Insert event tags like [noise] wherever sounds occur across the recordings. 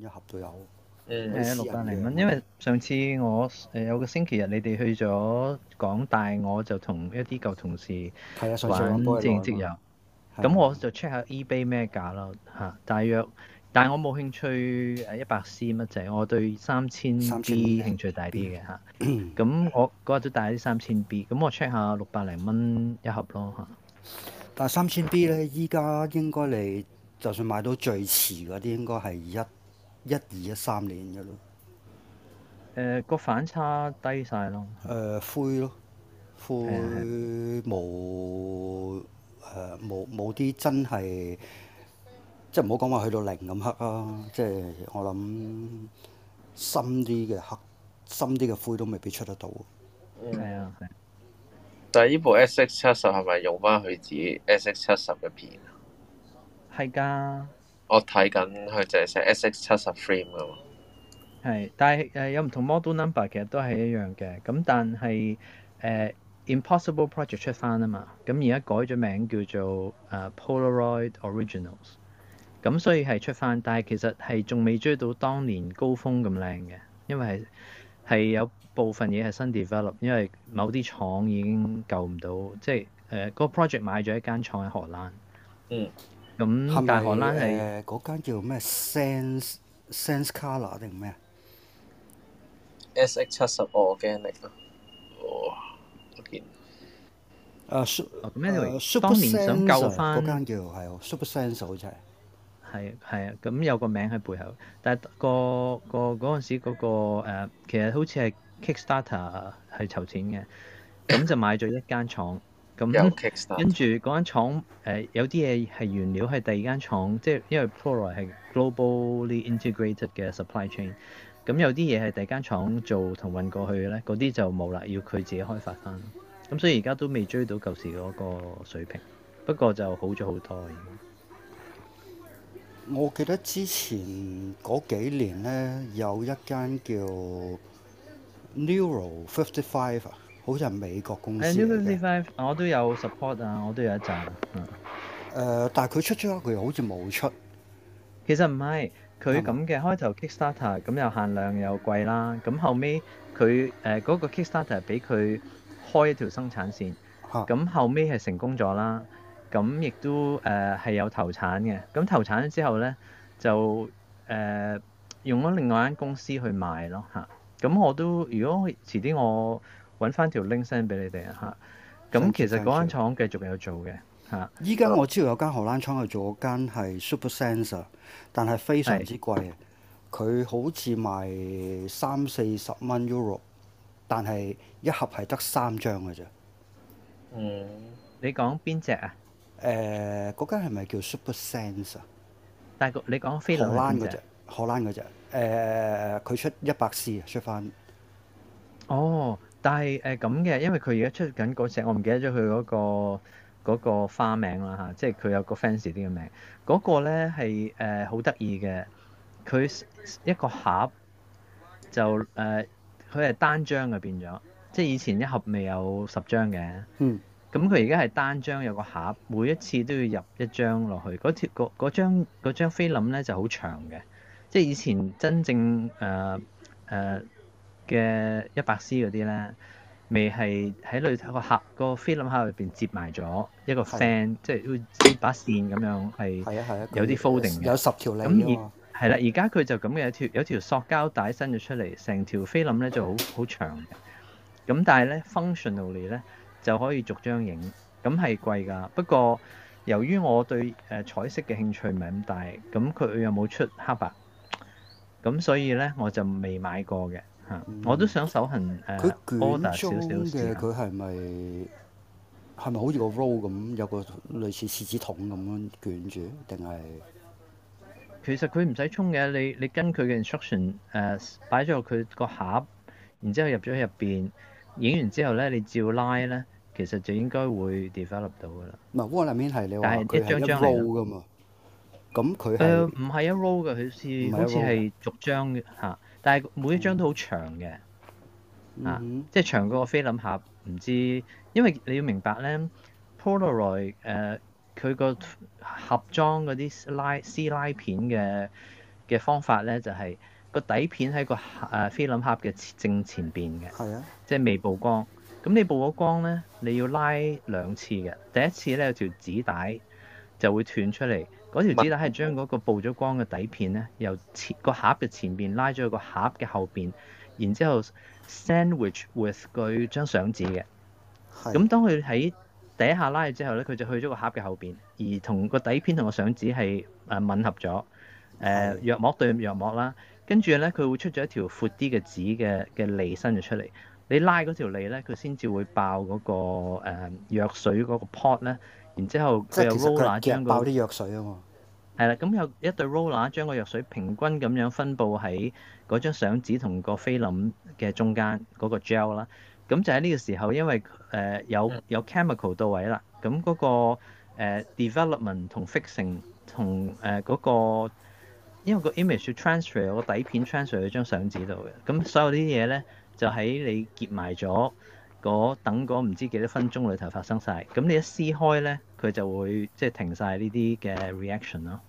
一盒都有，誒六百零蚊。因為上次我誒有個星期日你哋去咗港大，我就同一啲舊同事想即即有，咁的我就 check 下 eBay 咩價咯嚇。的大約，但係我冇興趣誒一百 C 乜滯，我對三千 B，三千 B 興趣大啲嘅嚇。咁 [coughs] 我嗰日都帶啲三千 B，咁我 check 下六百零蚊一盒咯嚇。但係三千 B 咧，依家應該你就算買到最遲嗰啲，應該係一。一二一三年嘅咯，誒個、呃、反差低晒咯，誒灰咯，灰冇誒冇冇啲真係，即係唔好講話去到零咁黑啊！即係我諗深啲嘅黑，深啲嘅灰都未必出得到。係啊、嗯，嗯、但係呢部 SX 七十係咪用翻佢指 SX 七十嘅片啊？係㗎。我睇緊佢就係寫 SX 七十 frame 㗎嘛，係，但係誒有唔同 model number，其實都係一樣嘅。咁但係誒、呃、Impossible Project 出翻啊嘛，咁而家改咗名叫做誒、呃、Polaroid Originals，咁所以係出翻，但係其實係仲未追到當年高峰咁靚嘅，因為係係有部分嘢係新 develop，因為某啲廠已經救唔到，即係誒、呃嗰個 project 買咗一間廠喺荷蘭，嗯。咁係咪誒嗰間叫咩？Sense Sense Color 定咩啊？S X 七十我驚你啊！哇！唔見。當年想救返誒 Sup 誒 SuperSense 嗰間叫，係喎，SuperSense 好似係，係啊！咁有個名喺背後，但係個個嗰陣時嗰個誒，其實好似係 Kickstarter 係籌錢嘅，咁就買咗一間廠。咁跟住嗰間廠有啲嘢係原料係第二間廠，即係因為 Prolog 係 globally integrated 嘅 supply chain，咁有啲嘢係第二間廠做同運過去嘅咧，嗰啲就冇啦，要佢自己開發翻。咁所以而家都未追到舊時嗰個水平，不過就好咗好多。我記得之前嗰幾年咧有一間叫 Neuro Fifty Five 啊。好似係美國公司嘅。New Fifty Five，我都有 support 啊，我都有一隻。誒、嗯呃，但係佢出咗，佢好似冇出。其實唔係佢咁嘅開頭 Kickstarter 咁、嗯嗯、又限量又貴啦。咁、嗯、後尾，佢誒嗰個 Kickstarter 俾佢開一條生產線。嚇、嗯。咁、啊、後尾係成功咗啦。咁、嗯、亦都誒係、呃、有投產嘅。咁、嗯、投產之後咧就誒、呃、用咗另外一間公司去賣咯嚇。咁、嗯嗯、我都如果遲啲我。揾翻條 link send 俾你哋啊！嚇，咁其實嗰間廠繼續有做嘅嚇。啊，依家我知道有間荷蘭廠係做間係 super sensor 但係非常之貴，佢是好似賣三四十蚊 euro，但係一盒係得三張嘅啫。嗯，你講邊隻啊？誒、呃，嗰間係咪叫 super sensor? 但係你講菲林荷蘭嗰隻，荷蘭嗰隻，誒、呃，佢出一百 C 啊，出翻。哦。但係誒咁嘅，因為佢而家出緊嗰隻，我唔記得咗佢嗰個花名啦吓，即係佢有個 fancy 啲嘅名。嗰、嗰個咧係誒好得意嘅，佢、呃、一個盒就誒，佢、呃、係單張嘅變咗，即係以前一盒未有十張嘅。嗯。咁佢而家係單張有個盒，每一次都要入一張落去。嗰條嗰張菲林咧就好長嘅，即係以前真正誒誒。呃呃嘅一百 C 嗰啲咧，未係喺裏頭個盒個菲林盒入邊接埋咗一個 fan，的即係好似把線咁樣，係係啊，係啊，有啲 folding 嘅，有十條靚咁而係啦，而家佢就咁嘅，有條有條塑膠帶伸咗出嚟，成條菲林咧就好好長嘅。咁但係咧 functionally 咧就可以逐張影，咁係貴㗎。不過由於我對誒彩色嘅興趣唔係咁大，咁佢有冇出黑白？咁所以咧我就未買過嘅。我都想手痕誒，order 少少先，佢係咪係咪好似個 roll 咁，有個類似廁紙筒咁樣捲住，定係？其實佢唔使沖嘅，你你跟佢嘅 instruction 誒、uh,，擺咗佢個盒，然之後入咗入邊，影完之後咧，你照拉咧，其實就應該會 develop 到噶啦。嗱，窩裏面係你話佢係一,一,一,一 roll 噶嘛？咁佢誒唔係一 roll 嘅，佢似好似係逐張嘅嚇。但係每一張都好長嘅，mm hmm. 啊，即係長過個菲林盒。唔知，因為你要明白咧，Polaroid 誒、呃、佢個盒裝嗰啲拉撕拉片嘅嘅方法咧，就係、是、個底片喺個誒菲林盒嘅正前邊嘅，即係、mm hmm. 未曝光。咁你曝咗光咧，你要拉兩次嘅，第一次咧有條紙帶就會斷出嚟。嗰條紙帶係將嗰個曝咗光嘅底片咧，由前、嗰個盒嘅前邊拉咗去個盒嘅後邊，然之後 sandwich with 佢張相紙嘅。咁當佢喺第一下拉嘅之後咧，佢就去咗個盒嘅後邊，而同個底片同個相紙係吻合咗，誒、呃、藥膜對藥膜啦。跟住咧，佢會出咗一條闊啲嘅紙嘅嘅脷伸咗出嚟。你拉嗰條脷咧，佢先至會爆嗰、嗰個誒、呃、藥水嗰個 pot 咧。然之後、啊，佢有 roller 將個藥水吖嘛，係啦，咁有一對 roller 將個藥水平均咁樣分布喺嗰張相紙同個菲林嘅中間嗰、那個 gel 啦。咁就喺呢個時候，因為誒、呃、有有 chemical 到位啦，咁嗰個 development 同 fixing 同誒嗰、呃那個，因為個 image 要 transfer 個底片 transfer 喺張相紙度嘅，咁所有啲嘢咧就喺你結埋咗。等嗰唔知幾多分鐘裏頭發生晒，咁你一撕開咧，佢就會即係停晒呢啲嘅 reaction 咯。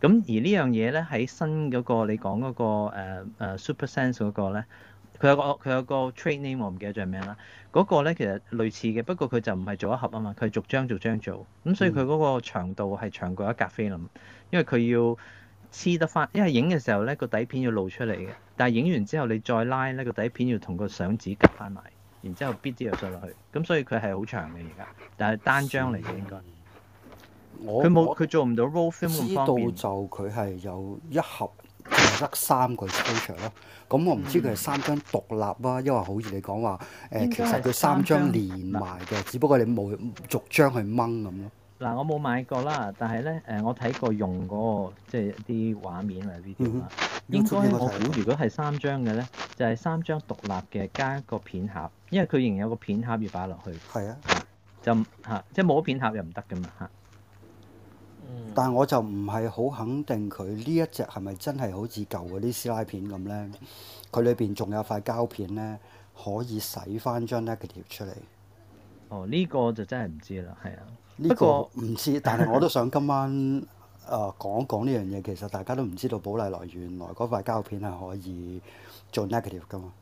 咁而呢樣嘢咧喺新嗰個你講嗰個誒、uh, uh, super sense 嗰個咧，佢有個佢有個 trade name 我唔記得咗係咩啦。嗰個咧其實類似嘅，不過佢就唔係做一盒啊嘛，佢係逐張逐張做咁，所以佢嗰個長度係長過一格菲林，因為佢要黐得翻，因為影嘅時候咧個底片要露出嚟嘅，但係影完之後你再拉咧個底片要同個相紙夾翻埋。然之後，邊啲又塞落去？咁所以佢係好長嘅而家，但係單張嚟嘅應該。佢冇佢做唔到 roll film 咁方便。就佢係有一盒得、嗯、三個 picture 咯。咁我唔知佢係三張獨立啦，因為好似你講話誒，呃、其實佢三張、嗯、連埋嘅，只不過你冇逐張去掹咁咯。嗱，我冇買過啦，但係咧，誒，我睇過用嗰、那個，即係一啲畫面嚟呢啲啦。嗯、哼應該我估，如果係三張嘅咧，就係、是、三張獨立嘅加一個片盒，因為佢仍然有個片盒要擺落去。係啊，就嚇、啊，即係冇片盒又唔得噶嘛嚇。啊、但係我就唔係好肯定佢呢一隻係咪真係好似舊嗰啲撕拉片咁咧？佢裏邊仲有塊膠片咧，可以洗翻張 negative 出嚟。哦，呢、這個就真係唔知啦，係啊。不過呢個唔知，但係我都想今晚誒、 [laughs] 呃、講一講呢樣嘢。其實大家都唔知道保麗來原來嗰塊膠片係可以做 negative 噶嘛。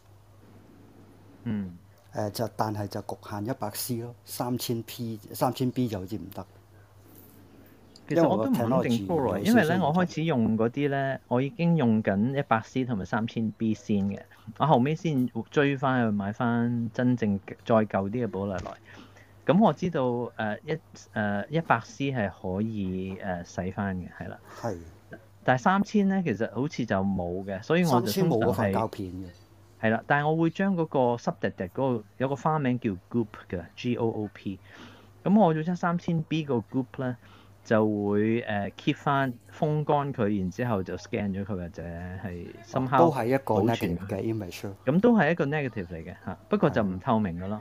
嗯。誒、呃、就但係就局限一百 C 咯，三千 P、三千 B 就好似唔得。其實我都唔肯定，因為咧我開始用嗰啲咧，我已經用緊一百 C 同埋三千 B 先嘅，我後尾先追翻去買翻真正再舊啲嘅保麗來。咁、嗯、我知道誒一誒一百 C 係可以誒、呃、洗翻嘅，係啦。係的。但係三千咧，其實好似就冇嘅，所以我就覺冇個膠片嘅。係啦，但係我會將嗰個濕滴滴嗰個有個花名叫 Group 嘅 G O O P。咁我做咗三千 B 個 Group 咧，就會誒 keep 翻風乾佢，然之後就 scan 咗佢或者係深烤。都係一個全嘅 image。咁都係一個 negative 嚟嘅嚇，不過就唔透明嘅咯。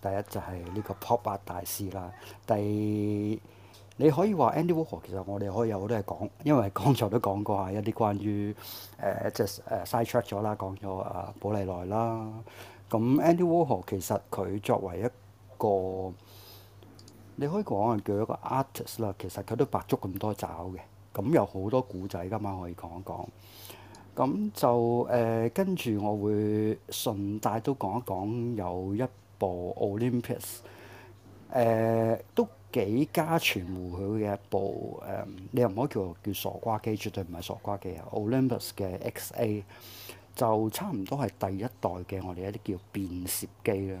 第一就係呢個 Pop Art 大師啦。第二你可以話 Andy Warhol 其實我哋可以有好多嘢講，因為剛才都講過啊，一啲關於誒即係誒 side track 咗啦，講咗啊保麗來啦。咁 Andy Warhol 其實佢作為一個你可以講係叫一個 artist 啦，其實佢都百足咁多爪嘅。咁有好多故仔今晚可以講一講。咁就誒跟住我會順帶都講一講有一部 Olympus 誒、呃、都幾家傳戶曉嘅一部誒、呃，你又唔可以叫我叫傻瓜機，絕對唔係傻瓜機啊 [music] ！Olympus 嘅 XA 就差唔多係第一代嘅我哋一啲叫便攝機啦。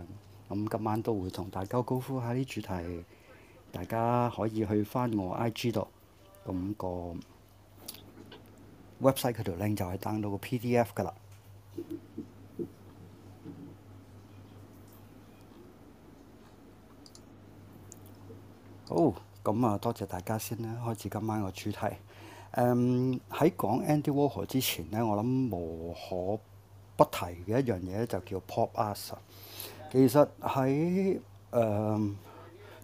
咁今晚都會同大家 go through 下啲主題，大家可以去返我 IG 度，咁、那個 website 嗰條 link 就係 download 個 PDF 噶啦。好，咁啊，多謝大家先啦，開始今晚個主題。誒、um，喺講 Andy Warhol 之前咧，我諗無可不提嘅一樣嘢就叫 Pop Art。其實喺誒、嗯、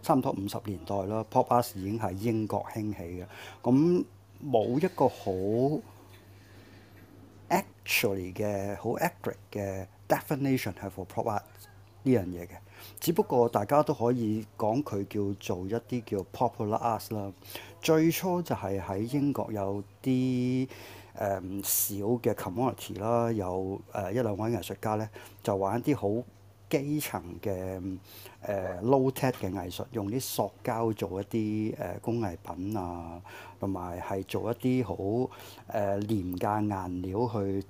差唔多五十年代啦，Pop Art 已經係英國興起嘅。咁冇一個好 actually 嘅、好 accurate 嘅 definition 係 for Pop Art 呢樣嘢嘅。只不過大家都可以講佢叫做一啲叫 popular arts 啦。最初就係喺英國有啲誒、呃、小嘅 community 啦，有、呃、誒一兩位藝術家咧，就玩一啲好基層嘅誒、呃、low tech 嘅藝術，用啲塑膠做一啲誒、呃、工藝品啊，同埋係做一啲好誒廉價顏料去。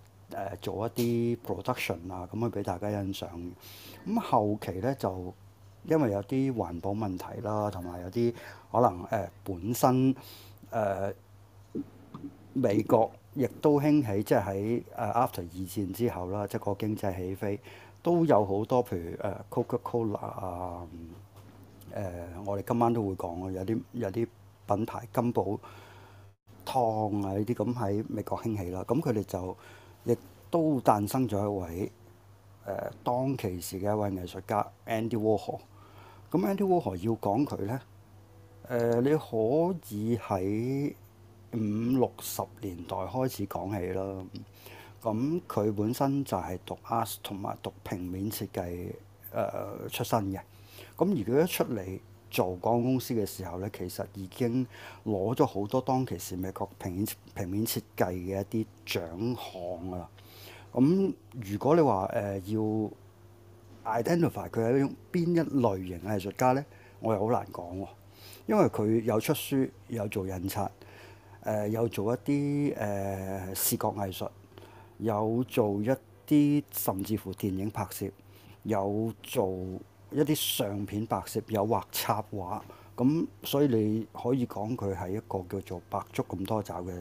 誒做一啲 production 啊，咁去俾大家欣賞。咁、嗯、後期咧就因為有啲環保問題啦，同埋有啲可能誒、呃、本身誒、呃、美國亦都興起，即係喺誒 after 二戰之後啦，即係個經濟起飛都有好多，譬如誒、呃、Coca Cola 啊，誒、呃、我哋今晚都會講嘅，有啲有啲品牌金寶湯啊呢啲咁喺美國興起啦。咁佢哋就。亦都誕生咗一位誒、呃、當其時嘅一位藝術家 Andy Warhol。咁、嗯、Andy Warhol 要講佢呢、呃，你可以喺五六十年代開始講起啦。咁佢本身就係讀 art 同埋讀平面設計誒、呃、出身嘅。咁如果一出嚟做廣告公司嘅時候呢，其實已經攞咗好多當其時美國平面平面設計嘅一啲獎項噶啦。咁如果你話誒、呃、要 identify 佢係一種邊一類型嘅藝術家呢，我又好難講，因為佢有出書，有做印刷，誒、呃、有做一啲誒、呃、視覺藝術，有做一啲甚至乎電影拍攝，有做。一啲相片、白石有畫插畫，咁所以你可以講佢係一個叫做百足咁多爪嘅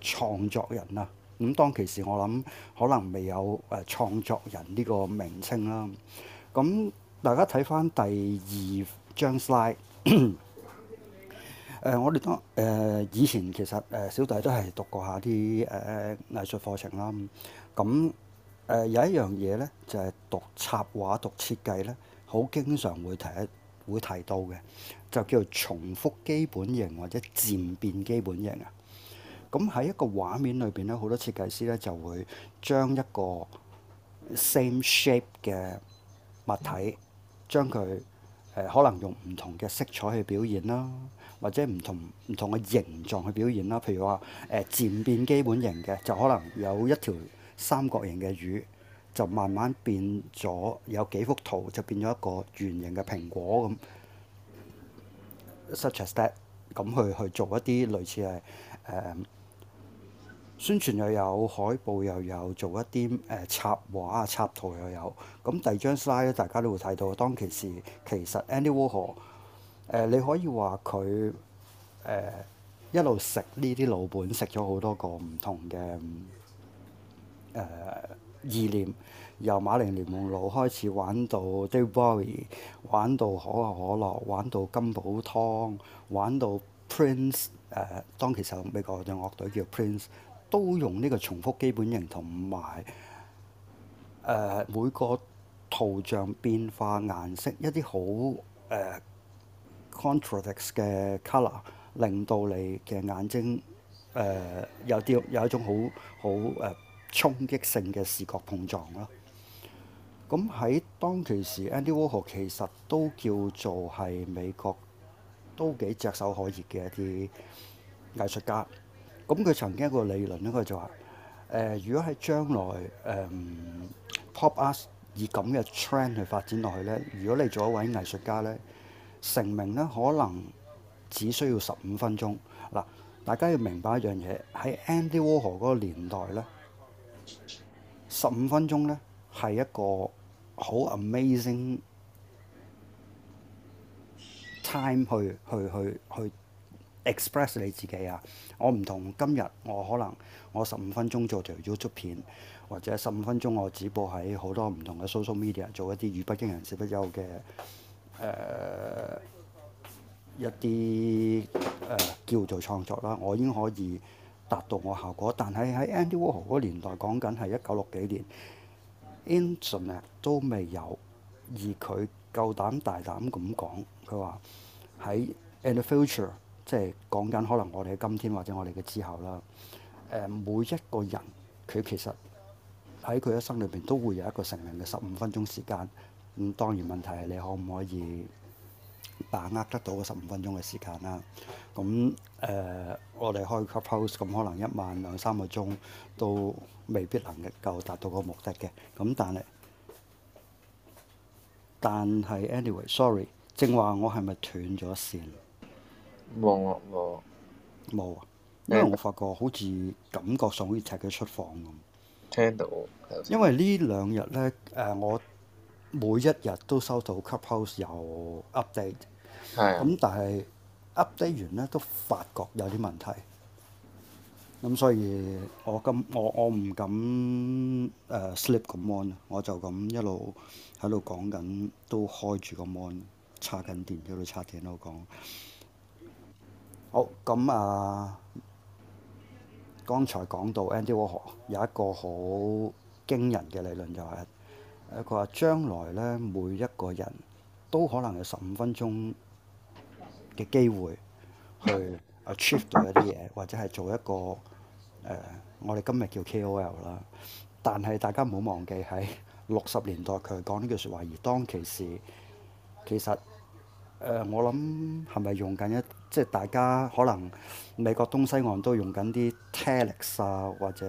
創作人啦。咁當其時我諗可能未有誒創作人呢個名稱啦。咁大家睇返第二張 slide，誒我哋講誒以前其實誒小弟都係讀過下啲誒藝術課程啦。咁誒、呃、有一樣嘢咧，就係、是、讀插畫、讀設計咧，好經常會提、會提到嘅，就叫做重複基本型或者漸變基本型啊。咁喺一個畫面裏邊咧，好多設計師咧就會將一個 same shape 嘅物體，將佢誒可能用唔同嘅色彩去表現啦，或者唔同唔同嘅形狀去表現啦。譬如話誒、呃、漸變基本型嘅，就可能有一條三角形嘅魚就慢慢變咗，有幾幅圖就變咗一個圓形嘅蘋果咁，such as that 咁去去做一啲類似係、呃、宣傳又有海報又有做一啲、呃、插畫啊插圖又有咁第二張 slide 大家都會睇到當其時其實 Andy Warhol、呃、你可以話佢、呃、一路食呢啲老本食咗好多個唔同嘅。誒意念由瑪麗蓮夢露開始玩到 David Bowie，玩到可口可樂，玩到金寶湯，玩到 Prince 誒、呃，當其時美國嘅樂隊叫 Prince，都用呢個重複基本型同埋誒每個圖像變化顏色一啲好誒、呃、contradict 嘅 color 令到你嘅眼睛誒、呃、有啲有一種好好誒。衝擊性嘅視覺碰撞咯。咁喺當其時，Andy Warhol 其實都叫做係美國都幾炙手可熱嘅一啲藝術家。咁佢曾經一個理論咧，佢就話、呃：如果喺將來誒、呃、Pop Art 以咁嘅 trend 去發展落去咧，如果你做一位藝術家咧，成名咧，可能只需要十五分鐘。嗱，大家要明白一樣嘢喺 Andy Warhol 嗰個年代咧。十五分鐘呢，係一個好 amazing time 去去去去 express 你自己啊！我唔同今日，我可能我十五分鐘做條 YouTube 片，或者十五分鐘我直播喺好多唔同嘅 social media 做一啲語不驚人死不休嘅誒、呃、一啲、呃、叫做創作啦，我已經可以。達到我效果，但係喺 Andy Warhol 嗰年代講緊係一九六幾年，Internet 都未有，而佢夠膽大膽咁講，佢話喺 In the future，即係講緊可能我哋喺今天或者我哋嘅之後啦。每一個人佢其實喺佢一生裏邊都會有一個成名嘅十五分鐘時間。咁當然問題係你可唔可以把握得到個十五分鐘嘅時間啦，咁誒我哋開個 Clubhouse，咁可能一晚兩三個鐘都未必能夠達到個目的嘅，咁但係但係 anyway，sorry，正話我係咪斷咗線？冇啊冇，因為我發覺好似感覺上好似踢佢出房咁。聽到。因為呢兩日咧誒我。每一日都收到 Clubhouse 有 update，咁的但係 update 完咧都發覺有啲問題，咁所以我咁我我唔敢誒、呃、slip 個 mon，我就咁一路喺度講緊都開住個 mon，插緊電，喺度插電喺度講。好，咁啊，剛才講到 Andy Warhol, 有一個好驚人嘅理論就係、是。佢話將來咧，每一個人都可能有十五分鐘嘅機會去 achieve 到一啲嘢，或者係做一個誒、呃，我哋今日叫 KOL 啦。但係大家唔好忘記喺六十年代，佢講呢句説話，而當其時，其實誒、呃，我諗係咪用緊一即係大家可能美國東西岸都用緊啲 telex 啊，或者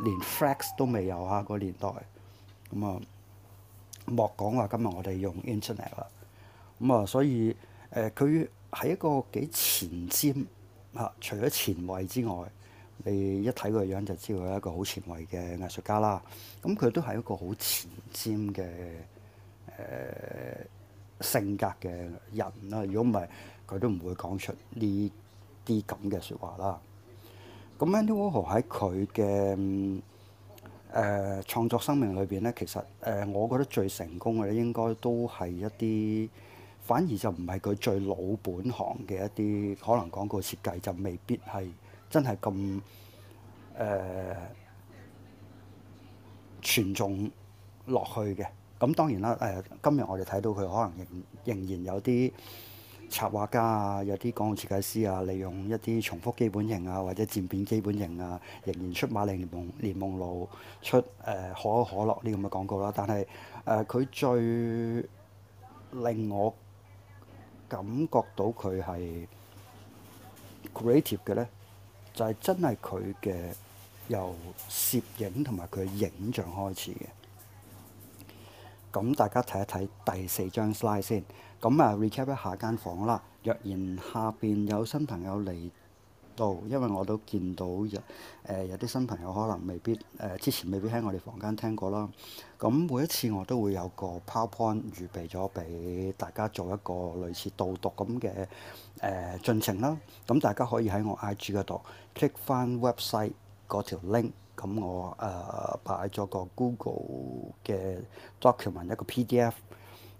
連 fax 都未有啊個年代咁啊。嗯莫講話今日我哋用 internet 啦，咁啊，所以誒佢係一個幾前瞻，嚇，除咗前衞之外，你一睇佢樣就知道佢係一個好前衞嘅藝術家啦。咁佢都係一個好前瞻嘅誒、呃、性格嘅人啦。如果唔係，佢都唔會講出呢啲咁嘅説話啦。咁 Andy Warhol 喺佢嘅。誒、呃、創作生命裏邊咧，其實誒、呃、我覺得最成功嘅咧，應該都係一啲反而就唔係佢最老本行嘅一啲，可能廣告設計就未必係真係咁誒傳頌落去嘅。咁當然啦，誒、呃、今日我哋睇到佢可能仍仍然有啲。插畫家啊，有啲廣告設計師啊，利用一啲重複基本型啊，或者漸變基本型啊，仍然出瑪麗蓮夢、瑪麗蓮夢露出誒、呃、可口可樂呢啲咁嘅廣告啦。但係誒佢最令我感覺到佢係 creative 嘅呢，就係、是、真係佢嘅由攝影同埋佢嘅影像開始嘅。咁大家睇一睇第四張 slide 先。咁啊，recap 一下間房啦。若然下邊有新朋友嚟到，因為我都見到有誒、呃、有啲新朋友可能未必誒、呃、之前未必喺我哋房間聽過啦。咁、嗯、每一次我都會有個 PowerPoint 預備咗俾大家做一個類似導讀咁嘅誒進程啦。咁、嗯、大家可以喺我 IG 嗰度 click 翻 website 嗰條 link。咁、嗯、我誒擺咗個 Google 嘅 document 一個 PDF。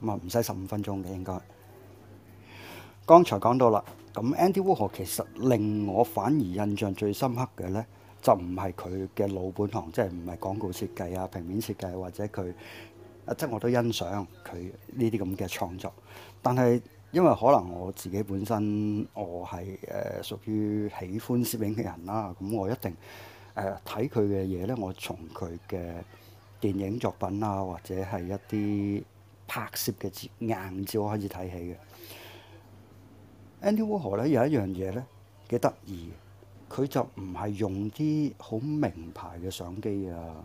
咁啊，唔使十五分鐘嘅應該。剛才講到啦，咁 Andy Warhol 其實令我反而印象最深刻嘅呢，就唔係佢嘅老本行，即係唔係廣告設計啊、平面設計或者佢，即係我都欣賞佢呢啲咁嘅創作。但係因為可能我自己本身我係誒、呃、屬於喜歡攝影嘅人啦、啊，咁我一定誒睇佢嘅嘢呢，我從佢嘅電影作品啊，或者係一啲拍攝嘅照硬照我開始睇起嘅，Andy Warhol 咧，有一樣嘢咧，幾得意，佢就唔係用啲好名牌嘅相機啊，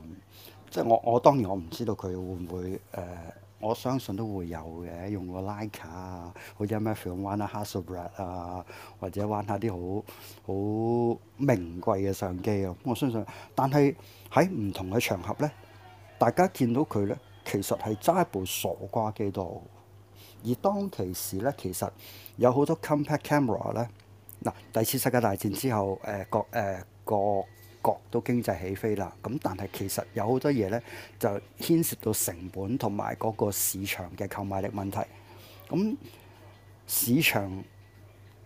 即係我我當然我唔知道佢會唔會誒、呃，我相信都會有嘅，用個 Leica 啊，或者咩 Film One 啊、Hasselblad 啊，或者玩下啲好好名貴嘅相機咯、啊。我相信，但係喺唔同嘅場合咧，大家見到佢咧。其實係揸部傻瓜機度，而當其時咧，其實有好多 compact camera 咧。嗱，第二次世界大戰之後，誒各誒各國都經濟起飛啦。咁但係其實有好多嘢咧，就牽涉到成本同埋嗰個市場嘅購買力問題。咁市場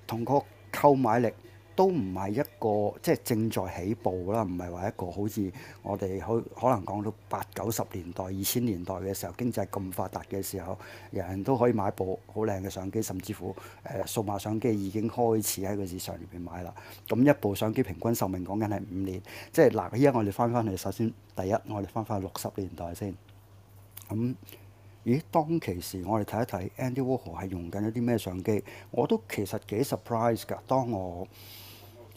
同個購買力，都唔係一個即係正在起步啦，唔係話一個好似我哋可可能講到八九十年代、二千年代嘅時候，經濟咁發達嘅時候，人人都可以買部好靚嘅相機，甚至乎誒數碼相機已經開始喺個市場入邊買啦。咁一部相機平均壽命講緊係五年，即係嗱，依家我哋翻翻去，首先第一，我哋翻翻去六十年代先咁、嗯。咦？當其時，我哋睇一睇 Andy Warhol 係用緊一啲咩相機，我都其實幾 surprise 㗎。當我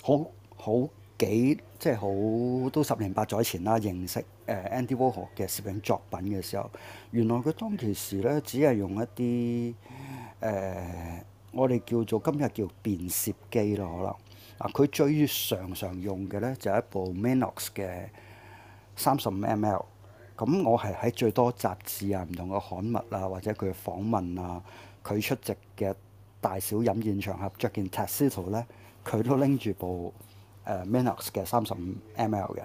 好好幾即係好都十年八載前啦，認識誒 Andy Warhol 嘅攝影作品嘅時候，原來佢當時咧只係用一啲誒、呃、我哋叫做今日叫便攝機咯，可能嗱佢最常常用嘅咧就係、是、一部 Minox 嘅三十五 ML，咁我係喺最多雜誌啊、唔同嘅刊物啊、或者佢訪問啊、佢出席嘅大小飲宴場合著件 Tuxedo 咧。佢都拎住部誒、uh, Minox 嘅三十五 mL 嘅，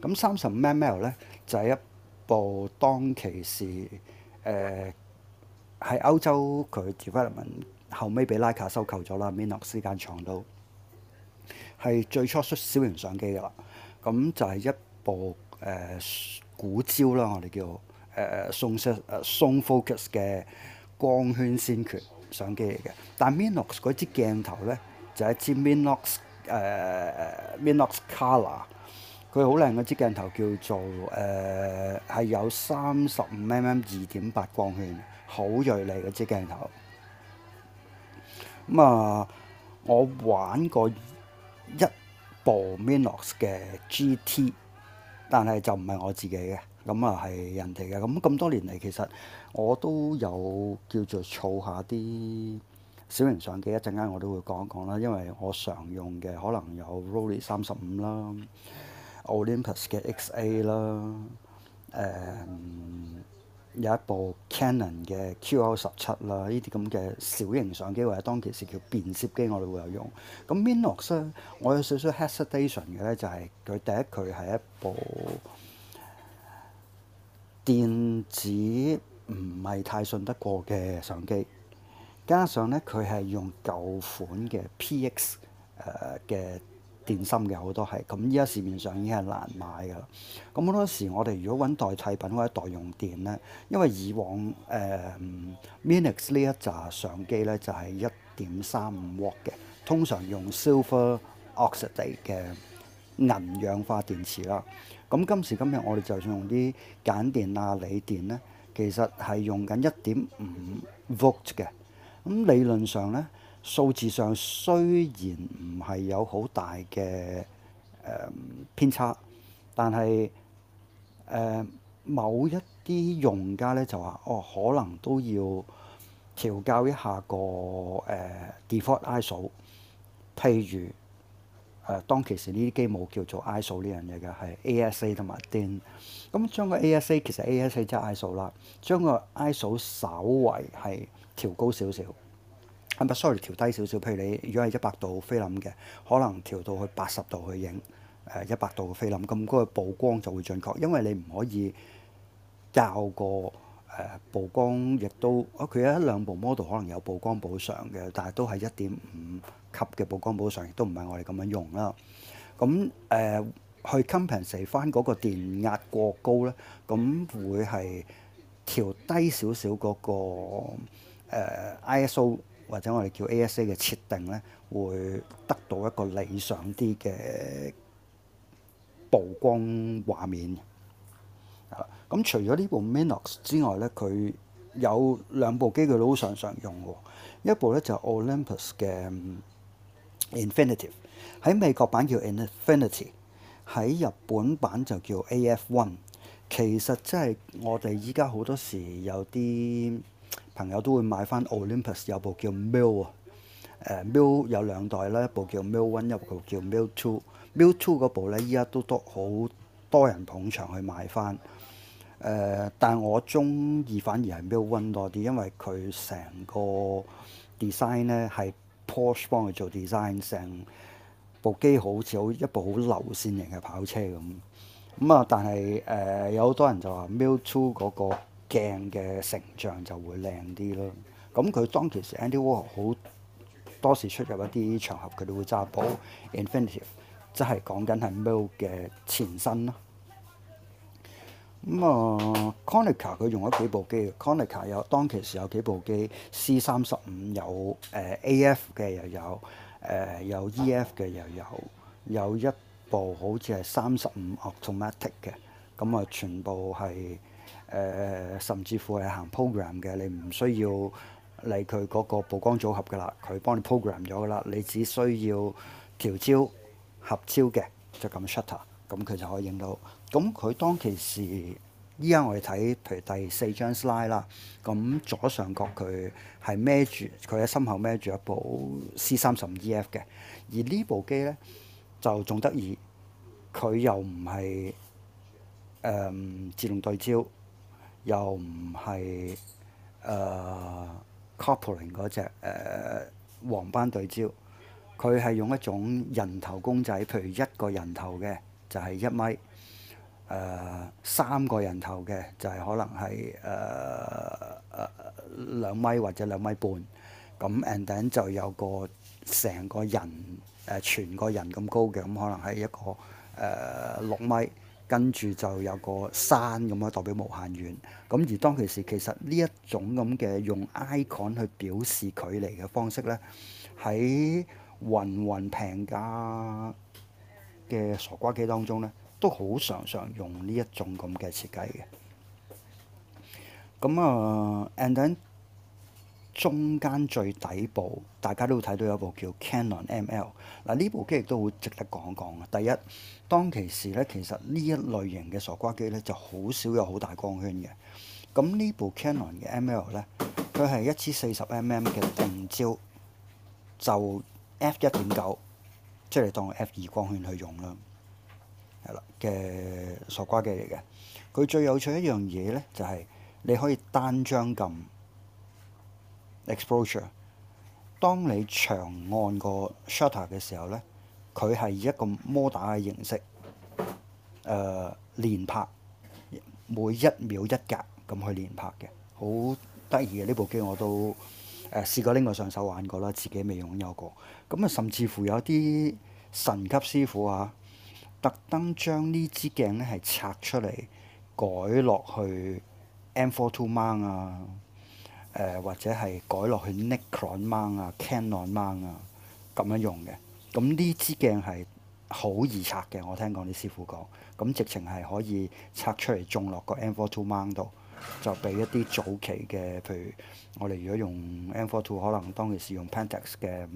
咁三十五 mL 咧就係、是、一部當其時誒、喺、呃、歐洲佢 development 後尾俾 Leica 收購咗啦。Minox 呢間廠都係最初出小型相機噶啦，咁就係一部誒、呃、估焦啦，我哋叫誒 zone 色誒 zone focus 嘅光圈先決相機嚟嘅，但 Minox 嗰支鏡頭咧。就一支 Minox 誒、呃、Minox Color，佢好靚嗰支鏡頭叫做誒係、呃、有三十五 mm 二點八光圈，好銳利嗰支鏡頭。咁、嗯、啊，我玩過一部 Minox 嘅 GT，但係就唔係我自己嘅，咁啊係人哋嘅。咁咁多年嚟，其實我都有叫做儲下啲。小型相機一陣間我都會講一講啦，因為我常用嘅可能有 Rollei 三十五啦，Olympus 嘅 XA 啦、呃，誒有一部 Canon 嘅 QL 十七啦，呢啲咁嘅小型相機或者當其時叫便攝機，我哋會有用。咁 Minox 咧，我有少少 hesitation 嘅咧，就係佢第一，佢係一部電子唔係太信得過嘅相機。加上咧，佢係用舊款嘅 P X 誒、呃、嘅電芯嘅好多係咁，依家市面上已經係難買㗎喇。咁好多時我哋如果揾代替品或者代用電咧，因為以往誒、呃、Minix 呢一扎相機咧就係一點三五 volt 嘅，通常用 silver oxide 嘅銀氧化電池啦。咁今時今日我哋就算用啲鹼電啊、鋰電咧，其實係用緊一點五 volt 嘅。咁理論上咧，數字上雖然唔係有好大嘅誒、呃、偏差，但係誒、呃、某一啲用家咧就話哦，可能都要調校一下個誒、呃、default ISO。譬如誒，當其時呢啲機冇叫做 ISO 呢樣嘢嘅，係 ASA 同埋 DIN。咁將個 ASA 其實 ASA 即係 ISO 啦，將個 ISO 稍為係，調高少少，咁 sorry 調低少少。譬如你如果係一百度菲林嘅，可能調到去八十度去影誒一百度嘅菲林咁嗰個曝光就會準確，因為你唔可以較個誒曝光，亦都啊佢一兩部 model 可能有曝光補償嘅，但係都係一點五級嘅曝光補償，亦都唔係我哋咁樣用啦。咁誒、呃、去 compensate 翻嗰個電壓過高咧，咁會係調低少少嗰個。誒、uh, ISO 或者我哋叫 ASA 嘅設定咧，會得到一個理想啲嘅曝光畫面。咁、嗯、除咗呢部 Minox 之外咧，佢有兩部機佢都好常常用嘅，一部咧就係、Olympus 嘅 Infinite，喺美國版叫 Infinity，喺日本版就叫 AF One。其實真係我哋依家好多時有啲，朋友都會買翻 Olympus 有部叫 Mil 啊，呃，誒 Mil 有兩代咧，一部叫 Mil One，一部叫 Mil Two。2, Mil Two 嗰部咧，依家都多好多人捧場去買翻。誒、呃，但我中意反而係 Mil One 多啲，因為佢成個 design 咧係 Porsche 幫佢做 design，成部機好似好一部好流線型嘅跑車咁。咁、嗯、啊，但係誒、呃、有好多人就話 Mil Two 嗰，那個。鏡嘅成像就會靚啲咯。咁佢當其時，Andy Warhol 好多時出入一啲場合，佢哋會揸部 Infinite，即係講緊係 m o l 嘅前身咯。咁、嗯、啊、uh，Konica 佢用咗幾，幾部機。Konica 有當其時有幾部機，C 三十五有誒 AF 嘅，又有誒、呃、有 EF 嘅，又有有一部好似係三十五 automatic 嘅，咁啊全部係。誒、呃、甚至乎係行 program 嘅，你唔需要理佢嗰個曝光組合噶啦，佢幫你 program 咗噶啦，你只需要調焦、合焦嘅就撳 shutter，咁佢就可以影到。咁佢當其時依家我哋睇譬如第四張 slide 啦，咁左上角佢係孭住佢喺身後孭住一部 C 三十五 E F 嘅，而呢部機呢，就仲得意，佢又唔係誒自動對焦。又唔係誒 coupling 嗰隻誒黃斑對焦，佢係用一種人頭公仔，譬如一個人頭嘅就係、是、一米，誒、呃、三個人頭嘅就係、是、可能係誒、呃呃、兩米或者兩米半，咁 and then 就有個成個人誒、呃、全個人咁高嘅，咁、嗯、可能係一個誒、呃、六米。跟住就有個山咁啊，代表無限遠。咁而當其時，其實呢一種咁嘅用 icon 去表示距離嘅方式呢，喺雲雲平價嘅傻瓜機當中呢，都好常常用呢一種咁嘅設計嘅。咁啊、uh，and then, 中間最底部，大家都睇到有部叫 Canon ML。嗱，呢部機亦都好值得講講啊。第一，當其時咧，其實呢一類型嘅傻瓜機咧，就好少有好大光圈嘅。咁呢部 Canon 嘅 ML 咧，佢係一支四十 mm 嘅定焦，就 f 一點九，即係你當 f 二光圈去用啦。係啦，嘅傻瓜機嚟嘅。佢最有趣一樣嘢咧，就係你可以單張咁。exposure, 當你長按個 shutter 嘅時候呢，佢係以一個摩打嘅形式，誒、呃、連拍，每一秒一格咁去連拍嘅，好得意嘅。呢部機我都誒、呃、試過拎過上手玩過啦，自己未擁有過。咁、嗯、啊，甚至乎有啲神級師傅啊，特登將呢支鏡呢係拆出嚟改落去 M42 Mon 啊！誒或者係改落去 Nikon 掹啊、Canon 掹啊咁樣用嘅，咁呢支鏡係好易拆嘅。我聽講啲師傅講，咁直情係可以拆出嚟，裝落個 M42 掹度，就俾一啲早期嘅，譬如我哋如果用 M42，可能當其時用 Pentax 嘅誒、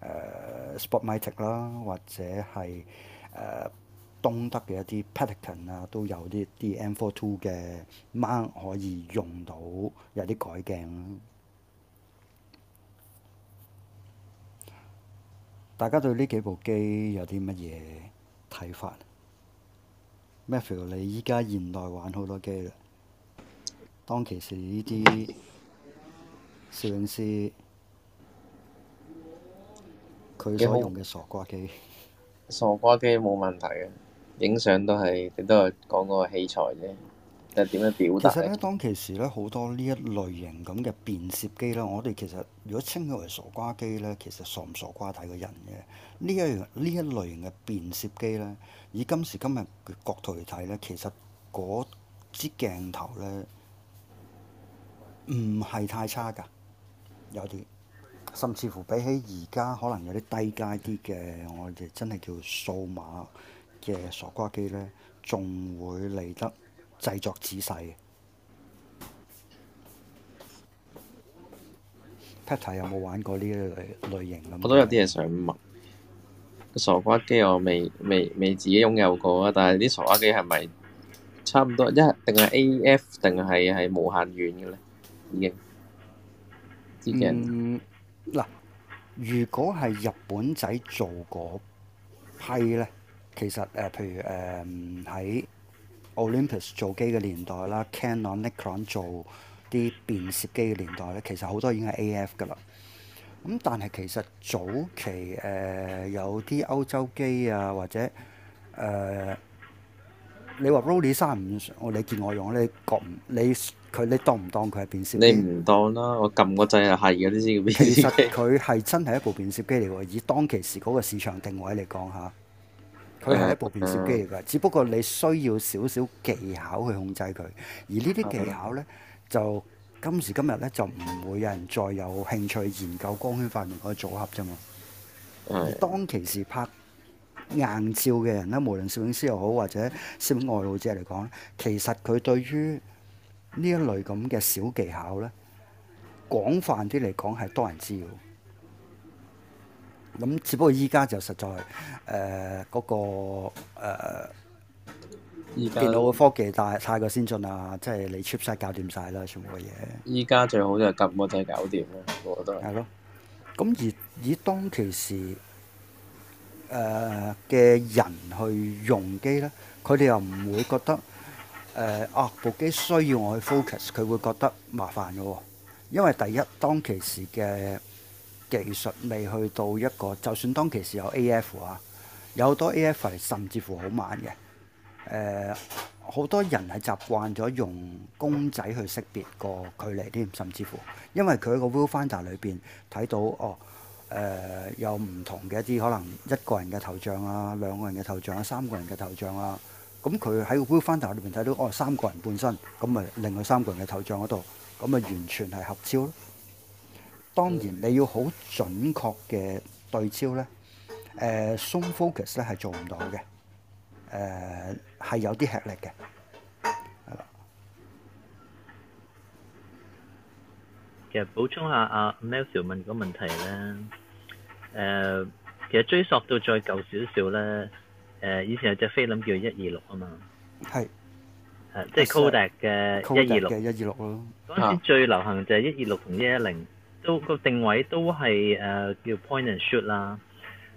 呃、Spotmatic r 啦，或者係誒。呃東德嘅一啲 Patikan 啊，都有啲啲 M42 嘅芒可以用到，有啲改鏡。大家對呢幾部機有啲乜嘢睇法？Matthew，你依家現代玩好多機啦。當其時呢啲攝影師佢所用嘅傻瓜機，好 [laughs] 傻瓜機冇問題嘅。影相都係，都係講個器材啫。但係點樣表達？其實咧，當其時咧，好多呢一類型咁嘅變攝機啦。我哋其實如果稱佢為傻瓜機咧，其實傻唔傻瓜睇個人嘅。呢一樣呢一類型嘅變攝機咧，以今時今日嘅角度嚟睇咧，其實嗰支鏡頭咧唔係太差㗎，有啲甚至乎比起而家可能有啲低階啲嘅，我哋真係叫數碼。嘅傻瓜機咧，仲會嚟得製作仔細嘅。Peter 有冇玩過呢個類型啊？我都有啲嘢想問。個傻瓜機我未未未自己擁有過啊，但係啲傻瓜機係咪差唔多？一定係 AF 定係係無限遠嘅咧？已經。嗯。嗱，如果係日本仔做嗰批咧？其實誒，譬、呃、如誒喺、呃、Olympus 做機嘅年代啦，Canon、Nikon 做啲便攝機嘅年代咧，其實好多已經係 AF 㗎啦。咁但係其實早期誒、呃、有啲歐洲機啊，或者誒、呃、你話 Rollei 三五，我你見我用，你覺你佢你當唔當佢係便攝機？你唔當啦、啊，我撳個掣又係嘅呢啲變。其實佢係真係一部便攝機嚟喎，以當其時嗰個市場定位嚟講嚇。佢係一部變焦機嚟㗎，只不過你需要少少技巧去控制佢，而呢啲技巧呢，就今時今日呢，就唔會有人再有興趣研究光圈快門嗰個組合啫嘛。當其時拍硬照嘅人呢，無論攝影師又好，或者攝影愛好者嚟講，其實佢對於呢一類咁嘅小技巧呢，廣泛啲嚟講係多人知㗎。咁只不過依家就實在誒嗰、呃那個誒、呃、在電腦嘅科技太太過先進啦，即係你 cheap 晒、搞掂晒啦，全部嘅嘢。依家最好就撳個掣搞掂啦，我覺得。係咯，咁而以當其時誒嘅、呃、人去用機咧，佢哋又唔會覺得誒、呃、啊部機需要我去 focus，佢會覺得麻煩嘅喎。因為第一，當其時嘅。技術未去到一個，就算當其時有 AF 啊，有好多 AF 甚至乎好慢嘅。誒、呃，好多人係習慣咗用公仔去識別個距離添，甚至乎，因為佢個 View Finder 裏邊睇到哦，誒、呃、有唔同嘅一啲可能一個人嘅頭像啊，兩個人嘅頭像啊，三個人嘅頭像啊。咁佢喺個 View Finder 裏邊睇到哦，三個人本身，咁咪另外三個人嘅頭像嗰度，咁咪完全係合焦咯。當然你要好準確嘅對焦咧，誒、呃、鬆 focus 咧係做唔到嘅，誒、呃，係有啲吃力嘅。係啦。其實補充下阿 Melsho 問個問題咧，誒、呃、其實追溯到再舊少少咧，誒、呃、以前有隻菲林叫一二六啊嘛。係。係即係柯達嘅一二六咯。嗰陣時最流行就係一二六同一一零，都個定位都係誒、呃、叫 point and shoot 啦，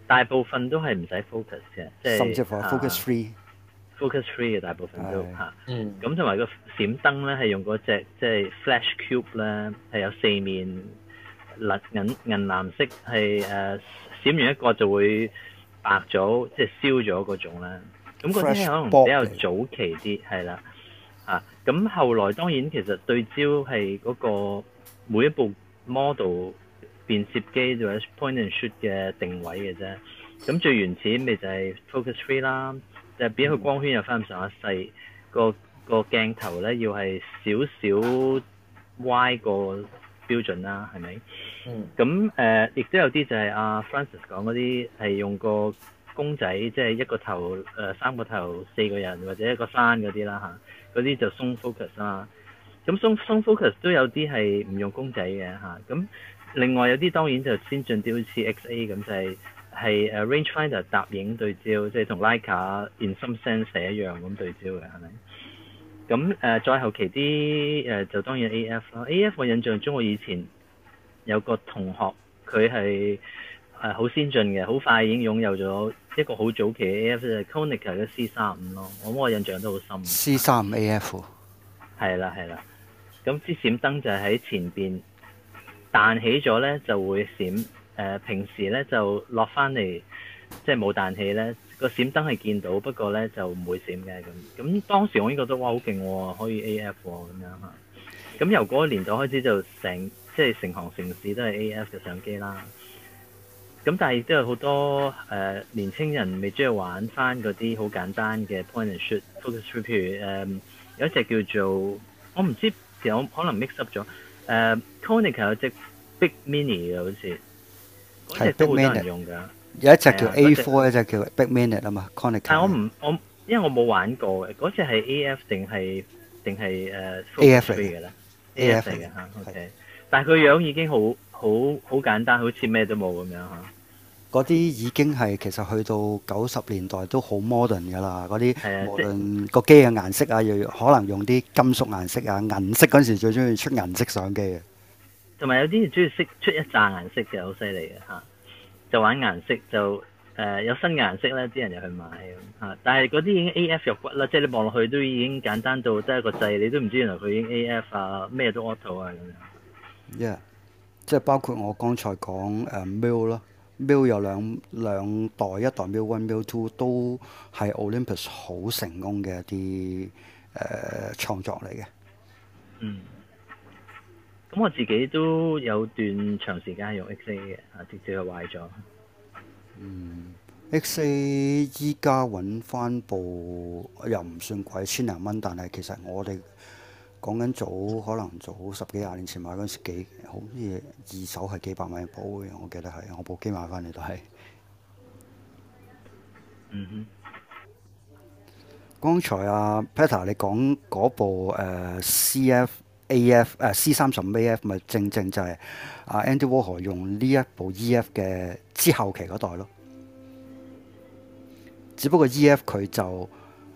大部分都係唔使 focus 嘅，即係甚至 focus free，focus free 嘅大部分都嚇，3, 啊、嗯。咁同埋個閃燈咧係用嗰隻即係 flash cube 咧，係有四面銀銀藍色係誒、呃、閃完一個就會白咗，即係燒咗嗰種咧。咁嗰啲可能比較早期啲，係啦嚇。咁、啊啊、後來當然其實對焦係嗰個每一部。Model 便攝機或者 point and shoot 嘅定位嘅啫，咁最原始咪就係 focus free 啦，就係、畀、一個光圈又翻唔上咁細，個個鏡頭咧要係少少歪個標準啦，係咪？咁誒、嗯，亦都、呃、有啲就係阿、啊、Francis 講嗰啲係用個公仔，即、就、係、是、一個頭、誒、呃、三個頭、四個人或者一個山嗰啲啦嚇，嗰啲就鬆 focus 啦。啊咁 Song focus 都有啲係唔用公仔嘅嚇，咁、啊、另外有啲當然就先進啲好似 XA 咁、啊、就係、是、係誒 range finder 搭影對焦，即係同 Leica in some sense 一樣咁對焦嘅係咪？咁、啊、誒、啊、再後期啲誒、啊、就當然 AF 啦、啊，AF 我印象中我以前有個同學佢係係好先進嘅，好快已經擁有咗一個好早期嘅 AF 嘅 Konica 嘅 C 三五咯，我、啊嗯、我印象都好深。C 三五 AF 係啦係啦。A F. 咁支閃燈就喺前邊彈起咗咧，就會閃。誒、呃、平時咧就落翻嚟，即係冇彈起咧，個閃燈係見到，不過咧就唔會閃嘅咁。咁當時我已經覺得：哇「哇好勁喎，可以 AF 喎、哦、咁樣嚇。咁、嗯、由嗰年代開始就成即係成行成市都係 AF 嘅相機啦。咁但係都有好多誒、呃、年青人未鍾意玩翻嗰啲好簡單嘅 point and shoot focus，譬如誒、呃、有一隻叫做我唔知。可能 mix up 咗，誒 Konica 有隻 Big Mini 嘅好似，係嗰隻都好多人用㗎。有一隻叫 A Four，一隻叫 Big Mini 啊嘛。Konica 但係我唔我，因為我冇玩過嘅，嗰隻係 AF 定係定係誒？AF 嚟㗎咧，AF 嚟嚇，O.K. 但係佢樣已經好好好簡單，好似咩都冇咁樣嚇。嗰啲已經係其實去到九十年代都好 modern 噶啦，嗰啲無論個機嘅顏色啊，又可能用啲金屬顏色啊，銀色嗰陣時最中意出銀色相機嘅。同埋有啲人中意色出一紮顏色嘅，好犀利嘅嚇。就玩顏色就誒、呃、有新顏色咧，啲人就去買嚇、啊。但係嗰啲已經 AF 入骨啦，即、就、係、是、你望落去都已經簡單到得一個掣，你都唔知原來佢已經 AF 啊咩都 auto 啊咁樣。Yeah，即係包括我剛才講誒、uh, m i 咯。Mill 有兩兩代，一代 Mill One、Mill Two 都係 Olympus 好成功嘅一啲誒、呃、創作嚟嘅。嗯，咁我自己都有段長時間用 XA 嘅，啊直接係壞咗。嗯，XA 依家揾翻部又唔算貴，千零蚊，但係其實我哋。講緊早，可能早十幾廿年前買嗰陣時，幾好似二手係幾百萬保嘅，我記得係。我部機買翻嚟都係。嗯哼。剛才啊 Peter 你講嗰部誒、呃、C F A F 誒、呃、C 三十五 A F，咪正正就係阿 Andy Warhol 用呢一部 E F 嘅之後期嗰代咯。只不過 E F 佢就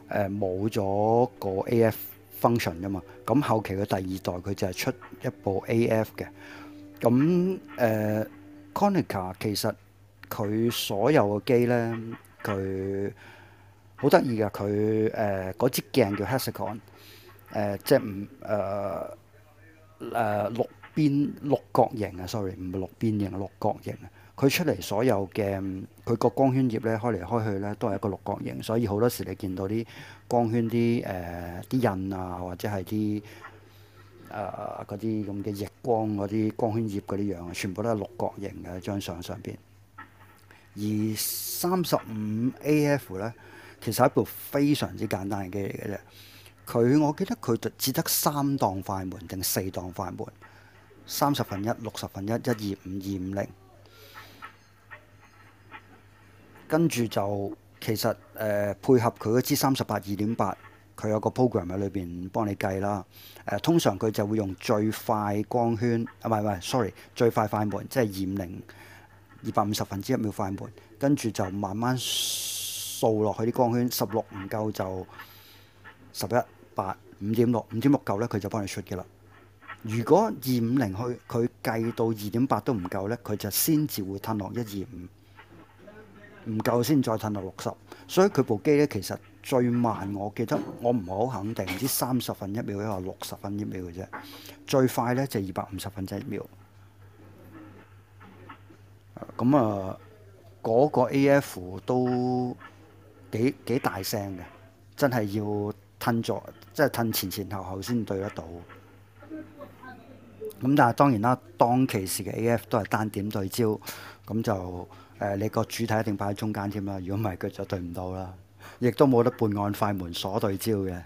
誒冇咗個 A F function 啫嘛。咁後期嘅第二代佢就係出一部 AF 嘅，咁誒 Konica 其實佢所有嘅機咧，佢好得意嘅，佢誒、呃、支鏡叫 Hexagon 誒、呃、即係唔誒誒六邊六角形啊，sorry，唔係六邊形，六角形。啊。佢出嚟所有嘅佢個光圈葉咧，開嚟開去咧都係一個六角形，所以好多時你見到啲光圈啲誒啲印啊，或者係啲誒嗰啲咁嘅逆光嗰啲光圈葉嗰啲樣啊，全部都係六角形嘅一張相上邊。而三十五 A.F. 咧，其實係一部非常之簡單嘅機嚟嘅啫。佢我記得佢就只得三檔快門定四檔快門，三十分一、六十分一、一二五、二五零。跟住就其實誒、呃、配合佢嗰支三十八二點八，佢有個 program 喺裏邊幫你計啦、呃。通常佢就會用最快光圈啊唔係唔係，sorry，最快快門即係二五零二百五十分之一秒快門。跟住就慢慢掃落去啲光圈，十六唔夠就十一八五點六，五點六夠呢，佢就幫你出嘅啦。如果二五零去佢計到二點八都唔夠呢，佢就先至會褪落一二五。唔夠先再褪到六十，所以佢部機呢其實最慢，我記得我唔係好肯定，唔知三十分一秒咧，或六十分一秒嘅啫。最快呢就二百五十分一秒。咁啊，嗰個 AF 都幾幾大聲嘅，真係要褪咗，即係褪前前後後先對得到。咁但係當然啦，當其時嘅 AF 都係單點對焦，咁就。誒，你個主體一定擺喺中間添啦，如果唔係，佢就對唔到啦，亦都冇得半按快門鎖對焦嘅。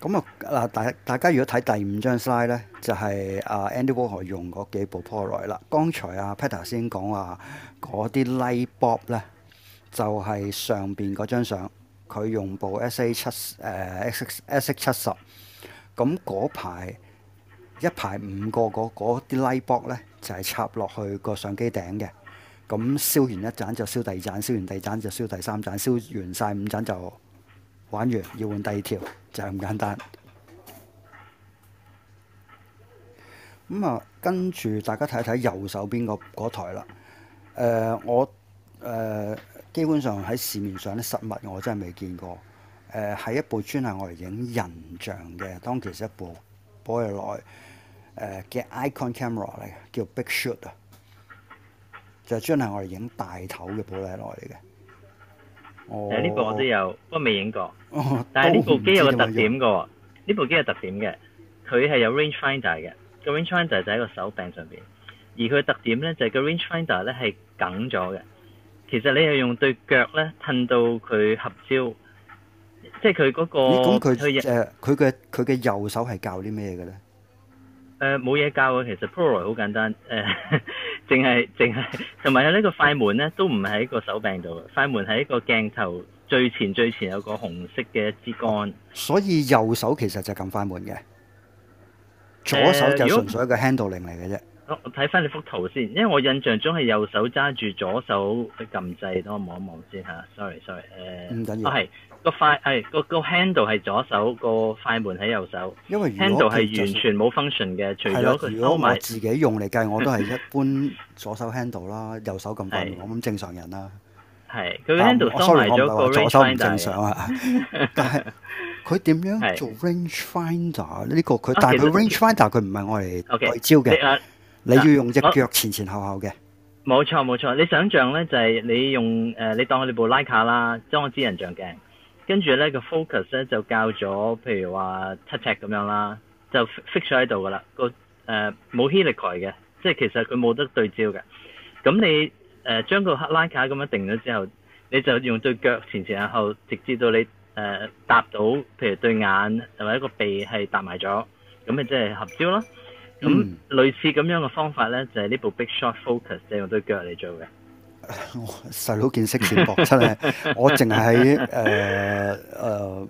咁啊， [laughs] 嗱，大大家如果睇第五張 slide 咧，就係、是、阿 Andy Walker 用嗰幾部 Pro o 嚟啦。剛才阿 Peter 先講話嗰啲 light bob 呢，就係上邊嗰張相，佢用部 SA 七誒 SA 七十。咁嗰排一排五個嗰嗰啲拉桿呢，就係、是、插落去個相機頂嘅。咁燒完一盞就燒第二盞，燒完第二盞就燒第三盞，燒完晒五盞就玩完，要換第二條就咁、是、簡單。咁啊，跟住大家睇睇右手邊個嗰台啦、呃。我、呃、基本上喺市面上啲實物，我真係未見過。誒係、呃、一部專係我嚟影人像嘅，當其實一部 Polaroid 誒嘅、呃、icon camera 嚟嘅，叫 Big Shot 啊，就專係我嚟影大頭嘅 Polaroid 嚟嘅。哦，呢部、欸這個、我都有，不過未影過。哦、但係呢部機有個特點嘅，呢、哦、部機有特點嘅，佢係有 range finder 嘅。個 range finder 就喺個手柄上邊，而佢嘅特點咧就係、是、個 range finder 咧係梗咗嘅。其實你係用對腳咧，褪到佢合焦。即係佢嗰個，佢誒，佢嘅佢嘅右手係教啲咩嘅咧？誒、呃，冇嘢教嘅，其實 Pro 好簡單。誒、呃，淨係淨係，同埋有呢個快門咧，都唔喺個手柄度。快門喺個鏡頭最前最前有個紅色嘅一支杆，哦。所以右手其實就撳快門嘅，左手就純粹一個 handling 嚟嘅啫。呃我睇翻你幅圖先，因為我印象中係右手揸住左手嘅撳掣，等我望一望先吓。Sorry，Sorry，誒，唔緊要，係個快係個個 handle 係左手，個快門喺右手。因為 handle 係完全冇 function 嘅，除咗如果唔自己用嚟計，我都係一般左手 handle 啦，右手撳快門。我諗正常人啦。係佢 handle 收埋咗個 range finder 我唔會話左手唔正常啊。但係佢點樣做 range finder 呢個佢？但係佢 range finder 佢唔係我哋對焦嘅。你要用隻腳前前後後嘅、啊，冇錯冇錯。你想象咧就係、是、你用誒、呃，你當我哋部拉卡啦，裝個紙人像鏡，跟住咧個 focus 咧就校咗，譬如話七尺咁樣啦，就 fix 咗喺度噶啦。這個誒冇、呃、helical 嘅，即係其實佢冇得對焦嘅。咁你誒將、呃、個拉卡咁樣定咗之後，你就用對腳前前後後，直至到你誒搭、呃、到，譬如對眼同埋一個鼻係搭埋咗，咁咪即係合焦咯。咁類似咁樣嘅方法咧，就係、是、呢部 Big Shot Focus 就用對腳嚟做嘅。細佬 [laughs] 見識博真係 [laughs] 我淨係喺誒誒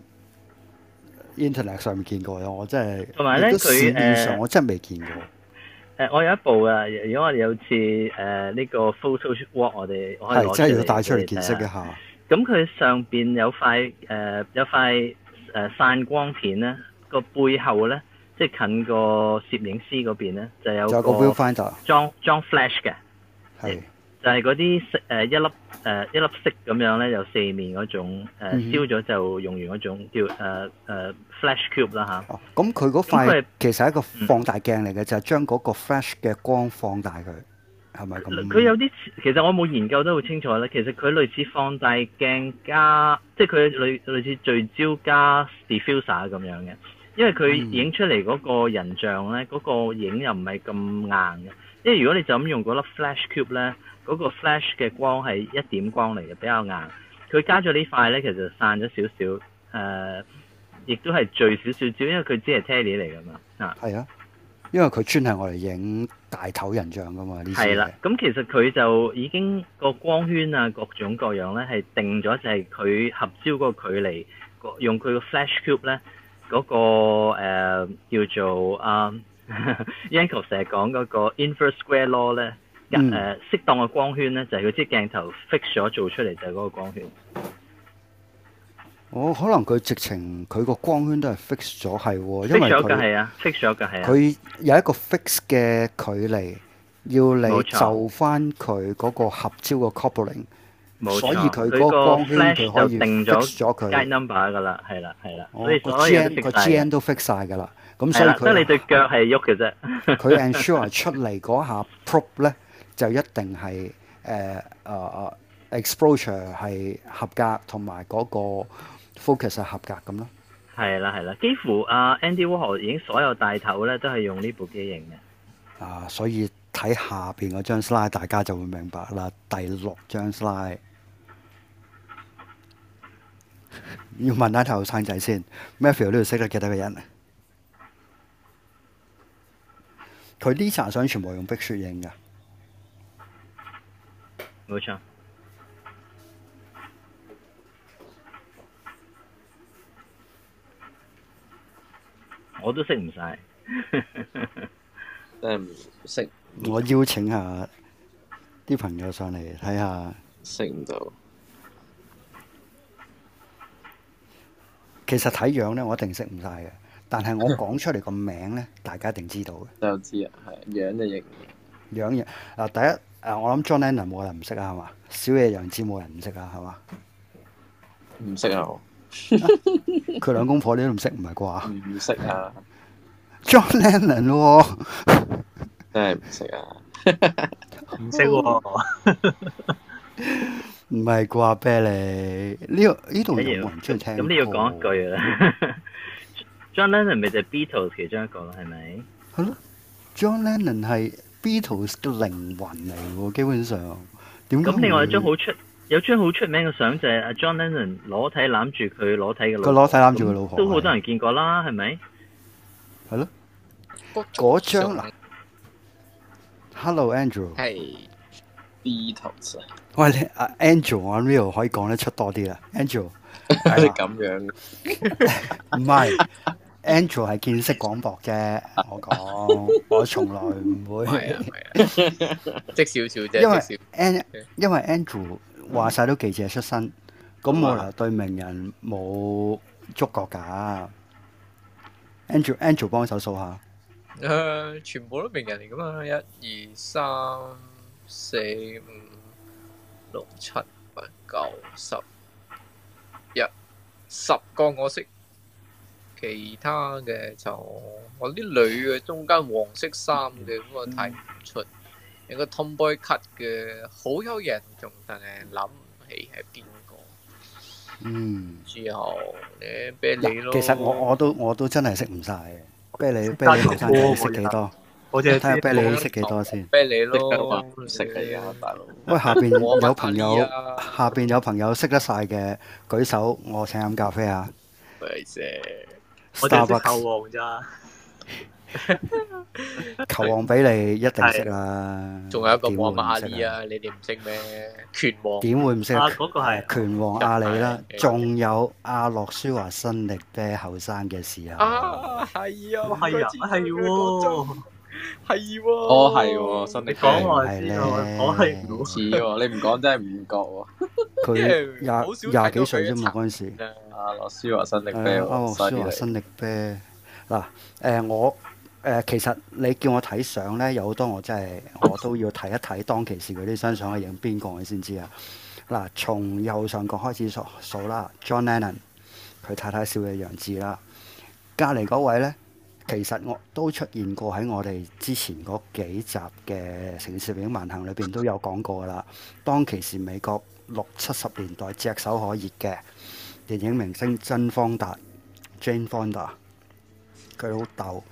Internet 上面見過嘅，我真係同埋咧佢上，他我真未見過。誒、呃，我有一部啊，如果、呃這個、walk，我哋有次誒呢個 Photoshop，我哋係即係要帶出嚟見識一下。咁佢上邊有塊誒、呃、有塊誒散光片咧，個背後咧。即係近個攝影師嗰邊咧，就有個 viewfinder flash，裝裝，裝 flash 嘅，係是就係嗰啲誒一粒誒、呃、一粒色咁樣咧，有四面嗰種誒燒咗就用完嗰種叫誒誒、呃呃、flash cube 啦吓、哦，咁佢嗰塊是其實係一個放大鏡嚟嘅，嗯、就係將嗰個 flash 嘅光放大佢，係咪咁？佢有啲其實我冇研究得好清楚啦。其實佢類似放大鏡加，即係佢類類似聚焦加 diffuser 咁樣嘅。因為佢影出嚟嗰個人像咧，嗰、那個影又唔係咁硬嘅。因為如果你就咁用嗰粒 flash cube 咧，嗰、那個 flash 嘅光係一點光嚟嘅，比較硬。佢加咗呢塊咧，其實散咗少少，誒、呃，亦都係聚少少焦，因為佢只係 tele 嚟㗎嘛。啊，係啊，因為佢專係我哋影大頭人像㗎嘛。呢係啦，咁、啊、其實佢就已經個光圈啊，各種各樣咧，係定咗，就係佢合焦嗰個距離，用佢個 flash cube 咧。嗰、那個、呃、叫做啊，Yanko 成日講嗰個 Inverse Square Law 咧，一誒、嗯、適當嘅光圈咧，就係佢即鏡頭 fix 咗做出嚟就係嗰個光圈。我、哦、可能佢直情佢個光圈都係 fix 咗，係、哦、因為佢係啊，fix 咗噶係啊，佢、啊啊、有一個 fix 嘅距離，要你錯就翻佢嗰個合焦嘅 coupling。所以佢嗰個光圈可以定咗咗佢 number 嘅啦，係啦，係啦。哦、所以所以個 g, g n 都 fix 晒嘅啦。咁了所以佢得、啊、你對腳係喐嘅啫。佢 ensure 出嚟嗰下 prop 咧就一定係誒誒 exposure 係合格，同埋嗰個 focus 係合格咁咯。係啦，係啦，幾乎阿、uh, Andy Walker 已經所有大頭咧都係用呢部機型嘅。啊，所以睇下邊嗰張 slide，大家就會明白啦。第六張 slide。要問下頭生仔先，Matthew 呢度識得幾多個人？佢啲茶水全部用碧雪影噶，冇錯。我都、 [laughs] 嗯、識唔晒。真我邀請下啲朋友上嚟睇下，識唔到？其實睇樣咧，我一定識唔晒嘅。但係我講出嚟個名咧，大家一定知道嘅。就 [laughs] 知啊，係樣就認樣嘢。嗱，第一，誒，我諗 John Lennon 冇人唔識啊，係嘛？小野洋子冇人唔識啊，係嘛？唔識啊，佢兩公婆你都唔識，唔係啩？唔識啊，John Lennon 真係唔識啊，唔識喎。唔係啩 Billy 呢？呢套嘢唔出奇、哎呀。咁你說要講一句啦。 [laughs] John Lennon 咪就 Beatles 其中一個咯，係咪？係咯、啊，John Lennon 係 Beatles 嘅靈魂嚟喎，基本上。點咁？另外一張好出，有張好出名嘅相就係 John Lennon 裸體攬住佢裸體嘅。個裸體攬住佢老婆，老婆都好多人見過啦，係咪？係咯、啊。嗰張啦。嗯、Hello, Angel 嘿。Beatles。喂，阿 Angel，我喺 real 可以講得出多啲啦。Angel 係咁樣，唔係，Angel 係見識廣博啫。我講，我從來唔會，係啊係啊，識少少啫。因為 Ang，因為 Angel 話晒都記者出身，咁我對名人冇觸角噶。Angel，Angel 幫手數下，誒，全部都名人嚟噶嘛？一二三四五。六七八九十一，十個我識，其他嘅就我啲女嘅，中間黃色衫嘅，咁我睇唔出，有、嗯、個 Tomboy cut 嘅，好有人仲，但係諗唔起係邊個？嗯，之後呢，啤梨咯，其實我我都我都真係識唔晒嘅，啤梨啤梨你識幾多？ [laughs] 我哋睇下啤利識幾多先？啤利咯，識你啊，大佬！喂，下邊有朋友，下邊有朋友識得晒嘅舉手，我請飲咖啡吓。咪住，我哋隻球王咋？球王啤利一定識啦。仲有一個皇馬阿李啊，你哋唔識咩？拳王點會唔識？啊，嗰個係拳王阿里啦。仲有阿諾舒華辛力加後生嘅時候。啊，係啊！係啊，係喎。係喎，啊、哦係喎，新、啊、力啤係你，我係唔似喎，你唔講真係唔覺喎。佢廿廿幾歲啫嘛，嗰陣時。阿羅思華新力啤，哦，思華新力啤。嗱，誒，我誒，其實你叫我睇相咧，有好多我真係我都要睇一睇，當其時嗰啲張相係影邊個我先知啊。嗱，從右上角開始數數啦，John Lennon an, 佢太太小野洋子啦，隔籬嗰位咧。其實我都出現過喺我哋之前嗰幾集嘅《城市攝影漫行》裏邊都有講過啦。當其時美國六七十年代炙手可熱嘅電影明星珍芳達 （Jane Fonda），佢老豆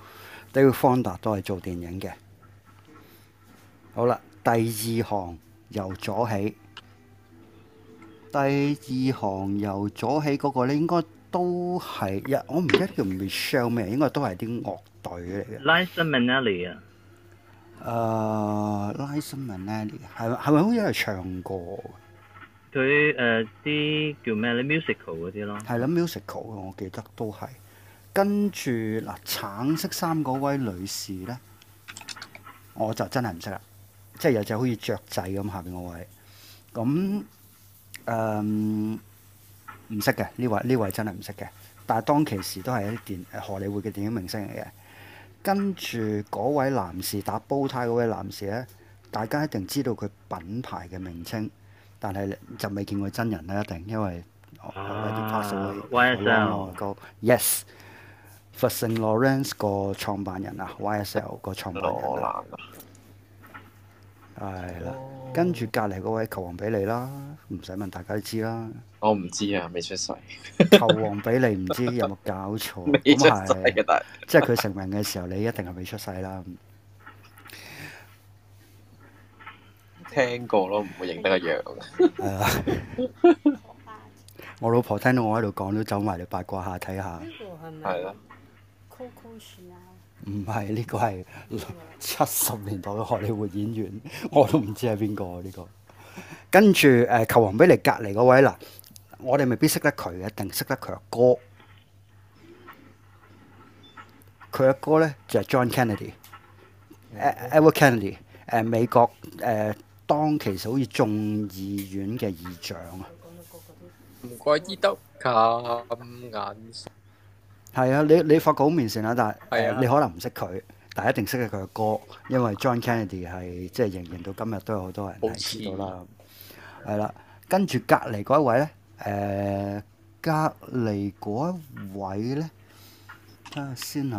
Dil Fonda 都係做電影嘅。好啦，第二行由左起，第二行由左起嗰個你應該。都係一，我唔知叫 Michelle 咩，應該都係啲樂隊嚟嘅。Liza Minnelli、uh, l i 啊，誒，Liza Minnelli 係咪好似係唱歌？佢誒啲叫咩咧 musical 嗰啲咯。係啦、啊、musical，我記得都係。跟住嗱、呃，橙色衫嗰位女士咧，我就真係唔識啦，即、就、係、是、有隻好似雀仔咁下邊嗰位。咁誒？Um, 唔識嘅呢位呢位真係唔識嘅，但係當其時都係一啲荷里活嘅電影明星嚟嘅。跟住嗰位男士打煲呔嗰位男士呢，大家一定知道佢品牌嘅名稱，但係就未見過真人啦，一定因為、啊、Yves Saint Laurent 個創辦人啊，YSL 個創辦人、啊。係啦，跟住隔離嗰位球王比利啦，唔使問，大家都知啦。我唔知啊，未出世。 [laughs] 球王比利唔知有冇搞錯？咁係， [laughs] 是是即係佢成名嘅時候， [laughs] 你一定係未出世啦。聽過咯，唔會認得個樣。 [laughs] [laughs] 我老婆聽到我喺度講，都走埋嚟八卦下睇下。係咪？係咯。唔係呢個係七十年代嘅荷里活演員，我都唔知係邊個呢個。跟住誒、呃，球王比利隔籬嗰位嗱。我哋未必識得佢嘅，一定識得佢阿哥。佢阿哥咧就係、是、John Kennedy，Edward Kennedy，誒 [music] Kennedy，美國誒、呃、當期好似眾議院嘅議長啊。唔怪之得，咁眼熟。係啊，你你發覺好面善啊，但係、呃、你可能唔識佢，但係一定識得佢嘅哥，因為 John Kennedy 係即係仍然到今日都有好多人知道啦。係啦像，啊、跟住隔離嗰一位咧。誒、呃、隔離嗰一位呢，睇下先嚇。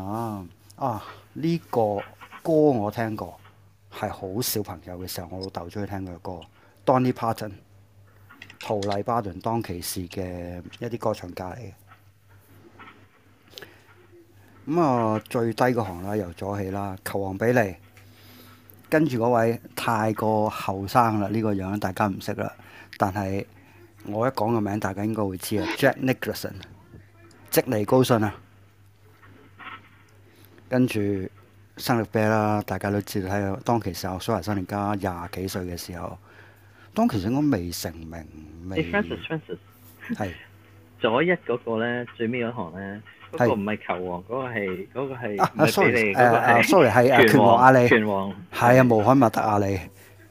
啊、呢、這個歌我聽過，係好小朋友嘅時候，我老豆中意聽嘅歌。 [noise] Donny p a r t o n 陶麗巴頓，當其士嘅一啲歌唱家嚟嘅。咁、嗯、啊、呃，最低嗰行啦，由左起啦，球王比利。跟住嗰位太過後生啦，呢、這個樣大家唔識啦，但係。我一講個名，大家應該會知啊，Jack Nicholson，即尼高信啊，跟住生力啤啦，大家都知道喺當其時候，蘇格蘭辛尼加廿幾歲嘅時候，當其時應該未成名，未。Francis，Francis 係左一嗰個咧，最尾嗰行咧，係，嗰個唔係球王，嗰個係嗰個係 sorry，阿，sorry 係拳王阿里，拳王係啊，無海默特阿里，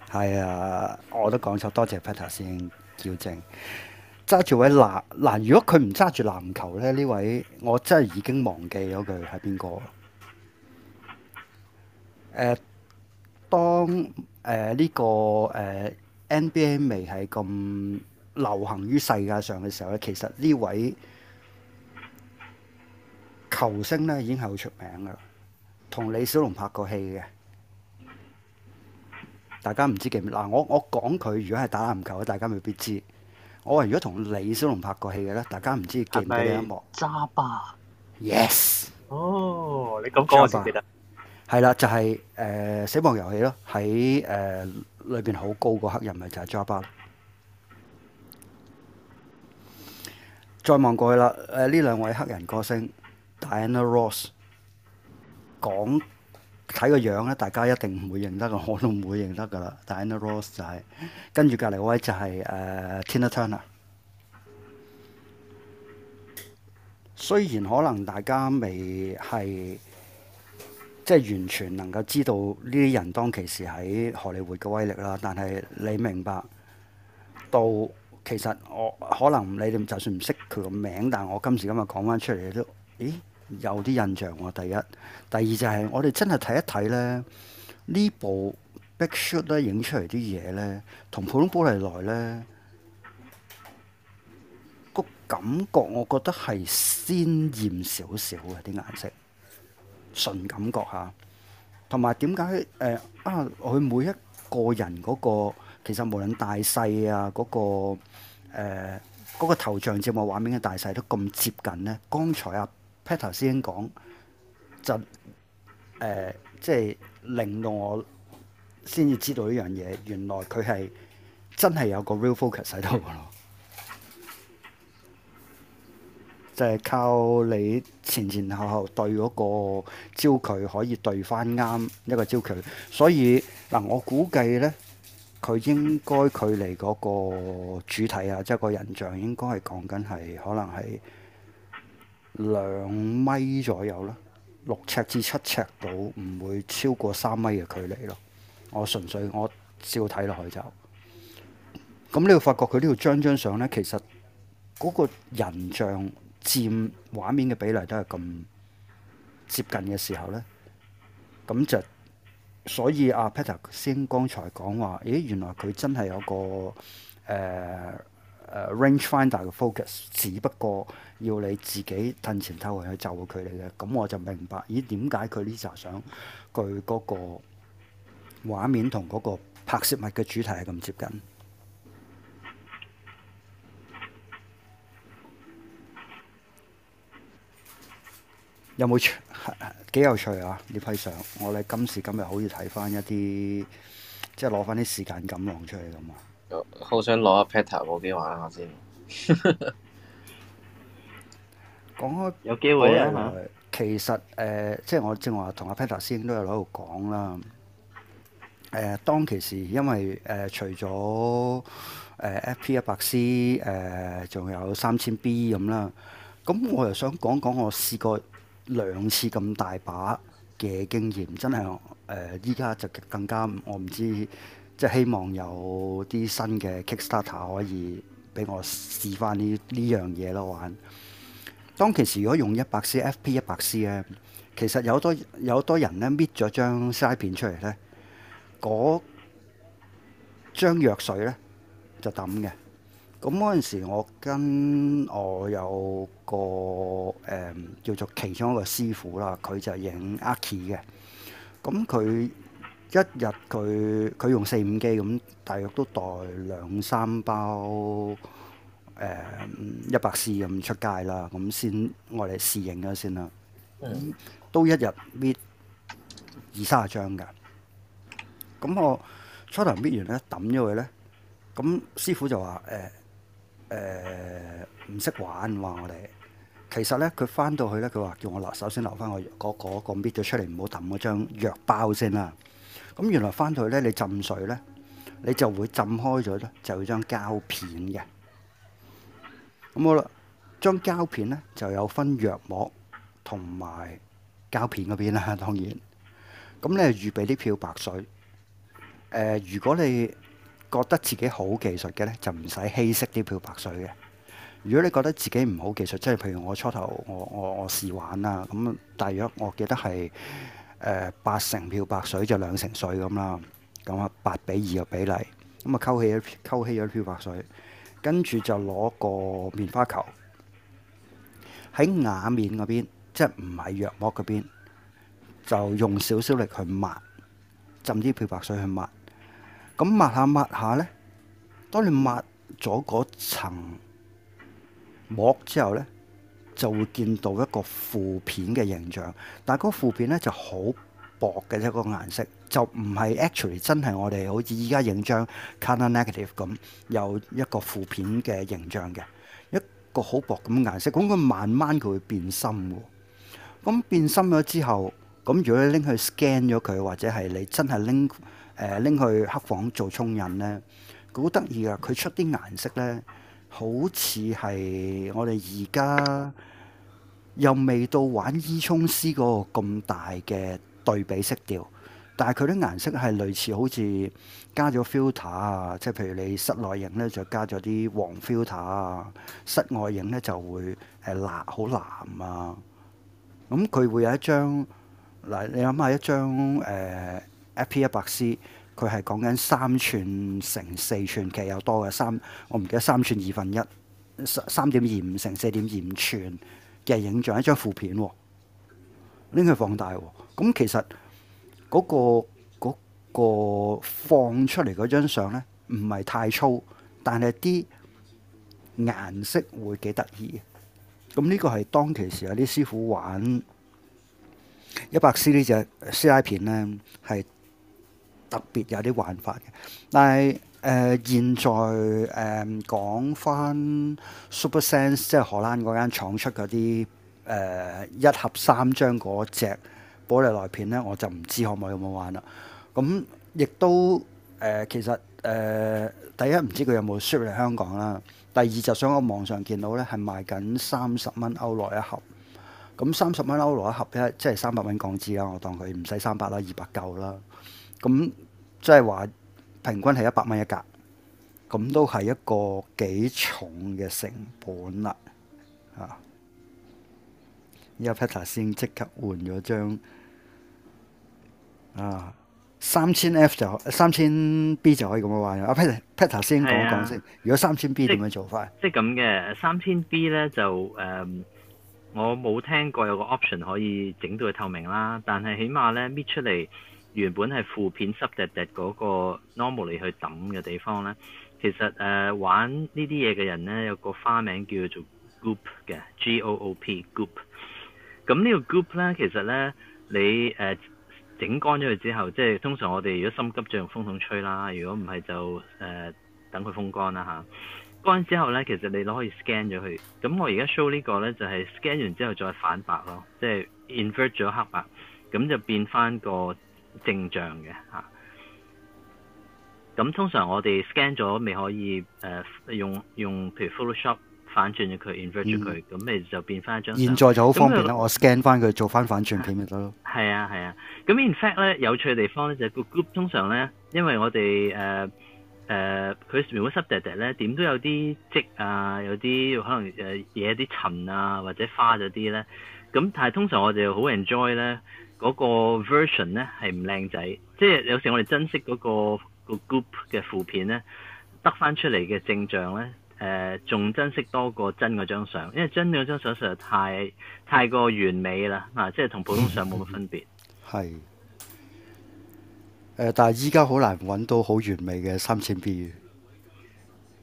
係啊，我都講錯，多謝 Peter 先。叫正揸住位籃嗱、啊，如果佢唔揸住籃球咧，呢位我真係已經忘記咗佢係邊個。誒、呃，當誒呢個誒 NBA 未係咁流行於世界上嘅時候咧，其實呢位球星咧已經係好出名噶啦，同李小龍拍過戲嘅。大家唔知記唔記得？嗱，我我講佢如果係打籃球嘅，大家未必知。我話如果同李小龍拍過戲嘅咧，大家唔知是是記唔記得一幕？揸巴 Java?，yes、oh。哦，你咁講我先記得。係啦，就係、是、誒、呃、死亡遊戲咯，喺誒裏邊好高個黑人咪就係揸巴。再望過去啦，誒呢兩位黑人歌星，Diana Ross 講。睇個樣咧，大家一定唔會認得噶，我都唔會認得噶啦。但係 Diana Ross 就係跟住隔離嗰位就係 uh, Tina Turner。雖然可能大家未係即係完全能夠知道呢啲人當其時喺荷里活嘅威力啦，但係你明白到其實我可能你哋就算唔識佢個名，但係我今時今日講翻出嚟都，咦？有啲印象啊，第一，第二就係我哋真係睇一睇咧，呢部呢《Big Shot》咧，影出嚟啲嘢咧，同普通玻璃內咧個感覺我覺得係鮮艷少少嘅啲顏色，純感覺吓，同埋點解誒啊？佢每一個人嗰個其實無論大細啊，嗰個誒嗰個頭像節目畫面嘅大細都咁接近咧。剛才啊。Peter 師兄講，就誒、呃，即係令到我先至知道呢樣嘢，原來佢係真係有個 real focus 喺度咯，就係、是、靠你前前後後對嗰個焦距可以對翻啱一個焦距，所以嗱、呃，我估計咧，佢應該距離嗰個主體啊，即、就、係、是、個人像應該係講緊係可能喺，兩米左右啦，六尺至七尺到，唔會超過三米嘅距離咯。我純粹我照睇落去就，咁你會發覺佢呢度張張相呢，其實嗰個人像佔畫面嘅比例都係咁接近嘅時候呢。咁就所以阿、啊、Peter 先剛才講話，咦原來佢真係有個誒誒、呃啊、range finder 嘅 focus，只不過。要你自己褪前偷去，去就佢哋嘅，咁我就明白，咦？點解佢呢紮相佢嗰個畫面同嗰個拍攝物嘅主題係咁接近？嗯、有冇趣、啊？幾有趣啊！呢批相，我哋今時今日好似睇翻一啲，即係攞翻啲時間感浪出嚟咁啊！好想攞阿 pattern 冇機玩下先。 [laughs] 講開有機會吖，其實誒、呃，即係我正話同阿 Peter 師兄都有喺度講啦。誒、呃，當其時因為誒、呃，除咗誒、呃、FP 一百 C，誒、呃，仲有三千 B 咁啦。咁我又想講講我試過兩次咁大把嘅經驗，真係誒，依、呃、家就更加我唔知，即係希望有啲新嘅 Kickstarter 可以俾我試返呢呢樣嘢咯，我玩。當其時如果用一百 C、FP 一百 C 咧，其實有多有多人咧搣咗張曬片出嚟咧，嗰張藥水咧就抌嘅。咁嗰陣時我跟我有個誒、呃、叫做其中一個師傅啦，佢就影阿 K 嘅。咁佢一日佢佢用四五機咁，大約都袋兩三包。誒一百四咁出街啦，咁先我哋試影咗先啦，都一日搣二三十張㗎，咁我初頭搣完咧抌咗佢咧，咁師傅就話誒誒唔識玩，話我哋，其實咧佢翻到去咧，佢話叫我攞，首先留翻我嗰嗰個搣咗出嚟，唔好抌嗰張藥包先啦。咁原來翻到去咧，你浸水咧，你就會浸開咗咧，就係張膠片嘅。咁、嗯、好啦，張膠片咧就有分藥膜同埋膠片嗰邊啦，當然。咁你預備啲漂白水。誒、呃，如果你覺得自己好技術嘅咧，就唔使稀釋啲漂白水嘅。如果你覺得自己唔好技術，即係譬如我初頭我我我試玩啦，咁大約我記得係誒八成漂白水就兩成水咁啦，咁啊八比二嘅比例，咁啊溝起溝起嗰漂白水。跟住就攞個棉花球喺瓦面嗰邊，即係唔係藥膜嗰邊，就用少少力去抹，浸啲漂白水去抹。咁抹下抹下咧，當你抹咗嗰層膜之後咧，就會見到一個負片嘅形象。但係嗰負片咧就好。薄嘅一個顏色，就唔係 actually 真係我哋好似依家影張 color negative 咁，有一個負片嘅影像嘅一個好薄咁嘅顏色。咁佢慢慢佢會變深嘅。咁變深咗之後，咁如果你拎去 scan 咗佢，或者係你真係拎誒拎去黑房做沖印咧，好得意嘅。佢出啲顏色咧，好似係我哋而家又未到玩依沖師個咁大嘅，對比色調，但係佢啲顏色係類似，好似加咗 filter 啊，即係譬如你室內影咧就加咗啲黃 filter 啊，室外影咧就會誒藍好藍啊。咁、嗯、佢會有一張嗱，你諗下一張誒 FP-100C，佢係講緊三寸乘四寸，其實有多嘅三，我唔記得三寸二分一三三點二五乘四點二五寸嘅影像，一張副片拎、哦、佢放大喎、哦。咁其實嗰、嗰個嗰個放出嚟嗰張相咧，唔係太粗，但係啲顏色會幾得意。咁呢個係當其時有啲師傅玩一百 C, 隻 CIP 片呢隻 C.I.P. 咧，係特別有啲玩法嘅。但係誒、呃，現在誒講翻 Super Sense，即係荷蘭嗰間廠出嗰啲誒一盒、呃、三張嗰隻。玻璃內片咧，我就唔知可唔可以有冇玩啦。咁亦都誒、呃，其實誒、呃，第一唔知佢有冇輸嚟香港啦。第二就想我網上見到咧，係賣緊三十蚊歐羅一盒。咁三十蚊歐羅一盒一，即係三百蚊港紙啦。我當佢唔使三百啦，二百夠啦。咁即係話平均係一百蚊一格，咁都係一個幾重嘅成本啦。啊，而家 Peter 先即刻換咗張。啊，三千 F 就三千 B 就可以咁樣玩。Peter，Peter 頭先講講先。如果三千 B 點樣做法？即咁嘅，三千 B 咧就誒、嗯，我冇聽過有個 option 可以整到佢透明啦。但係起碼咧搣出嚟，原本係負片濕滴滴嗰個 normally 去抌嘅地方咧，其實誒、呃、玩呢啲嘢嘅人咧，有個花名叫做 group 嘅 G O O P group。咁呢個 group 咧，其實咧你誒。呃整乾咗佢之後，即係通常我哋如果心急就用風筒吹啦，如果唔係就誒、呃、等佢風乾啦嚇。乾、啊、之後呢，其實你攞可以 scan 咗佢。咁我而家 show 呢個呢，就係、是、scan 完之後再反白咯，即係 invert 咗黑白，咁就變翻個正像嘅嚇。咁、啊、通常我哋 scan 咗未可以誒、呃、用用譬如 Photoshop。反轉咗佢，invert 咗佢，咁你、嗯、就變翻一張。現在就好方便啦，它我 scan 翻佢做翻反轉片咪得咯。係啊係啊，咁、啊、in fact 咧，有趣嘅地方咧，就係個、group 通常咧，因為我哋誒誒佢如果濕滴滴咧，點都有啲積啊，有啲、呃、可能誒惹啲塵啊，或者花咗啲咧。咁但係通常我哋好 enjoy 咧嗰、嗰個 version 咧係唔靚仔，即係有時我哋珍惜嗰個個 group 嘅負片咧得翻出嚟嘅正像咧。呢誒仲、呃、珍惜多過真嗰張相，因為真嗰張相實在太太過完美啦，嗯、啊，即係同普通相冇乜分別。係、嗯呃。但係依家好難揾到好完美嘅三千 B。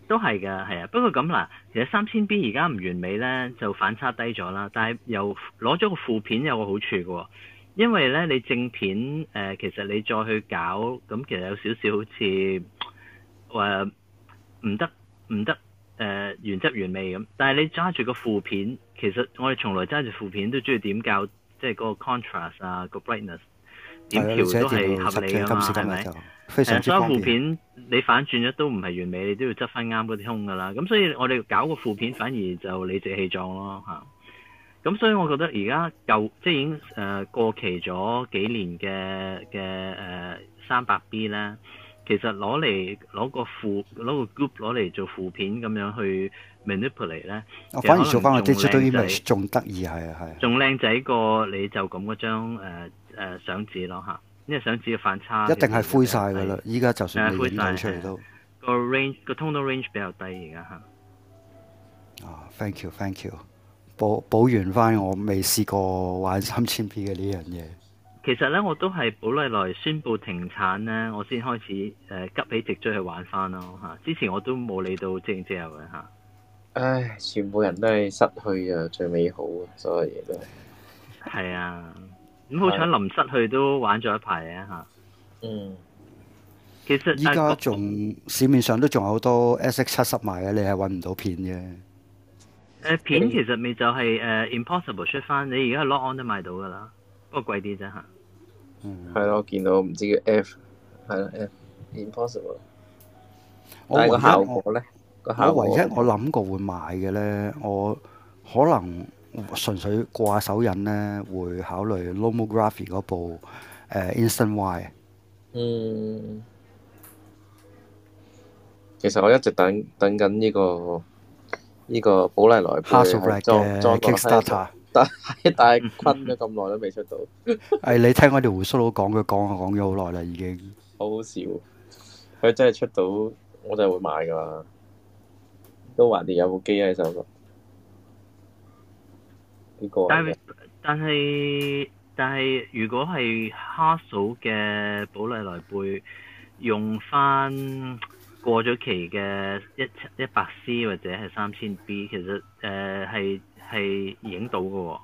都係㗎，係啊。不過咁嗱，其實三千 B 而家唔完美呢，就反差低咗啦。但係又攞咗個副片有個好處嘅、哦，因為呢，你正片誒、呃，其實你再去搞咁，其實有少少好似話唔得唔得。呃誒、呃，原汁原味咁，但係你揸住個負片，其實我哋從來揸住負片都中意點較，即係嗰個 contrast 啊，個 brightness 點調都係合理噶嘛，係咪、嗯？所有次、啊、負片你反轉咗都唔係完美，你都要執翻啱嗰啲空噶啦。咁所以我哋搞個負片反而就理直氣壯咯，吓。咁所以我覺得而家舊即係已經誒、呃、過期咗幾年嘅嘅誒三百 B 咧。其實攞嚟攞個副攞個 group 攞嚟做副片咁樣去 manipulate 咧、啊，我、啊、反而做翻個 digital image 仲得意係啊係，仲靚仔過你就咁嗰張誒誒相紙咯吓，因、啊、為、啊、相紙嘅反差一定係灰晒噶啦，依家是就算你影出嚟都個 range 個 tonal range 比較低而家吓。啊，thank you，thank you，補補完翻我未試過玩三千 P 嘅呢樣嘢。其實咧，我都係寶麗來宣布停產咧，我先開始誒、呃、急起直追去玩翻咯吓。之前我都冇理到正正即入嘅吓。啊、唉，全部人都係失去啊，最美好所有嘢都係。係啊，咁好彩臨失去都玩咗一排嘅。吓、啊。嗯，其實依家仲市面上都仲有好多 SX 七十賣嘅，你係搵唔到片嘅誒，啊、片其實咪就係、是、誒、啊、Impossible 出翻，你而家 lock on 都買到噶啦，不過貴啲啫吓。嗯，係咯，見到唔知叫 F，係啦，F Impossible。但係個效果咧，個效果。我唯一我諗過會買嘅咧，我可能純粹掛手癮咧，會考慮 Lomography 嗰部誒、uh, Instant Wide 嗯。其實我一直等等緊呢、呢個呢、呢個寶麗來 Hasselblad 嘅 Kickstarter。 [laughs] 但係但係困咗咁耐都未出到。誒、 [laughs] 哎，你聽我條胡鬚佬講,講，佢講啊講咗好耐啦已經。好好笑，佢真係出到，我就會買噶啦。都話你有部機喺手度。但係但係但係，如果係哈嫂嘅寶麗來貝用翻過咗期嘅一一百 C 或者係三千 B，其實誒係。呃係影到嘅，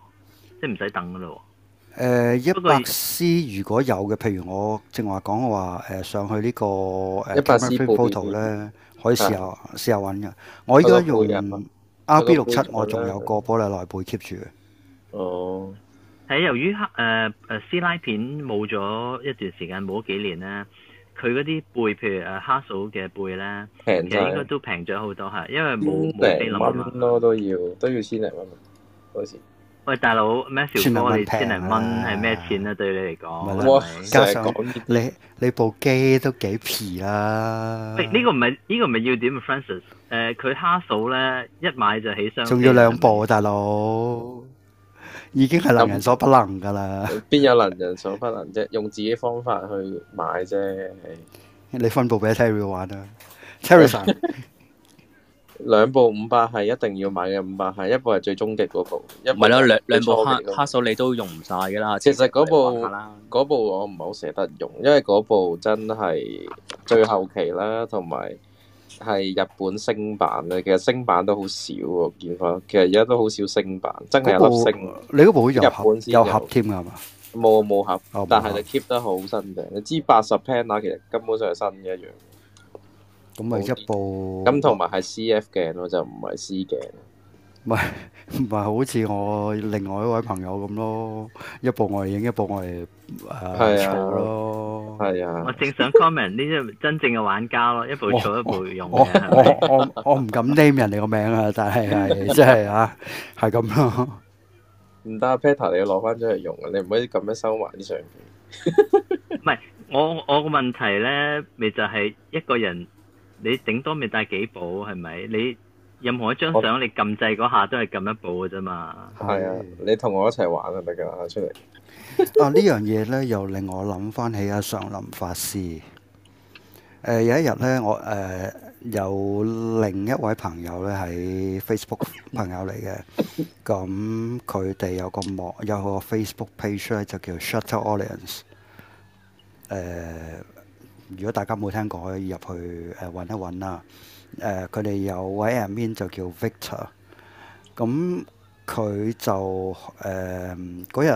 即係唔使等嘅咯。誒，一百 C 不過 如果有嘅，譬如我正話講嘅話，誒、呃、上去呢、這個誒，一、呃、百 C frame photo 咧，可以試下試下搵嘅。試試啊、我依家用 R B 六七，我仲有個玻璃內背 keep 住嘅。哦、呃，係由於黑誒誒師奶片冇咗一段時間，冇咗幾年咧。佢嗰啲背，譬如誒蝦嫂嘅背咧，其實應該都平咗好多，係因為冇你俾諗。千零蚊咯都要，都要千零蚊。嗰時，喂大佬，Michael 哥，你千零蚊係咩錢呢啊？對你嚟講，加上你你部機都幾皮啦、啊。這個這個啊呃、呢個唔係，呢個唔係要點，Francis。佢蝦嫂咧一買就起身，仲要兩部，啊大佬。已經係能人所不能噶啦，邊有能人所不能啫？用自己方法去買啫。你分部俾 Terry 玩啦，Terry。兩部五百係一定要買嘅，五百係一部係最終極嗰部，唔係咯兩兩部黑黑數你都用唔晒噶啦。其實嗰部嗰部我唔係好捨得用，因為嗰部真係最後期啦，同埋。係日本星版咧，其實星版都好少喎，見翻。其實而家都好少星版，真係有粒星。你嗰部日本先有，有盒添㗎嘛？冇冇盒，盒，哦，但係你 keep 得好新嘅。你知八十 pan 啊，其實根本上係新嘅一樣。咁咪一部咁，同埋係 CF 鏡咯，就唔係 C 鏡。唔係唔係，好似我另外一位朋友咁咯，一部外影一部外，誒錯咯，係啊！啊我正想 comment 呢啲真正嘅玩家咯，一部做，一部用。我我我唔敢 name 人哋個名、就是、啊，但係係真係啊，係咁咯。唔得啊，Peter，你要攞翻出嚟用啊！你唔可以咁樣收埋啲相。唔 [laughs] 係，我我個問題咧，咪就係、是、一個人，你頂多咪帶幾部係咪？你？任何一張相，你撳掣嗰下都係撳一步嘅啫嘛。係啊，你同我一齊玩啊得噶啦，出嚟。啊，呢樣嘢咧又令我諗翻起阿上林法師。誒，有一日咧，我誒有另一位朋友咧喺 Facebook 朋友嚟嘅，咁佢哋有個網有個 Facebook page 咧就叫 Shutter Audience。誒，如果大家冇聽過可以入去誒搵一搵啦。誒佢哋有位入面就叫 Victor，咁佢就誒嗰日、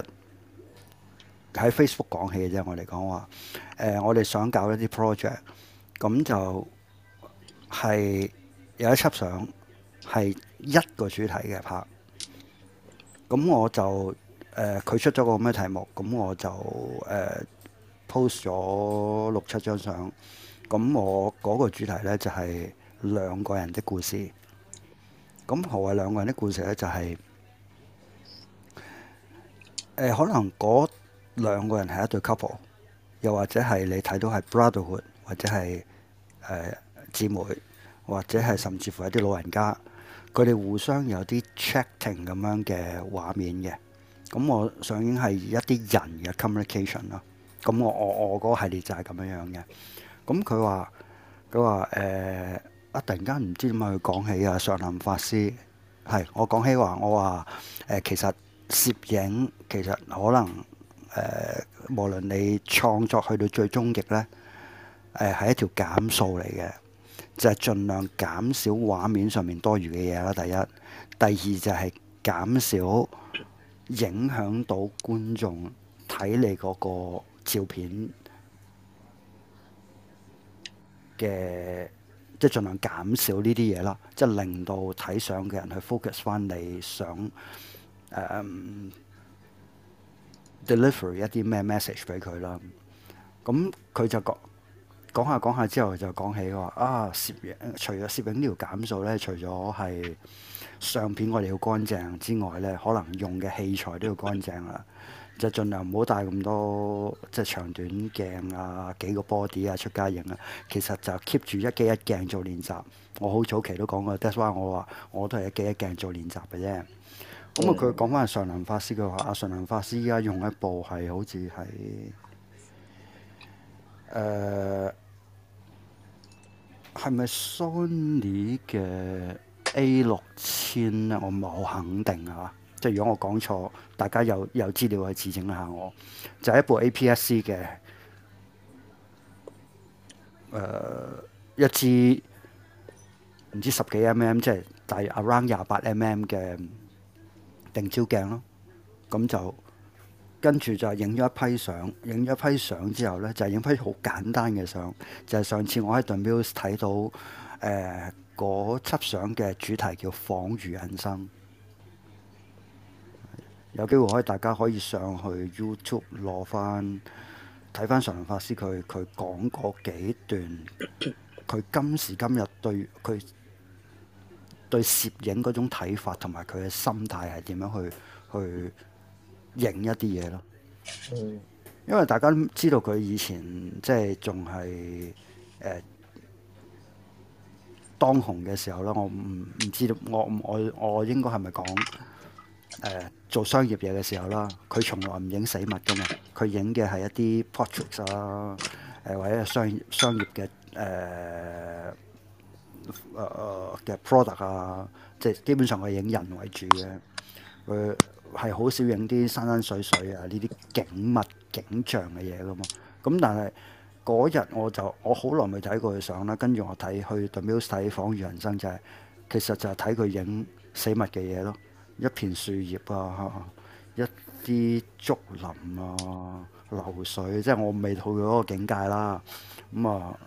呃、喺 Facebook 講起嘅啫。我哋講話，誒、呃，我哋想搞一啲 project，咁就係有一輯相係一個主題嘅拍。咁我就誒佢、呃、出咗個咩題目，咁我就誒、呃、post 咗六七張相。咁我嗰個主題咧就係、是。兩個人的故事，咁何謂兩個人的故事咧？就係、是、誒、呃，可能嗰兩個人係一對 couple，又或者係你睇到係 brotherhood，或者係誒、呃、姊妹，或者係甚至乎一啲老人家，佢哋互相有啲 checking 咁樣嘅畫面嘅。咁我上映係一啲人嘅 communication 咯。咁我我我嗰個系列就係咁樣樣嘅。咁佢話佢話誒。啊！突然間唔知點解會講起啊，上林法師係我講起話，我話誒、呃、其實攝影其實可能誒、呃，無論你創作去到最終極咧，誒、呃、係一條減數嚟嘅，就係、是、盡量減少畫面上面多餘嘅嘢啦。第一，第二就係減少影響到觀眾睇你嗰個照片嘅。即係盡量減少呢啲嘢啦，即係令到睇相嘅人去 focus 翻你想、um, delivery 一啲咩 message 俾佢啦。咁佢就講講下講下之後就講起話，啊，攝影，除咗攝影呢條減數咧，除咗係相片我哋要乾淨之外咧，可能用嘅器材都要乾淨啦。就儘量唔好帶咁多，即係長短鏡啊，幾個 body 啊出街影啊。其實就 keep 住一機一鏡做練習。我好早期都講過，That's why 我話我都係一機一鏡做練習嘅啫。咁啊、嗯，佢講翻上林法師嘅話，阿上林法師而家用一部係好似喺誒係咪 Sony 嘅 A 六千咧？我冇肯定啊。即係如果我講錯，大家有有資料可以指正下我。就係、是、一部 APS-C 嘅，誒、呃、一支唔知十幾 mm，即係大約 around 廿八 mm 嘅定焦鏡咯。咁就跟住就影咗一批相，影咗一批相之後咧，就影批好簡單嘅相。就係、是、上次我喺 Dummies 睇到誒嗰、呃、輯相嘅主題叫仿如人生。有機會可以，大家可以上去 YouTube 攞翻睇翻常龍法師，佢佢講嗰幾段，佢今時今日對佢對攝影嗰種睇法同埋佢嘅心態係點樣去去影一啲嘢咯。嗯，因為大家知道佢以前即係仲係誒當紅嘅時候啦，我唔唔知道我我我應該係咪講誒？呃做商業嘢嘅時候啦，佢從來唔影死物嘅嘛，佢影嘅係一啲 project 啊，啦、呃，或者商商業嘅誒誒嘅 product 啊，即係基本上佢影人為主嘅，佢係好少影啲山山水水啊呢啲景物景象嘅嘢噶嘛。咁但係嗰日我就我好耐未睇過佢相啦，跟住我睇去 The Muse 睇《仿如人生》，就是，就係其實就係睇佢影死物嘅嘢咯。一片樹葉啊，一啲竹林啊，流水，即係我未去到嗰個境界啦。咁、嗯、啊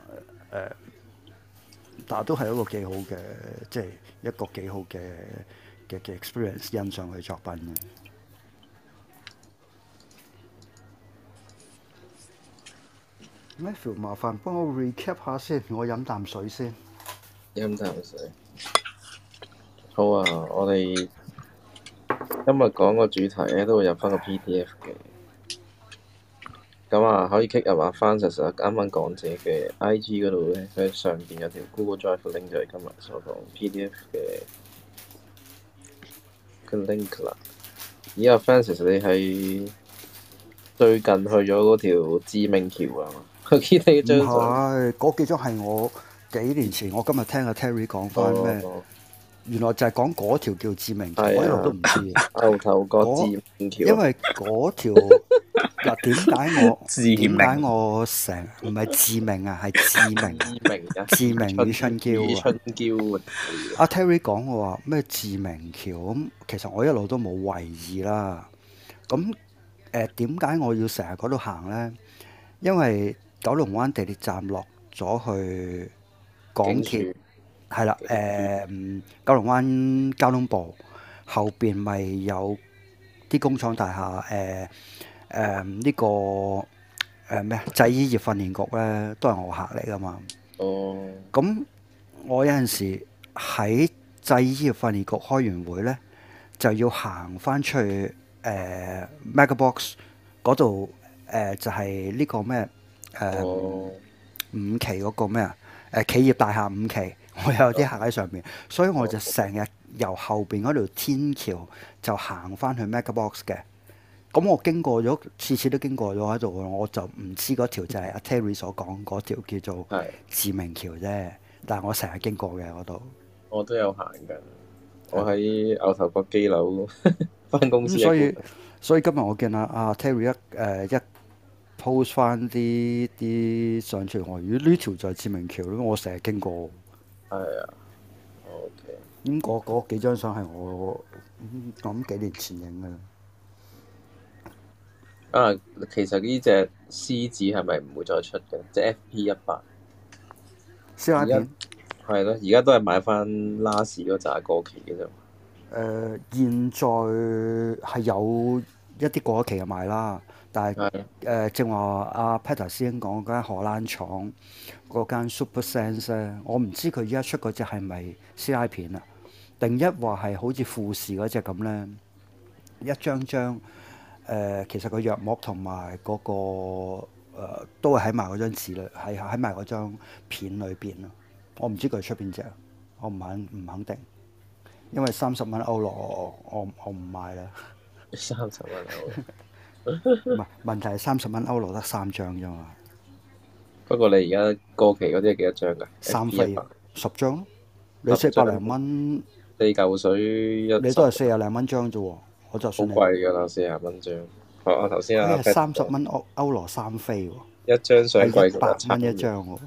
誒，但係都係一個幾好嘅，即係一個幾好嘅嘅嘅 experience，欣賞佢作品。Matthew，麻煩幫我 recap 下先，我飲啖水先。飲啖水。好啊，我哋。今日講個主題咧，都會入翻個 PDF 嘅。咁啊，可以 kick 入啊。Francis 啊，啱啱講者嘅 IG 嗰度咧，佢上邊有條 Google Drive link 就係今日所講 PDF 嘅個 link 啦。而家 Francis 你喺最近去咗嗰條知名橋啊？嘛？kitty 唔係，嗰 [laughs] 幾張係我幾年前，我今日聽阿 Terry 講翻咩？Oh, oh. 原來就係講嗰條叫致命橋，我一路都唔知。頭頭個致命橋，因為嗰條嗱，點解我？點解我成唔係致命啊？係致命、致命嘅致命與春嬌。阿 Terry 講我話咩致命橋咁，其實我一路都冇懷疑啦。咁誒，點解我要成日嗰度行咧？因為九龍灣地鐵站落咗去港鐵。係啦，誒、呃，九龍灣交通部後邊咪有啲工廠大廈，誒誒呢個誒咩啊？製、呃、衣業訓練局咧都係我客嚟㗎嘛。哦、嗯。咁我有陣時喺製衣業訓練局開完會咧，就要行翻出去誒 mega box 嗰度，誒、呃呃、就係、是、呢個咩誒、呃嗯、五期嗰個咩啊？誒、呃、企業大廈五期。我有啲行喺上面，所以我就成日由後邊嗰條天橋就行翻去 Megabox 嘅。咁我經過咗，次次都經過咗喺度，我就唔知嗰條就係阿 Terry 所講嗰條叫做致命橋啫。但係我成日經過嘅嗰度，我都有行緊。我喺牛頭角機樓翻公司。所以所以今日我見啊阿 Terry 一誒、呃、一 post 翻啲啲上傳外語呢條就係致命橋啦，我成日經過。係啊，O K，咁嗰嗰幾張相係我諗幾年前影噶啦。啊，其實呢隻獅子係咪唔會再出嘅？即係 F P 一百。而家係咯，而家都係買翻 last 嗰紮過期嘅啫。誒，現在係、呃、有一啲過咗期嘅賣啦，但係誒正話阿 Peter 師兄講嗰間荷蘭廠。嗰間 SuperSense 咧，我唔知佢依家出嗰隻係咪 C.I 片啊。定一話係好似富士嗰隻咁咧，一張張誒、呃，其實個藥膜同埋嗰個、呃、都係喺埋嗰張紙裏，喺喺埋嗰張片裏邊咯。我唔知佢出邊隻，我唔肯唔肯定，因為三十蚊歐羅我，我我我唔買啦。三十蚊歐羅，唔係問題係三十蚊歐羅得三張啫嘛。不過你而家過期嗰啲係幾多張噶、啊？三飛十張，你四百零蚊。四嚿水你都係四廿零蚊張啫喎，我就算。好貴噶啦，四廿蚊張。我我頭先有。三十蚊歐歐羅三飛。一張上貴八蚊一張喎。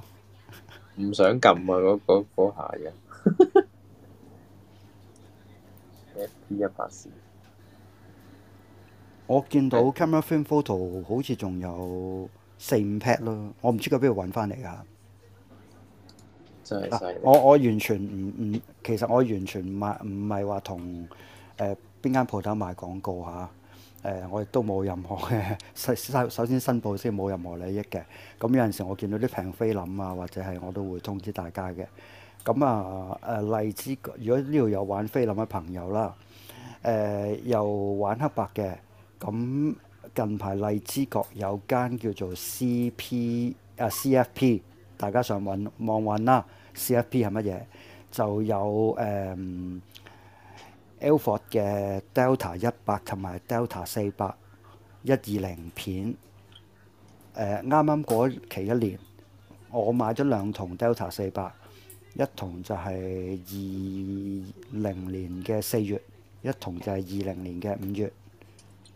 唔想撳啊！嗰下嘅。 [laughs] F P 一百我見到 Camera Frame Photo 好似仲有。四五 pet 咯，4, pack, 我唔知佢邊度揾翻嚟㗎。我我完全唔唔，其實我完全唔唔係話同誒邊間鋪頭賣廣告嚇、啊。誒、呃，我亦都冇任何嘅首先申報先，冇任何利益嘅。咁有陣時我見到啲平菲林啊，或者係我都會通知大家嘅。咁啊誒荔枝，如果呢度有玩菲林嘅朋友啦，誒、呃、又玩黑白嘅咁。近排荔枝角有間叫做 C.P. 啊、uh, C.F.P. 大家上網望揾啦，C.F.P. 係乜嘢？就有誒 Ilford 嘅 Delta 一百同埋 Delta 四百，一二零片啱啱過期一年，我買咗兩桶 Delta 四百，400, 一桶就係二零年嘅四月，一桶就係二零年嘅五月。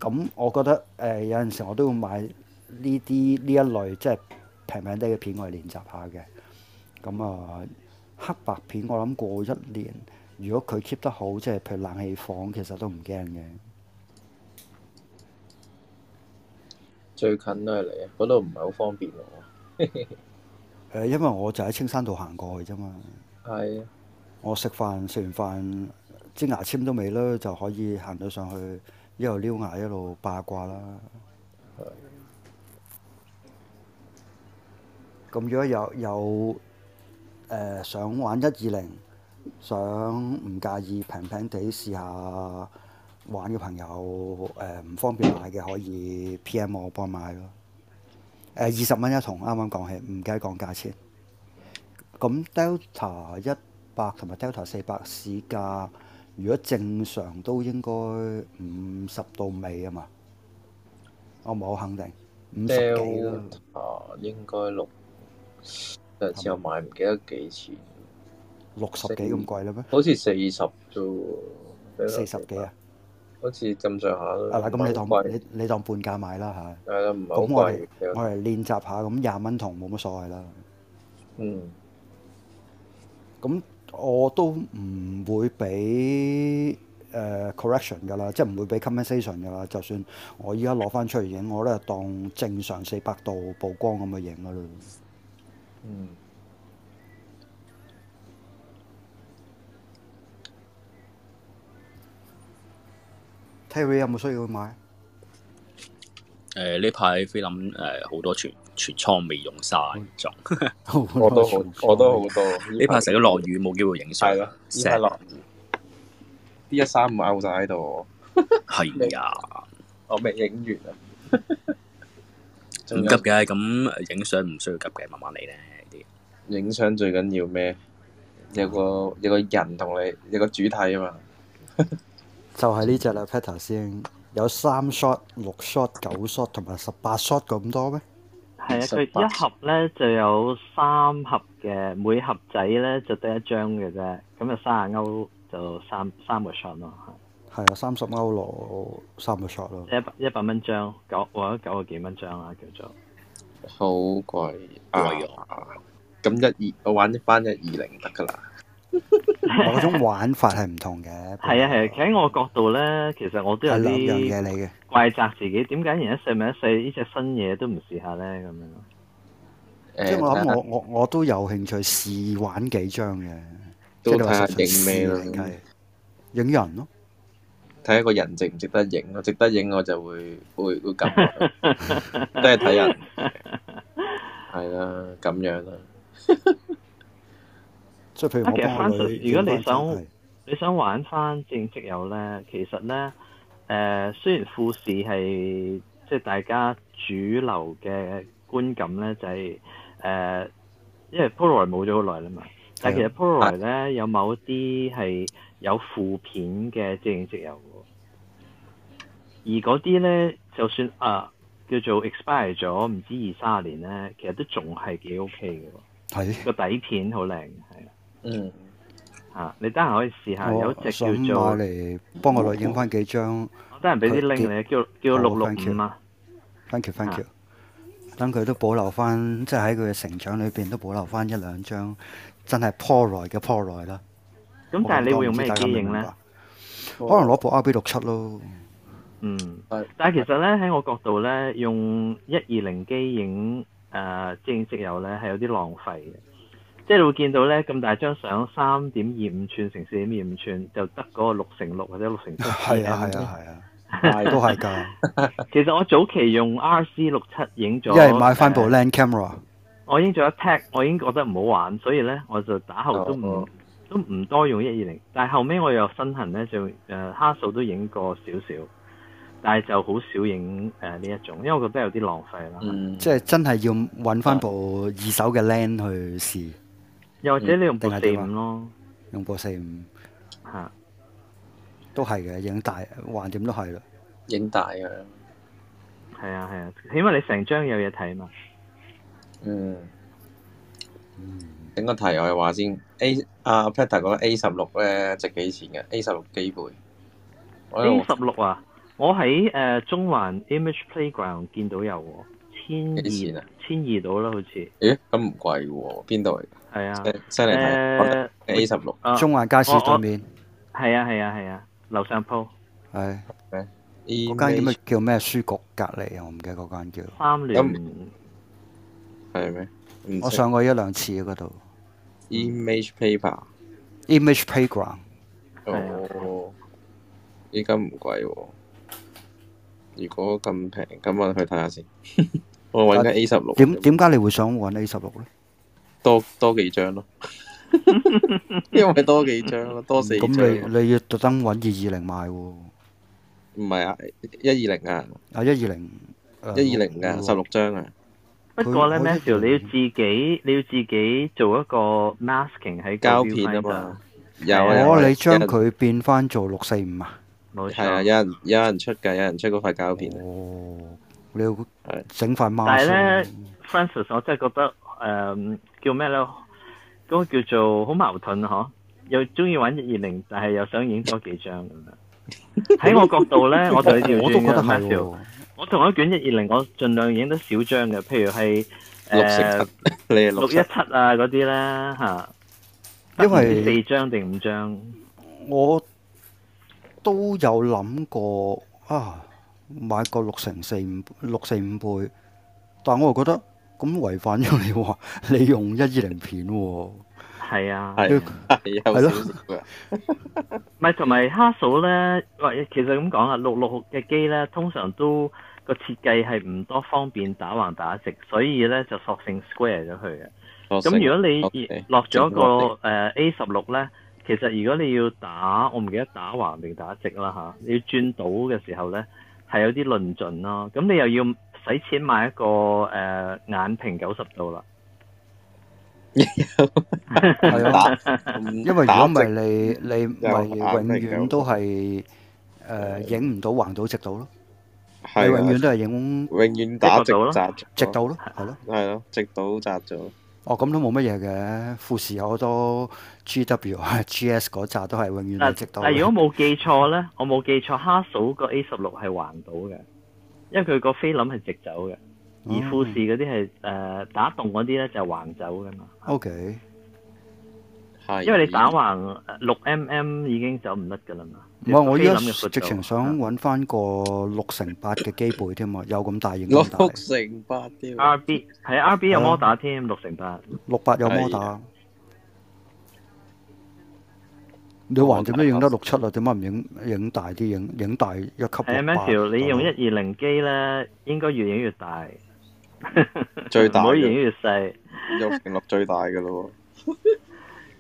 咁、嗯、我覺得誒、呃、有陣時我都會買呢啲呢一類，即係平平啲嘅片，我嚟練習下嘅。咁、嗯、啊、呃、黑白片我諗過一年，如果佢 keep 得好，即係譬如冷氣房，其實都唔驚嘅。最近都係嚟啊！嗰度唔係好方便喎 [laughs] 呃。因為我就喺青山道行過去啫嘛。係啊的！我食飯食完飯，支牙籤都未咯，就可以行到上去。一路撩牙，一路八卦啦。咁、嗯、如果有有誒、呃、想玩一二零，想唔介意平平地試下玩嘅朋友，誒、呃、唔方便買嘅可以 PM 我幫買咯。誒二十蚊一桶，啱啱講起，唔記得講價錢。咁 Delta 一百同埋 Delta 四百市價。如果正常都應該五十到尾啊嘛，我冇肯定五十幾啦。哦，應該六，有時候我買唔記得幾錢，六十幾咁貴咧咩？好似四十啫喎。四十幾啊？好似咁上下咯。啊嗱，咁你當你你當半價買啦嚇。係啦，唔係好貴。我哋我哋練習下，咁廿蚊同冇乜所謂啦。嗯。咁。我都唔會俾誒、uh, correction 㗎啦，即係唔會俾 compensation 㗎啦。就算我依家攞翻出嚟影，我都係當正常四百度曝光咁去影㗎啦。嗯。Terry 有冇需要去買？誒呢排菲林誒好多錢。全倉未用晒，我都好，我都好多。呢排成日都落雨，冇機會影相。係咯的，成日落雨，啲一三五 out 晒喺度。係啊 [laughs] 的，我未影完啊。唔 [laughs] 有急嘅，咁影相唔需要急嘅，慢慢嚟咧。啲影相最緊要咩？有個有個人同你有個主體啊嘛。 [laughs] 就係呢隻啦，Peter 先有三 shot, shot, shot, 有 shot、六 shot、九 shot 同埋十八 shot 咁多咩？係啊，佢一盒咧就有三盒嘅，每盒仔咧就得一張嘅啫，咁就三十歐就三三個 shot 咯，係。啊，三十歐攞三個 shot 咯。一一百蚊張，九或者九個幾蚊張啦，叫做。好貴貴貴啊！咁、啊啊、一二，我玩一翻一二零得噶啦。 [laughs] [laughs] 我嗰種玩法係唔同嘅，係啊係，企喺我角度咧，其實我都有啲怪責自己，點解人一世物一世，一世隻一呢隻新嘢，都唔試下咧咁樣？即係、嗯、我諗，我我我都有興趣試玩幾張嘅，都睇下影咩咯，影人咯、喔，睇一個人值唔值得影，我值得影我就會會會撳，都係睇人，係啦， [laughs] [laughs] 咁樣啦。 [laughs] 即係譬如我幫佢，其實 ans, 如果你想是你想玩翻正職友咧，其實咧誒、呃、雖然富士係即係大家主流嘅觀感咧，就係、是、誒、呃、因為 p o l 為 Polaroid 冇咗好耐啦嘛。的但係其實 p o l 實 Polaroid 咧有某一啲係有負片嘅正職友嘅，而嗰啲咧就算啊叫做 expire 咗，唔知二卅年咧，其實都仲係幾 OK 嘅，個底片好靚係啊！的的嗯，嚇！你得閒可以試下有直隻叫嚟，幫我錄影翻幾張，得閒俾啲 link 你，叫叫我六六五嘛。Thank you, thank you。等佢都保留翻，即係喺佢嘅成長裏邊都保留翻一兩張，真係 Polaroid 嘅 Polaroid 啦。咁但係你會用咩機影咧？可能攞部 RB67 咯。嗯，但係其實咧喺我角度咧，用一二零機影誒即影即有咧係有啲浪費嘅。即係會見到咧咁大張相，三點二五寸乘四點二五寸，就得嗰個六乘六或者六乘七係啊係啊係啊，都係噶。啊啊、 [laughs] 其實我早期用 R C 六七影咗，因為買翻，部 land camera。我已經做咗 t a c k 我已經覺得唔好玩，所以咧我就打後都唔、oh, 都唔多用 20,、呃、一二零。但係後尾我又身痕咧，就誒哈數都影過少少，但係就好少影誒呢一種，因為我覺得有啲浪費啦。嗯、即係真係要搵翻部二手嘅 land 去試。又或者你用部四五咯，4, 5, 用部四五，吓，都係嘅，影大橫掂都係咯，影大啊，係啊係啊，起碼你成張有嘢睇嘛，嗯嗯，整個題外話先，A 阿 Peter 講 A 十六咧值幾錢嘅？A 十六幾倍？A 十六啊，我喺誒、呃、中環 Image Playground 見到有喎。千二，千二度啦，好似。咦，咁唔貴喎？邊度嚟？係啊。犀利睇。得 A 十六。中環街市對面。係啊係啊係啊，樓上鋪。係。咩？間叫咩？叫咩？書局隔籬啊，我唔記得嗰間叫。三聯。係咩？我上過一兩次嗰度。Image paper。Image paper。哦。依家唔貴喎。如果咁平，咁我去睇下先。我搵緊 A 十六。點，點解你會想搵 A 十六咧？多多幾張咯，因為多幾張咯，多四。咁你你要特登搵二二零買？喎？唔係啊，一二零啊，啊一二零，一二零嘅十六張啊。不過咧，Matthew，你要自己你要自己做一個 masking 喺膠片啊嘛。有，你將佢變翻做六四五啊？冇錯，係啊，有人有人出噶，有人出嗰塊膠片。你要整塊孖，但係咧，Francis，我真係覺得，誒，叫咩咧？嗰個叫做好矛盾嗬，又中意玩一二零，但係又想影多幾張咁樣。喺我角度咧，我就我都覺得好笑。我同一卷一二零，我盡量影得少張嘅，譬如係誒六一七啊嗰啲啦吓。因為四張定五張，我都有諗過啊。買個六成四五六四五倍，但係我又覺得咁違反咗你話，你用一二零片喎，哦。係啊，係係咯，唔係同埋哈數咧。喂，啊， [laughs] 其實咁講啊，六六嘅機咧，通常都個設計係唔多方便打橫打直，所以咧就索性 square 咗佢嘅。咁惜如果你 okay，落咗個誒 A 十六咧，其實如果你要打我唔記得打橫定打直啦嚇，啊，你要轉到嘅時候咧，係有啲論盡咯，咁你又要使錢買一個誒眼平九十度啦。因為如果唔係你，你咪永遠都係誒影唔到橫到直到咯，你永遠都係影永遠打直窄咗，直到咯，係咯，係咯，直到窄咗。哦，咁都冇乜嘢嘅，富士有好多 G W 啊 G S 嗰扎 [laughs] 都係永遠都係直到。但，如果冇記錯咧， [laughs] 我冇記錯哈蘇個 A 十六係橫到嘅，因為佢個菲林係直走嘅，而富士嗰啲係誒打洞嗰啲咧就係橫走噶嘛。O K。係。因為你打橫六 M M 已經走唔甩噶啦嘛。唔係我依家直情想揾翻個六成八嘅機背添嘛，有咁大影？六成八啲 R B，係 R B 有摩打添，六成八。六八有摩打。你橫掂都影得六七啊？點解唔影影大啲？影影大一級六八。誒，Michael，你用一二零機咧，應該越影越大。最大。唔好影越細。六成六最大噶咯喎。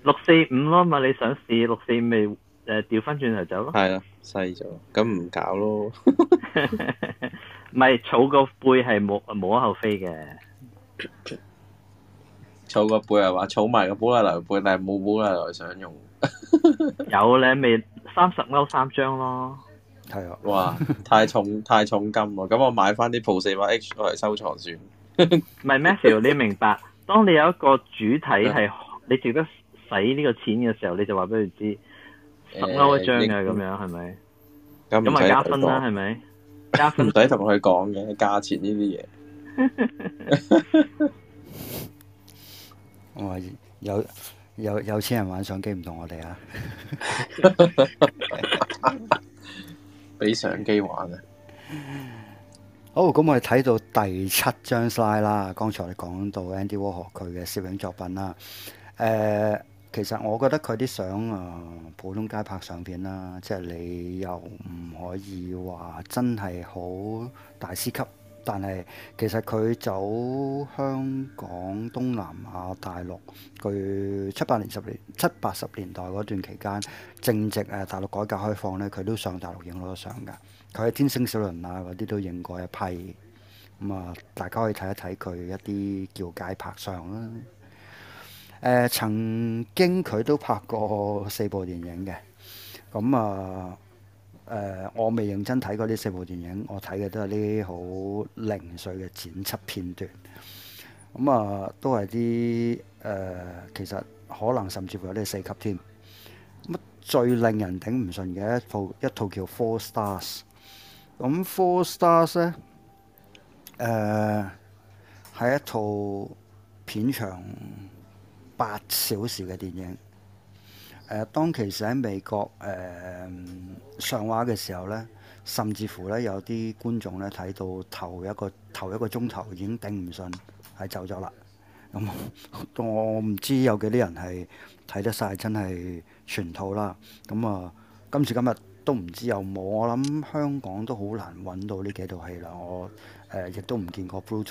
六四五咯，咪你想試六四未？誒，調翻轉頭走咯，係啦，細咗，咁唔搞咯，唔係儲個背係冇無可厚非嘅，儲 [laughs] 個背係話，儲埋個寶麗來背，但係冇寶麗來想用， [laughs] 有咧，咪三十歐三張咯，係啊，哇，太重太重金啦，咁我買翻啲 Pro 四百 H 攞嚟收藏算，唔 [laughs] 係，Matthew 你明白，當你有一個主體係你值得使呢個錢嘅時候，你就話俾佢知。拍多一張嘅咁樣係咪？咁咁咪加分啦，係咪？ [laughs] 加分唔使同佢講嘅價錢呢啲嘢。我話 [laughs] [laughs] [laughs] 有有有錢人玩相機唔同我哋啊！俾 [laughs] [laughs] [laughs] 相機玩啊！好，咁我哋睇到第七張 slide 啦。剛才我哋講到 Andy Warhol 佢嘅攝影作品啦，誒、嗯。其實我覺得佢啲相啊，普通街拍相片啦，即係你又唔可以話真係好大師級，但係其實佢走香港、東南亞、大陸，佢七八年十年、七八十年代嗰段期間，正值誒大陸改革開放咧，佢都上大陸影好多相㗎。佢喺天星小輪啊嗰啲都影過一批。咁啊，大家可以睇一睇佢一啲叫街拍相啦。呃、曾經佢都拍過四部電影嘅，咁啊、呃呃、我未認真睇過呢四部電影，我睇嘅都係啲好零碎嘅剪輯片段，咁啊、呃、都係啲誒其實可能甚至乎有呢四級添。最令人頂唔順嘅一套一套叫 Four Stars，咁 Four Stars 呢，誒、呃、係一套片長。八小時嘅電影，誒、呃、當其實喺美國誒、呃、上畫嘅時候呢，甚至乎呢，有啲觀眾呢睇到頭一個頭一個鐘頭已經頂唔順，係走咗啦。咁、嗯、我唔知有幾多人係睇得晒，真係全套啦。咁、嗯、啊今時今日都唔知有冇，我諗香港都好難揾到呢幾套戲啦。我、呃、亦都唔見過 Blu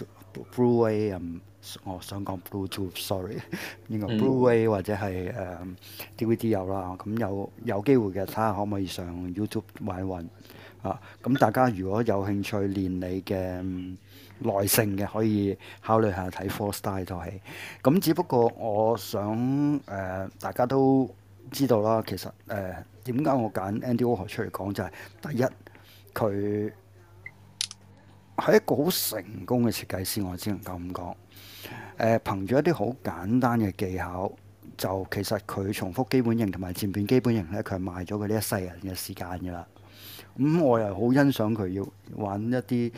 Blu-ray、嗯我想講 Blue Tube, sorry，應該 Blu-ray 或者係誒 DVD 有啦。咁、嗯、有有機會嘅，睇下可唔可以上 YouTube 買運啊！咁大家如果有興趣練你嘅耐性嘅，可以考慮下睇 Four Style 套戲。咁只不過我想誒、呃，大家都知道啦。其實誒點解我揀 Andy Warhol 出嚟講就係、是、第一，佢係一個好成功嘅設計師，我只能夠咁講。誒、呃、憑住一啲好簡單嘅技巧，就其實佢重複基本型同埋漸變基本型呢，佢係賣咗佢呢一世人嘅時間㗎啦。咁、嗯、我又好欣賞佢要揾一啲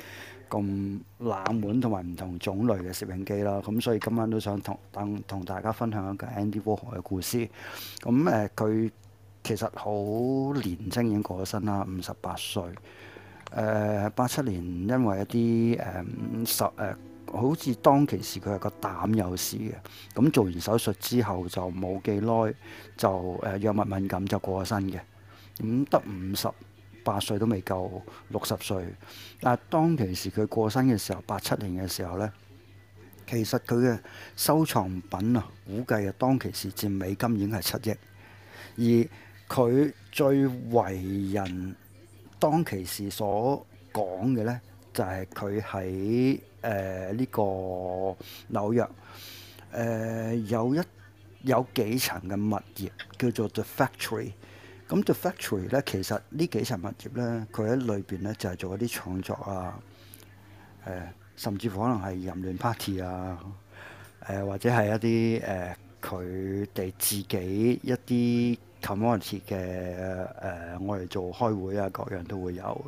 咁冷門同埋唔同種類嘅攝影機啦。咁、嗯、所以今晚都想同等同大家分享一個 Andy Warhol 嘅故事。咁、嗯、佢、呃、其實好年青已經過咗身啦，五十八歲。八、呃、七年因為一啲誒、嗯、十誒。呃好似當其時佢係個膽有事嘅，咁做完手術之後就冇幾耐就誒藥物敏感就過身嘅，咁得五十八歲都未夠六十歲，但係當其時佢過身嘅時候，八七年嘅時候呢，其實佢嘅收藏品啊，估計啊當其時佔美金已經係七億，而佢最為人當其時所講嘅呢，就係佢喺。誒呢、呃這個紐約誒、呃、有一有幾層嘅物業叫做 The Factory，咁、嗯、The Factory 咧其實呢幾層物業咧，佢喺裏邊咧就係做一啲創作啊，誒、呃、甚至乎可能係淫亂 party 啊，誒、呃、或者係一啲誒佢哋自己一啲 conference 嘅誒，我、呃、哋做開會啊各樣都會有，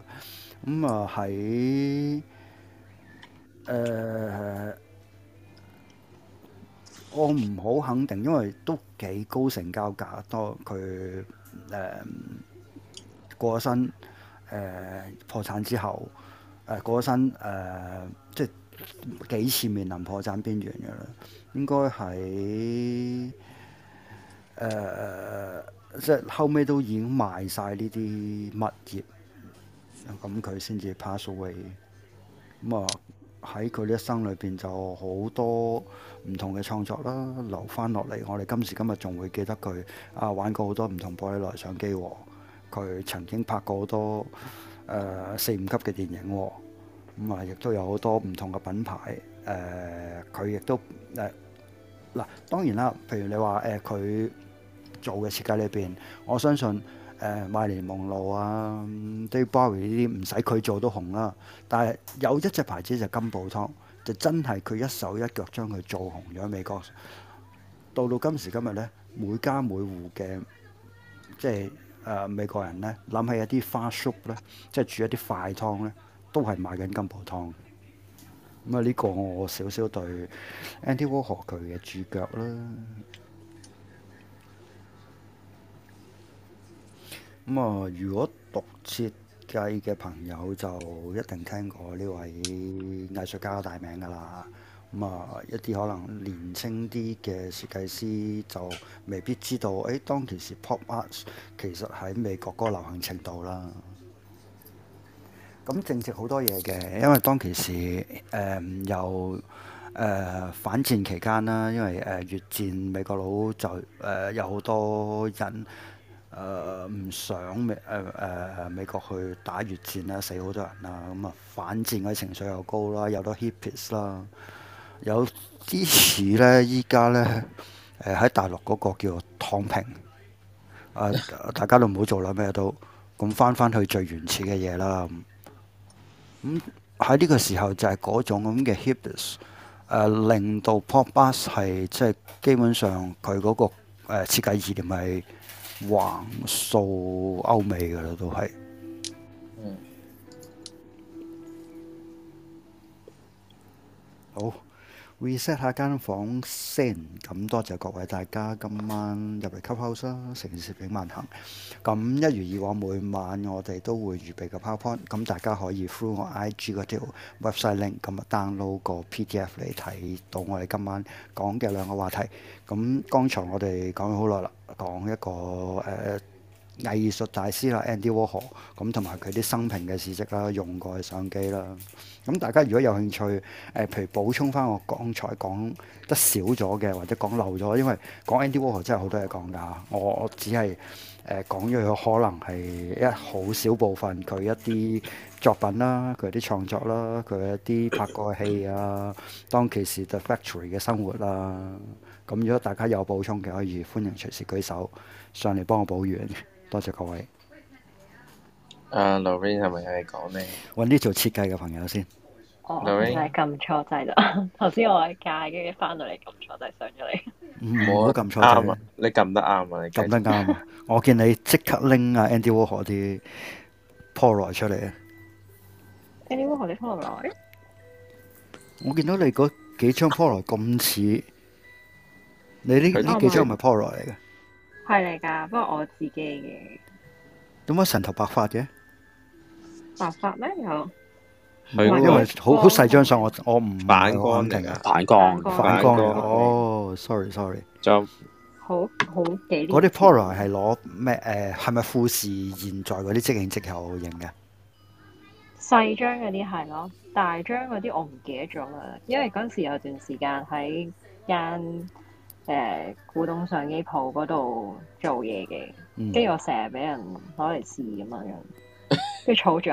咁啊喺。呃誒、呃，我唔好肯定，因為都幾高成交價。當佢誒過咗身，誒破產之後，誒過咗身誒，即係幾次面臨破產邊緣嘅啦。應該喺誒，即係後尾都已經賣晒呢啲物業，咁佢先至 pass away 咁啊！呃喺佢一生裏邊就好多唔同嘅創作啦，留翻落嚟，我哋今時今日仲會記得佢啊，玩過好多唔同玻璃內相機，佢曾經拍過好多誒四五級嘅電影，咁啊亦都有好多唔同嘅品牌誒，佢、呃、亦都誒嗱、呃、當然啦，譬如你話誒佢做嘅設計裏邊，我相信。誒瑪蓮夢露啊，Diablo 呢啲唔使佢做都紅啦，但係有一隻牌子就金寶湯，就真係佢一手一腳將佢做紅咗喺美國。到到今時今日呢，每家每戶嘅即係誒、呃、美國人呢，諗起一啲花 soup 咧，即係煮一啲快湯呢，都係買緊金寶湯。咁啊，呢個我少少對 Andy Warhol 佢嘅主角啦。咁啊、嗯，如果讀設計嘅朋友就一定聽過呢位藝術家嘅大名㗎啦。咁、嗯、啊、嗯，一啲可能年青啲嘅設計師就未必知道，誒、哎、當其時 pop art 其實喺美國個流行程度啦。咁、嗯、正值好多嘢嘅，因為當其時誒又誒反戰期間啦，因為誒、呃、越戰美國佬就誒、呃、有好多人。誒唔、呃、想誒誒、呃呃、美國去打越戰啦，死好多人啦，咁啊反戰嘅情緒又高啦，有多 hippies 啦，有啲持咧。依家咧誒喺大陸嗰個叫做躺平啊，大家都唔好做兩咩都咁翻翻去最原始嘅嘢啦。咁喺呢個時候就係嗰種咁嘅 hippies、呃、令到 pop bus 係即係基本上佢嗰個誒設計意念係。橫掃歐美嘅啦，都係。嗯。好。reset 下間房先，咁多謝各位大家今晚入嚟 Cup House 啦，城市攝影慢行。咁一如以往每晚我哋都會預備個 powerpoint，咁大家可以 through 我 IG 嗰條 website link 咁 download 個 PDF 嚟睇到我哋今晚講嘅兩個話題。咁剛才我哋講咗好耐啦，講一個誒藝術大師啦 Andy Warhol，咁同埋佢啲生平嘅事蹟啦，用過嘅相機啦。咁、嗯、大家如果有興趣，誒、呃，譬如補充翻我剛才講得少咗嘅，或者講漏咗，因為講 Andy Warhol 真係好多嘢講㗎，我只係誒、呃、講咗佢可能係一好少部分佢一啲作品啦，佢啲創作啦，佢一啲拍過戲啊，當其時 The Factory 嘅生活啦、啊。咁、嗯、如果大家有補充嘅，可以歡迎隨時舉手上嚟幫我補完，多謝各位。啊，露冰係咪有你講咩？搵啲做設計嘅朋友先。哦、oh, Lauren?，係撳錯掣啦！頭先我係介，跟住翻到嚟撳錯掣，上出嚟。唔好撳錯掣。啱啊，你撳得啱啊！撳得啱啊！我見你即刻拎啊 Andy Warhol 啲 Polaroid 出嚟啊！Andy Warhol 你沖落來？我見到你嗰幾張 Polaroid 咁似，你呢呢她 幾張咪 Polaroid 嚟噶？係嚟噶，不過我自己嘅。點解神頭白髮嘅？白髮咧又，唔係的因為好好細張相我我唔反光嘅，反光反光，反光哦反光，sorry sorry，就有好好幾嗰啲 Polaroid 係攞咩？誒係咪富士現在嗰啲即影即有型嘅細張嗰啲係咯，大張嗰啲我唔記得咗啦，因為嗰時有段時間喺間誒古董相機鋪嗰度做嘢嘅，跟住我成日俾人攞嚟試咁樣。嗯佢住儲住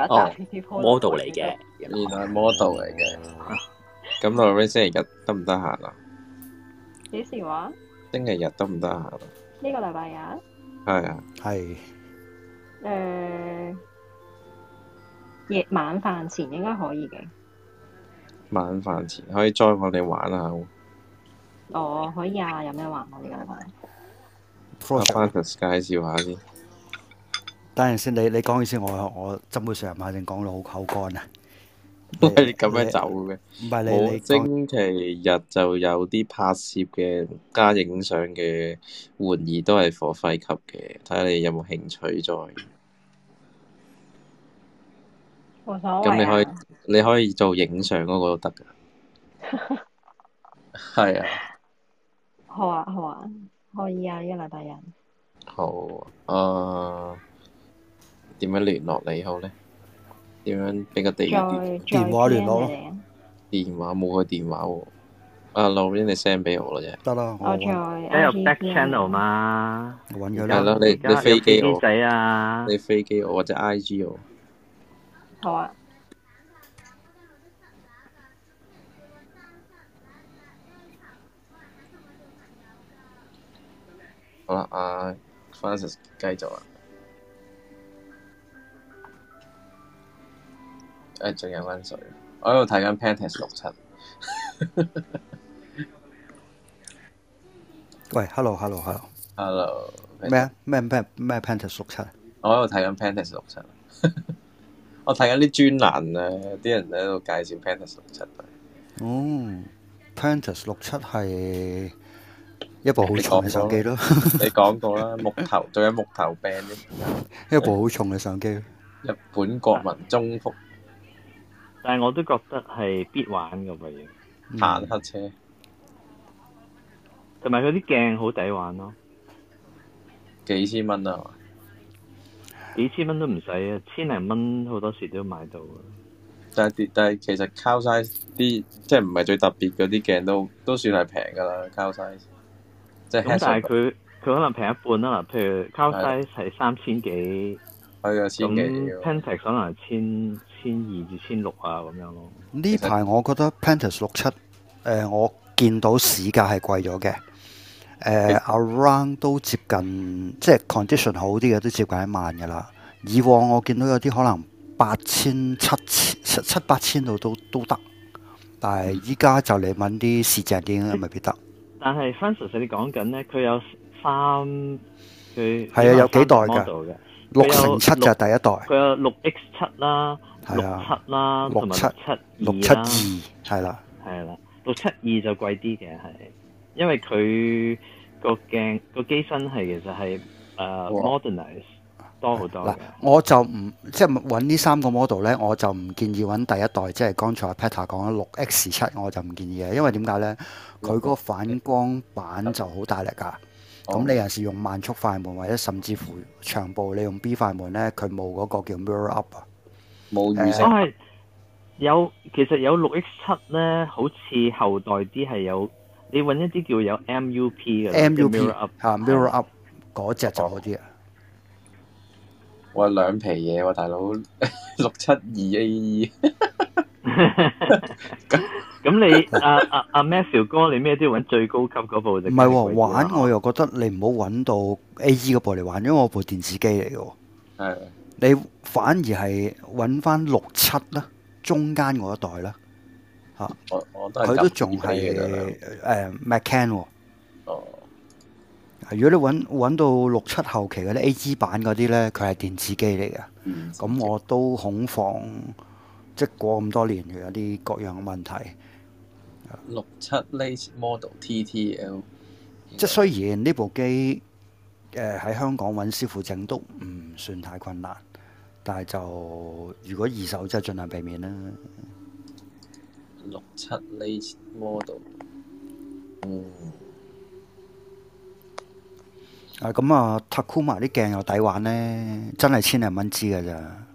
一沓 model 嚟嘅，原來 model 嚟嘅。咁阿 Rayson 星期日得唔得閒啊？幾時話？星期日得唔得閒？呢、啊啊、個禮拜日？係啊。係。誒，夜晚飯前應該可以嘅。晚飯前可以再我哋玩下。哦，oh, 可以啊！有咩玩？我哋可以翻翻《 The Sky 試試》笑下先。等陣先，你你講嘢先，我我浸杯水吖嘛，講到好口乾啊！你係咁樣走嘅，唔係你你星期日就有啲拍攝嘅加影相嘅玩意都，都係火費級嘅，睇下你有冇興趣再。咁、啊、你可以你可以做影相嗰個都得噶。係 [laughs] 啊、啊。好啊好啊，可以啊，一零大人。好啊。啊點樣聯絡你好呢？點樣俾個地電話聯絡咯？電話，冇佢電話喎，阿老編你 send 俾我咯，啫得啦。我而家有 back channel 嗎？係咯，你你飛機我，唔使啊，你飛機我或者 IG 我。好啊。好啦，阿 Francis 繼續啊。誒，仲有温水，我喺度睇緊 Pentax 六七。喂，Hello，Hello，Hello，Hello。咩啊？咩 Pan？咩 Pentax 六七？我喺度睇緊 Pentax 六七。我睇緊啲專欄咧，啲人喺度介紹 Pentax 六七。哦，Pentax 六七係一部好重嘅相機咯。你講過啦，木頭仲有木頭 band。一部好重嘅相機。日本國民中幅。但係我都覺得係必玩嘅嘢，殘黑、嗯、車，同埋佢啲鏡好抵玩咯，幾千蚊啊！幾千蚊都唔使啊，千零蚊好多時都買到啊！但係跌，但係其 i z e 啲，即係唔係最特別嗰啲鏡都都算係平噶啦，交曬。咁但係佢佢可能平一半啊，譬如 c 交曬 size 係三的千幾多要。咁 Panex 可能係千。嗯千二至千六啊，咁樣咯。呢排我覺得 Pentax 六七、呃，誒我見到市價係貴咗嘅。誒、呃、around 其實 都接近，即係 condition 好啲嘅都接近一萬嘅啦。以往我見到有啲可能八千七千七八千度都都得，但係依家就嚟問啲市淨啲嘅未必得但。但係 Pentax 你 t 講緊咧，佢有三佢係啊，有幾代嘅六乘七就係第一代，佢 6, 有，有六 X 七啦。啊，六七啦，同還有 七，六七二啦，係啦，係啦，六七二就貴啲嘅，係，因為佢個鏡個機身係其實係誒、uh, modernize 我多好多嘅。我就唔即係搵呢三個 model 咧，我就唔建議搵第一代，即係剛才 Peter 講六 X 七，我就唔建議嘅，因為點解咧？佢嗰個反光板就好大力噶，咁、哦、你又係用慢速快門，或者甚至乎長曝，你用 B 快門咧，佢冇嗰個叫 mirror up 啊。我係有，其實有六 X 七咧，好似後代啲係有，你搵一啲叫有 MUP 嘅，MUP up 嗰隻就好啲啊！我兩皮嘢，大佬六七二 AE，咁咁你阿阿阿 Matthew 哥，你咩都要搵最高級嗰部嚟。唔係喎玩我又覺得你唔好搵到 AE 嗰部嚟玩，因為我部電視機嚟嘅，係。你反而係揾翻六七啦，中間嗰一代啦、啊，嚇，佢都仲係誒 mechanical，哦，如果你揾揾到六七後期嗰啲 A.G 版嗰啲咧，佢係電子機嚟嘅。咁我都恐防，即係過咁多年，佢有啲各樣嘅問題。六七、TT、late model T.T.L，即係雖然呢部機誒喺、呃、香港揾師傅整都唔算太困難。但係就如果二手，真係盡量避免啦。六七呢 model，咁啊，啊，Takuma 啲鏡又抵玩呢，真係千零蚊支噶咋？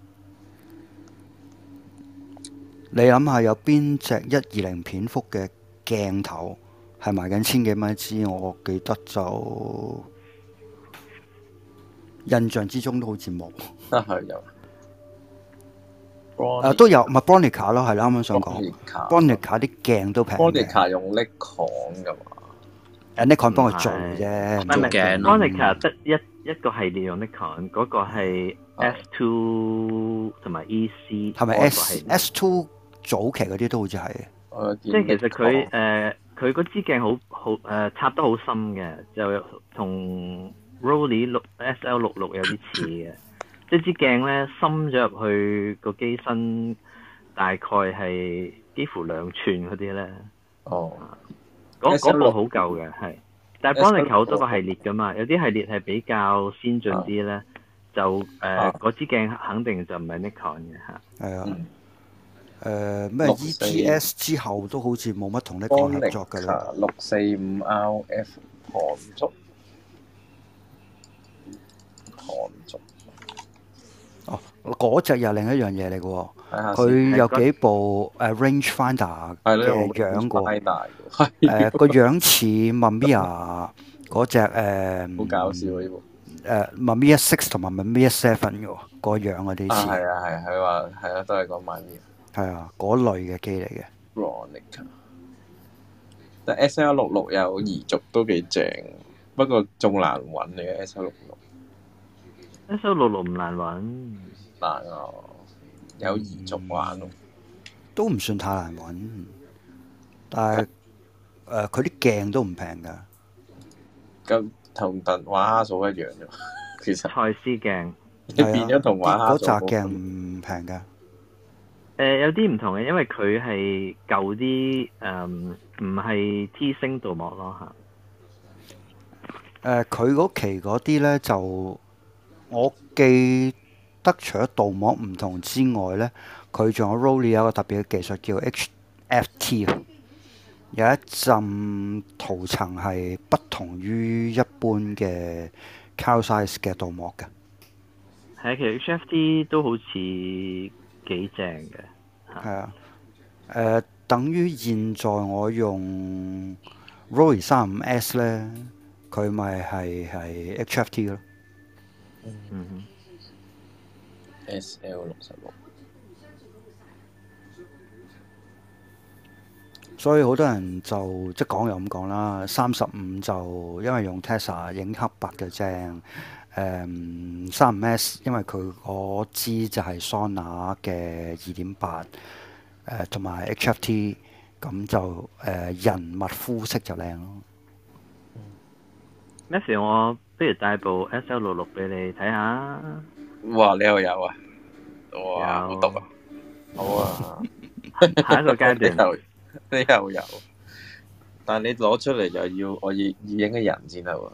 你諗下有邊隻一二零片幅嘅鏡頭係賣緊千幾蚊支？我記得就印象之中都好似冇， [laughs] 啊，都有，咪 Bronica 咯，係啦，啱啱想講。Bronica 啲鏡都平。Bronica 用 Nikon 嘅嘛？誒，Nikon 幫佢做啫，做鏡。Bronica 得一一個系列用 Nikon，嗰個係 S two 同埋 EC，係咪 S？S two 早期嗰啲都好似係。即係其實佢誒，佢嗰支鏡好好誒，插得好深嘅，就同 Rollei 六 SL 六六有啲似嘅。一支鏡咧，深咗入去個機身，大概係幾乎兩寸嗰啲咧。哦，嗰部好舊嘅，係 S 6,。但係幫力購好多個系列㗎嘛，有啲系列係比較先進啲咧，啊、就誒嗰、呃啊、支鏡肯定就唔係 Nikon 嘅嚇。係啊，誒咩、啊嗯呃、E T S 之後都好似冇乜同 Nikon 合作㗎啦。六四五 R F 何足？嗰隻又另一樣嘢嚟嘅，佢有幾部誒 range finder 嘅樣個，誒個樣似 Mamiya 嗰隻誒，好搞笑，呢部誒 Mamiya Six 同埋 Mamiya Seven 嘅喎，個樣嗰啲似。啊，係啊係係話係啊，都係講 Mamiya。係啊，嗰類嘅機嚟嘅。Bronica，但 SL 六六有移軸都幾正，不過仲難揾嚟嘅 SL 六六。SL 六六唔難揾。有嚴重玩咯、哦嗯，都唔算太難揾，但係佢啲鏡都唔平噶，咁同特玩數一樣啫，其實蔡司鏡變咗、啊呃、同玩蝦數唔平噶，誒有啲唔同嘅，因為佢係舊啲誒，唔、嗯、係 T 星鍍膜咯吓，誒佢嗰期嗰啲咧就我記。除咗鍍膜唔同之外咧，佢仲有 Rollei 有一個特別嘅技術叫 HFT，有一陣塗層係不同於一般嘅 Carl Zeiss 嘅鍍膜嘅。係啊，其實 HFT 都好似幾正嘅。係啊，誒、呃，等於現在我用 Rollei 三五 S 咧，佢咪係係 HFT 咯。嗯哼。Mm hmm. S L 六十六，所以好多人就即講又咁講啦。三十五就因為用 Tessa 影黑白嘅正，誒、嗯，三五 S 因為佢嗰支就係 Sona 嘅二點八，誒，同埋 H F T，咁就誒人物膚色就靚咯。嗯、Max，我不如帶部 S L 六六俾你睇下。哇！你又有啊？哇！好毒啊！好啊！下一個階段，你又有，但係你攞出嚟又要我要要影個人先得喎。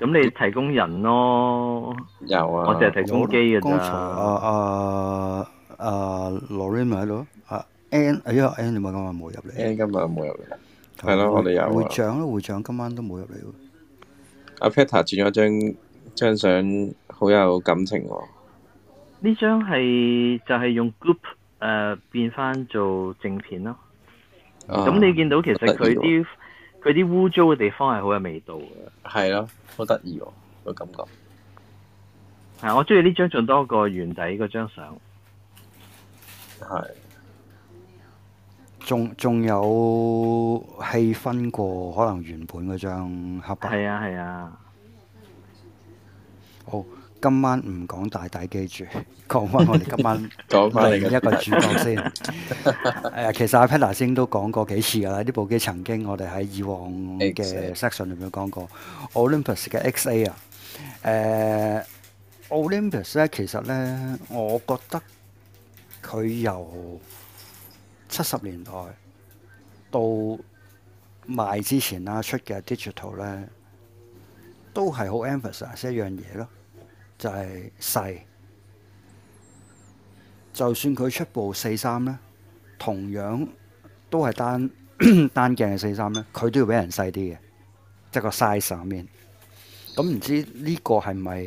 咁你提供人咯？有啊，我淨係提供機嘅咋。阿阿阿 Lorraine 咪喺度咯？阿 N 哎呀 N 你咪講話冇入嚟，N 今日冇入嚟。係咯，我哋有啊。會長咧，會長今晚都冇入嚟。阿 Peter 轉咗張張相。好有感情喎、啊！呢張係就係、是、用 group 誒、呃、變翻做正片咯。咁、啊、你見到其實佢啲佢啲污糟嘅地方係好有味道嘅。係咯、啊，好得意喎個感覺。係、啊、我中意呢張仲多過原底嗰張相。係、啊。仲仲有氣氛過可能原本嗰張黑白。係啊，係啊。好、哦。今晚唔講大大記住，講翻我哋今晚講翻另一個主角先。誒， [laughs] 其實阿 Peter 先都講過幾次㗎啦。呢部機曾經我哋喺以往嘅 section 裏面講過 Olympus 嘅 XA 啊、呃。誒，Olympus 咧，其實咧，我覺得佢由七十年代到賣之前啦，出嘅 digital 咧，都係好 emphasize 一樣嘢咯。就係細，就算佢出部四三咧，同樣都係單單鏡嘅四三咧，佢都要畀人細啲嘅，即、就、係、是、個 size 上面。咁、嗯、唔知呢個係咪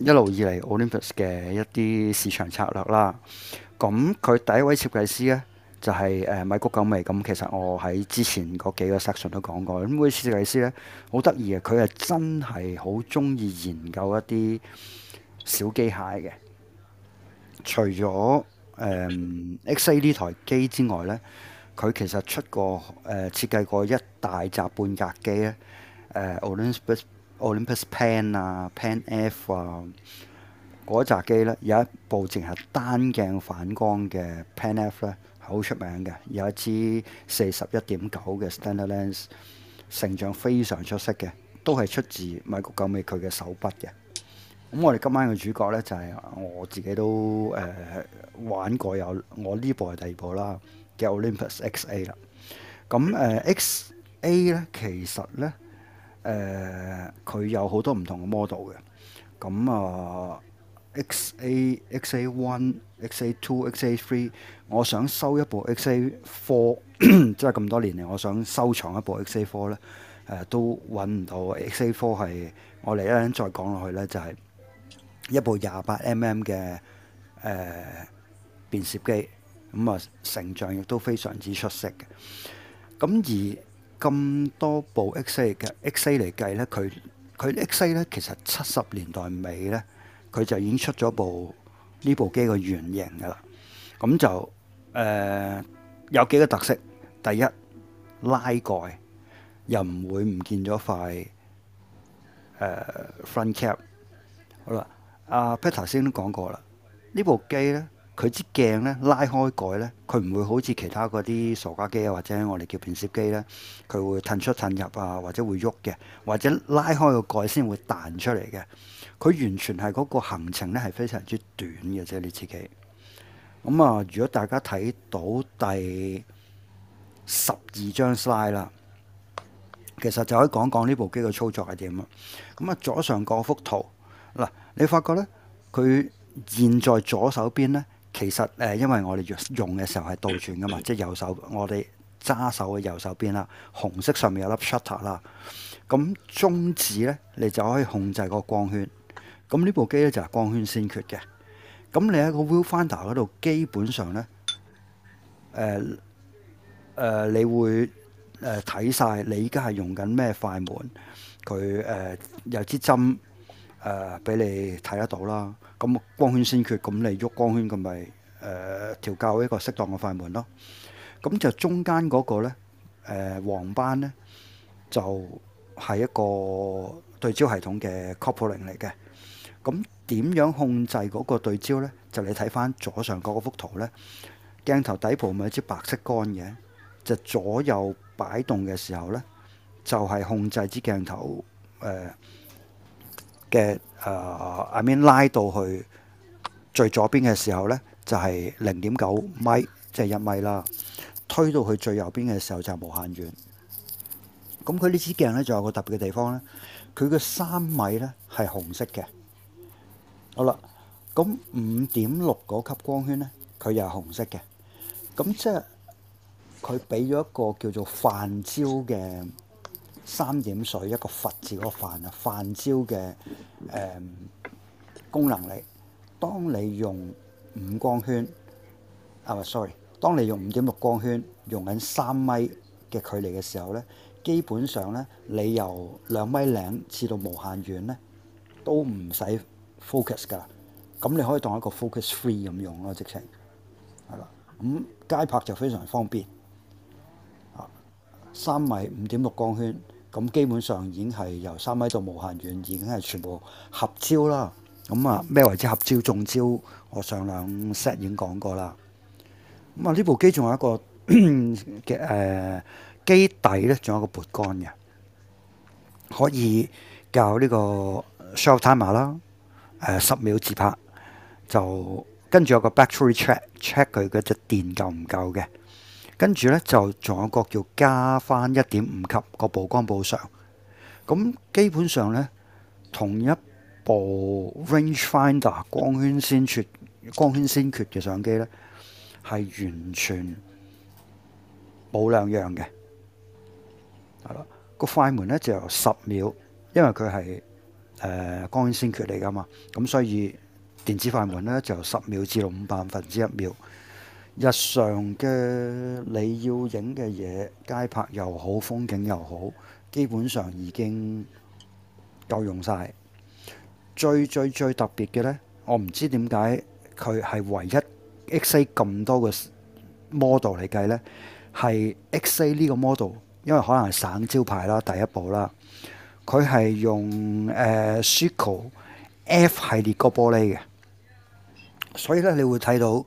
一路以嚟 Olympus 嘅一啲市場策略啦？咁、嗯、佢第一位設計師咧。就係誒米谷美久咁。其實我喺之前嗰幾個 section 都講過。咁，呢位設計師咧好得意嘅，佢係真係好中意研究一啲小機械嘅。除咗誒、嗯、XA 呢台機之外咧，佢其實出過誒設計過一大紮半格機咧，誒、呃、Olympus Olympus Pen 啊 Pen F 啊嗰紮機咧，有一部淨係單鏡反光嘅 Pen F 咧。好出名嘅有一支四十一點九嘅 standard lens，成長非常出色嘅，都係出自米谷美久佢嘅手筆嘅。咁我哋今晚嘅主角咧就係、是、我自己都誒、呃、玩過有我呢部係第二部啦嘅 Olympus X A 啦。咁誒、呃、X A 咧其實咧誒佢有好多唔同嘅 model 嘅。咁啊～、呃 X A X A One X A Two X A Three，我想收一部 X A Four，即係咁多年嚟，我想收藏一部 X A Four 咧，誒、呃、都揾唔到 X A Four 係。我嚟一陣再講落去咧，就係、是、一部廿八 M M 嘅誒變攝機，咁啊，成像亦都非常之出色嘅。咁而咁多部 X A 嘅 X A 嚟計咧，佢佢 X A 咧其實七十年代尾咧。佢就已經出咗部呢部機嘅原型㗎啦，咁就誒、呃、有幾個特色，第一拉蓋又唔會唔見咗塊誒 front cap。好啦，阿、啊、Peter 頭先都講過啦，部機呢部機咧。佢支鏡咧，拉開蓋咧，佢唔會好似其他嗰啲傻瓜機啊，或者我哋叫便攝機咧，佢會褪出褪入啊，或者會喐嘅，或者拉開個蓋先會彈出嚟嘅。佢完全係嗰個行程咧係非常之短嘅啫，你自己。咁、嗯、啊，如果大家睇到第十二張 slide 啦，其實就可以講講呢部機嘅操作係點啊。咁、嗯、啊，左上角幅圖嗱，你發覺咧，佢現在左手邊咧。其實誒、呃，因為我哋用嘅時候係倒轉噶嘛，即係右手，我哋揸手嘅右手邊啦，紅色上面有粒 shutter 啦。咁中指呢，你就可以控制個光圈。咁呢部機呢，就係光圈先決嘅。咁你喺個 viewfinder 嗰度，基本上呢，誒、呃、誒、呃，你會誒睇晒你依家係用緊咩快門，佢誒、呃、有支針誒俾、呃、你睇得到啦。咁光圈先決，咁你喐光圈，咁咪誒調校一個適當嘅快門咯。咁就中間嗰個咧，誒黃斑咧，就係一個對焦系統嘅 coupling 嚟嘅。咁點樣控制嗰個對焦咧？就你睇翻左上角嗰幅圖咧，鏡頭底部咪有支白色杆嘅，就左右擺動嘅時候咧，就係控制支鏡頭誒。嘅誒，I mean 拉到去最左邊嘅時候咧，就係零點九米，即係一米啦。推到去最右邊嘅時候就係無限遠。咁佢呢支鏡咧，仲有個特別嘅地方咧，佢嘅三米咧係紅色嘅。好啦，咁五點六嗰級光圈咧，佢又係紅色嘅。咁即係佢俾咗一個叫做泛焦嘅。三點水一個佛字嗰個泛，啊，泛焦嘅功能力，當你用五光圈啊唔係 sorry，當你用五點六光圈用緊三米嘅距離嘅時候呢，基本上呢，你由兩米零至到無限遠呢，都唔使 focus 㗎喇，咁你可以當一個 focus free 咁用咯，直情係啦。咁街拍就非常方便，三米五點六光圈。咁基本上已經係由三米到無限遠，已經係全部合焦啦。咁啊咩為之合焦中焦？我上兩 set 已經講過啦。咁啊呢部機仲有一個嘅誒機底咧，仲有一個撥杆嘅，可以教呢個 short timer、呃、啦。誒十秒自拍，就跟住有個 battery check check 佢嗰隻電夠唔夠嘅。跟住咧就仲有個叫加翻一點五級個曝光補償，咁基本上咧同一部 range finder 光圈先決光圈先決嘅相機咧，係完全冇兩樣嘅，係咯，個快門咧就由十秒，因為佢係誒光圈先決嚟噶嘛，咁所以電子快門咧就由十秒至到五百分之一秒。日常嘅你要影嘅嘢，街拍又好，風景又好，基本上已經夠用晒。最最最特別嘅咧，我唔知點解佢係唯一 X A 咁多個 model 嚟計咧，係 X A 呢個 model，因為可能省招牌啦，第一部啦，佢係用誒、uh, Schuko F 系列個玻璃嘅，所以咧你會睇到。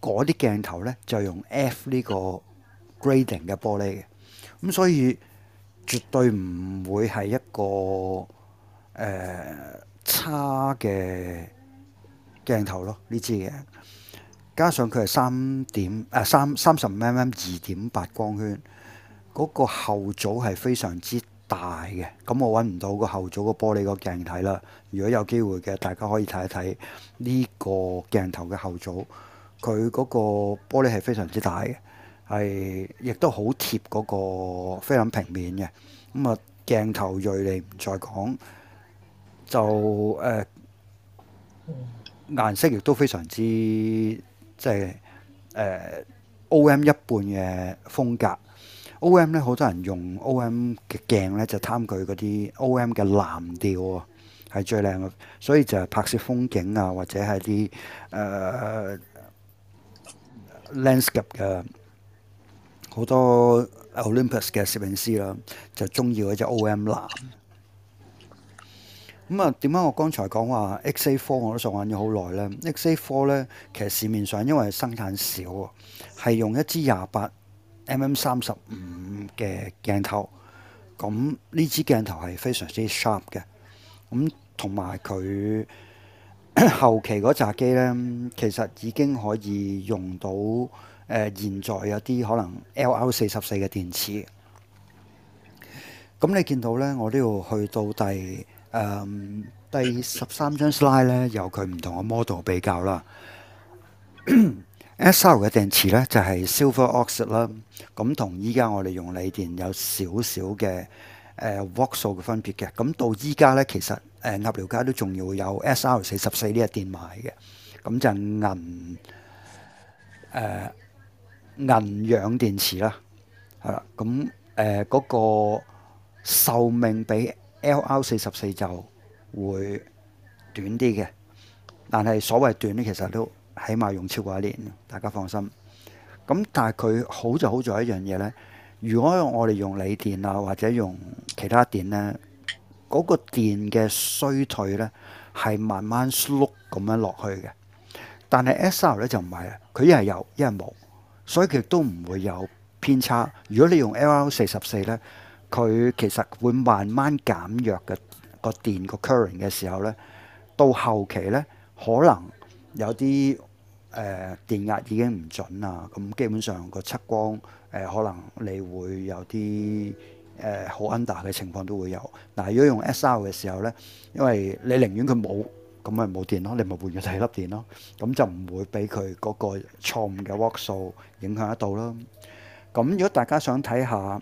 嗰啲鏡頭呢，就用 F 呢個 grading 嘅玻璃嘅，咁所以絕對唔會係一個誒、呃、差嘅鏡頭咯。呢支嘅加上佢係三點誒三三十 mm 二點八光圈，嗰、嗰個後組係非常之大嘅。咁我揾唔到個後組個玻璃個鏡體啦。如果有機會嘅，大家可以睇一睇呢個鏡頭嘅後組。佢嗰個玻璃係非常之大嘅，係亦都好貼嗰個菲林平面嘅。咁、嗯、啊，鏡頭鋭利唔再講，就誒、呃、顏色亦都非常之即係誒 OM 一半嘅風格。OM 咧，好多人用 OM 嘅鏡咧，就貪佢嗰啲 OM 嘅藍調係、哦、最靚嘅，所以就係拍攝風景啊，或者係啲誒。呃 landscape 嘅好多 Olympus 嘅攝影師啦，就中意嗰隻 OM 藍。咁啊，點解我剛才講話 XA Four 我都上揾咗好耐咧？XA Four 咧，其實市面上因為生產少，啊，係用一支廿八 mm 三十五嘅鏡頭，咁呢支鏡頭係非常之 sharp 嘅，咁同埋佢。後期嗰扎機咧，其實已經可以用到誒、呃、現在有啲可能 L L 四十四嘅電池。咁你見到咧，我都要去到第誒、嗯、第十三張 slide 咧，由佢唔同嘅 model 比較啦。S R 嘅電池咧就係、是、silver oxide 啦，咁同依家我哋用鋰電有少少嘅。誒 volt 數嘅分別嘅，咁到依家呢，其實誒、呃、鴨寮街都仲要有 S R 四十四呢一電買嘅，咁就銀誒、呃、銀氧電池啦，係啦，咁誒嗰個壽命比 L R 四十四就會短啲嘅，但係所謂短呢，其實都起碼用超過一年，大家放心。咁但係佢好就好在一樣嘢呢。如果我哋用鋰電啊，或者用其他電呢，嗰、那個電嘅衰退呢，係慢慢縮咁樣落去嘅。但係 SR 呢，就唔係，佢一係有，一係冇，所以佢都唔會有偏差。如果你用 LR44 呢，佢其實會慢慢減弱嘅個電個 current 嘅時候呢，到後期呢，可能有啲誒、呃、電壓已經唔準啦，咁基本上個測光。誒，可能你會有啲誒好 under 嘅情況都會有。嗱，如果用 SR 嘅時候咧，因為你寧願佢冇，咁咪冇電咯，你咪換咗第二粒電咯，咁就唔會俾佢嗰個錯誤嘅 work 數影響得到咯。咁如果大家想睇下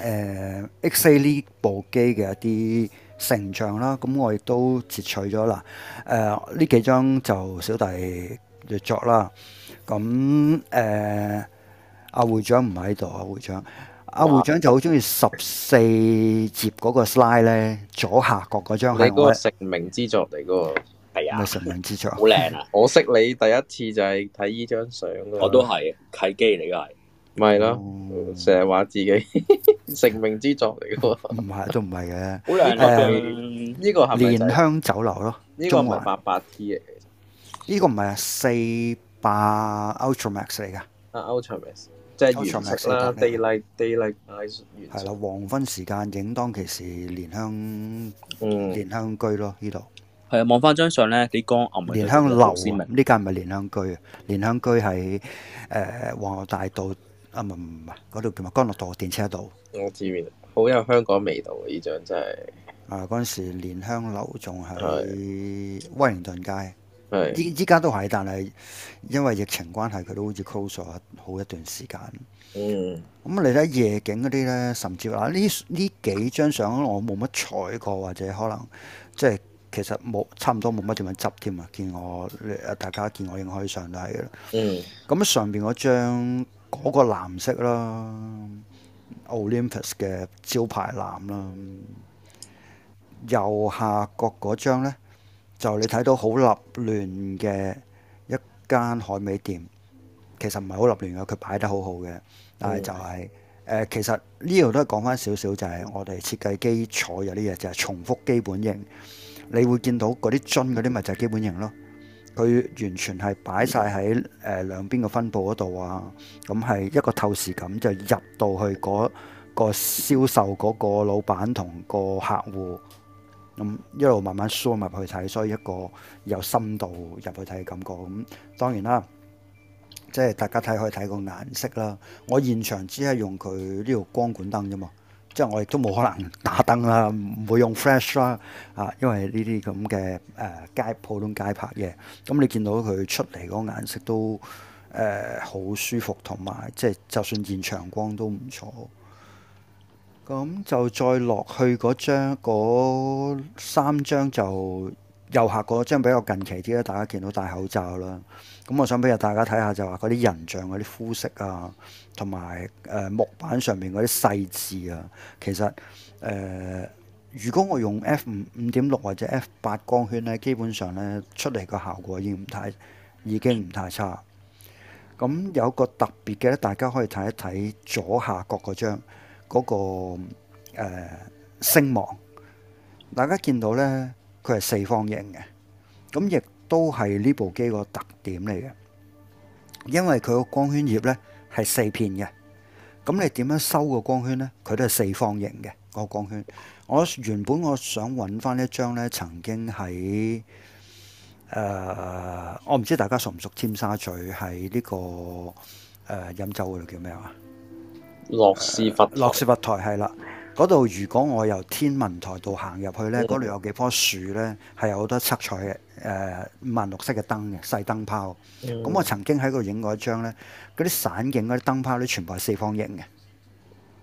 誒 X 四呢部機嘅一啲成像啦，咁我亦都截取咗啦。誒呢幾張就小弟略作啦，咁誒。阿會長唔喺度，阿會長，阿會長就好中意十四節嗰個 slide 咧，左下角嗰張。你個成名之作嚟噶喎，係啊，成名之作，好靚啊！我識你第一次就係睇依張相咯，我都係契機嚟噶係，咪咯，成日話自己成名之作嚟噶喎，唔係都唔係嘅。好靚啊！誒呢個係蓮香酒樓咯，呢個唔係八八 T 嘅，呢個唔係啊四百 Ultra Max 嚟噶，啊 Ultra Max。即係地利，地利係。啦，黃昏時間影當其時蓮香，蓮、嗯、香居咯裡呢度。係啊，望翻張相咧，幾光暗。蓮香樓呢間係咪蓮香居啊？蓮香居喺誒、呃、黃河大道啊？唔唔嗰度叫咩？江樂、嗯、道、電車道。我知，好有香港味道啊！呢張真係。啊，嗰陣時蓮香樓仲喺威靈頓街。依依家都係，但係因為疫情關係，佢都好似 close 咗好一段時間。咁、嗯、你睇夜景嗰啲呢，甚至話呢呢幾張相我冇乜採過，或者可能即係其實冇差唔多冇乜點樣執添啊！見我大家見我影開相都係嘅啦。咁、嗯、上邊嗰張嗰個藍色啦，Olympus 嘅招牌藍啦，右下角嗰張咧。就你睇到好立亂嘅一間海味店，其實唔係好立亂嘅，佢擺得好好嘅。但係就係、是、誒、嗯呃，其實呢度都係講翻少少，就係我哋設計基礎有啲嘢就係重複基本型。你會見到嗰啲樽嗰啲咪就係基本型咯。佢完全係擺晒喺誒兩邊嘅分佈嗰度啊。咁係一個透視感，就入到去嗰個銷售嗰個老闆同個客戶。咁、嗯、一路慢慢 zoom 埋去睇，所以一個有深度入去睇嘅感覺。咁、嗯、當然啦，即係大家睇可以睇個顏色啦。我現場只係用佢呢條光管燈啫嘛，即係我亦都冇可能打燈啦、啊，唔會用 flash 啦、啊。啊，因為呢啲咁嘅誒街普通街拍嘅，咁、嗯、你見到佢出嚟嗰個顏色都誒好、呃、舒服，同埋即係就算現場光都唔錯。咁就再落去嗰張，嗰三張就右下嗰張比較近期啲啦。大家見到戴口罩啦。咁我想俾大家睇下，就話嗰啲人像嗰啲膚色啊，同埋誒木板上面嗰啲細緻啊，其實誒、呃、如果我用 F 五五點六或者 F 八光圈呢，基本上呢出嚟個效果已經唔太已經唔太差。咁有個特別嘅咧，大家可以睇一睇左下角嗰張。嗰個誒星芒，大家見到咧，佢係四方形嘅，咁亦都係呢部機個特點嚟嘅。因為佢個光圈葉咧係四片嘅，咁你點樣收個光圈咧？佢都係四方形嘅個光圈。我原本我想揾翻一張咧，曾經喺誒，我唔知大家熟唔熟尖沙咀，喺呢個誒飲酒嗰度叫咩話？洛士佛台係啦，嗰度如果我由天文台度行入去呢，嗰度有幾棵樹呢，係有好多七彩嘅誒、呃、五顏六色嘅燈嘅細燈泡。咁、嗯、我曾經喺度影過一張呢，嗰啲散景，嗰啲燈泡都全部係四方形嘅。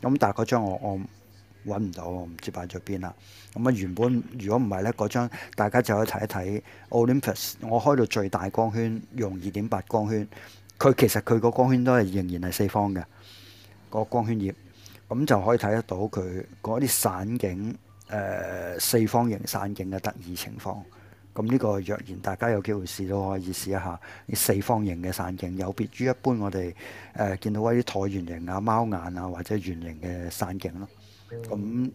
咁但係嗰張我我揾唔到，我唔知擺咗邊啦。咁啊，原本如果唔係呢，嗰張大家就可以睇一睇 Olympus，我開到最大光圈用二點八光圈，佢其實佢個光圈都係仍然係四方嘅。個光圈葉咁就可以睇得到佢嗰啲散景誒、呃、四方形散景嘅得意情況。咁呢個若然大家有機會試都可以試一下啲四方形嘅散景，有別於一般我哋誒、呃、見到嗰啲橢圓形啊、貓眼啊或者圓形嘅散景咯。咁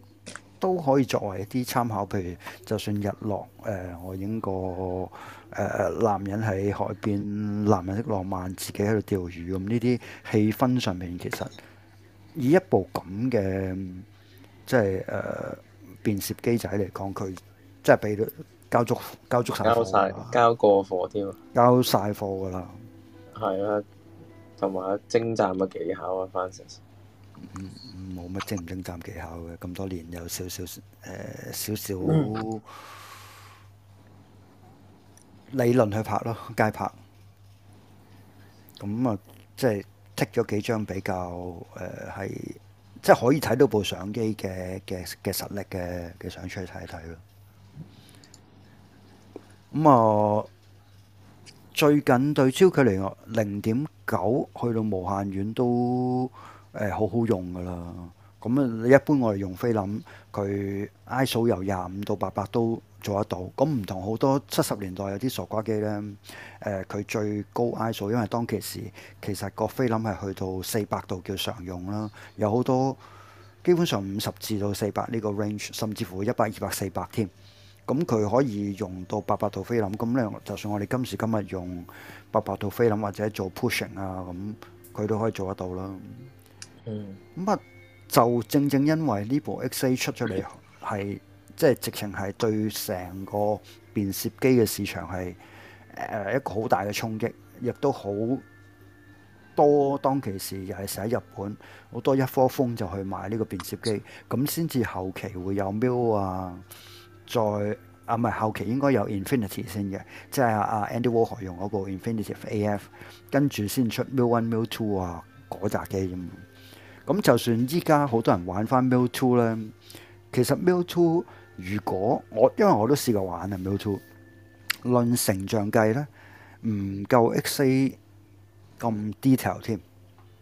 都可以作為一啲參考，譬如就算日落誒、呃，我影個誒男人喺海邊，男人的浪漫，自己喺度釣魚咁呢啲氣氛上面其實～以一部咁嘅即係誒變攝機仔嚟講，佢即係俾佢交足交足成交晒交過貨添交晒貨㗎喇，係啊，同埋精湛嘅技巧啊 Francis 冇乜精唔精湛技巧嘅，咁多年有少少誒、呃、少少理論去拍咯，街拍咁啊，嗯嗯嗯、即係。剔咗幾張比較誒係、呃、即係可以睇到部相機嘅嘅嘅實力嘅嘅相出嚟睇一睇咯。咁、嗯、啊，最近對焦距離零點九去到無限遠都誒好、呃、好用噶啦。咁啊，一般我哋用菲林，佢 ISO 由廿五到八百都做得到，咁唔同好多七十年代有啲傻瓜機呢，佢、呃、最高 ISO，因為當其時其實個菲林係去到四百度叫常用啦。有好多基本上五十至到四百呢個 range，甚至乎一百、二百、四百添。咁佢可以用到八百度菲林。咁呢，就算我哋今時今日用八百度菲林或者做 pushing 啊，咁佢都可以做得到啦。嗯，啊，就正正因為呢部 XA 出出嚟係，即係直情係對成個便攝機嘅市場係誒、呃、一個好大嘅衝擊，亦都好多當其時又係喺日本，好多一窩蜂就去買呢個便攝機，咁先至後期會有 Mill 啊，再啊唔係後期應該有 Infinity 先嘅，即係阿、啊、Andy Warhol 用嗰部 Infinity AF，跟住先出 Mill One Mill Two 啊嗰扎機咁。咁就算依家好多人玩翻 Mill Two 咧，其實 Mill Two 如果我因為我都試過玩啊，冇錯。論成像計咧，唔夠 X A 咁 detail 添。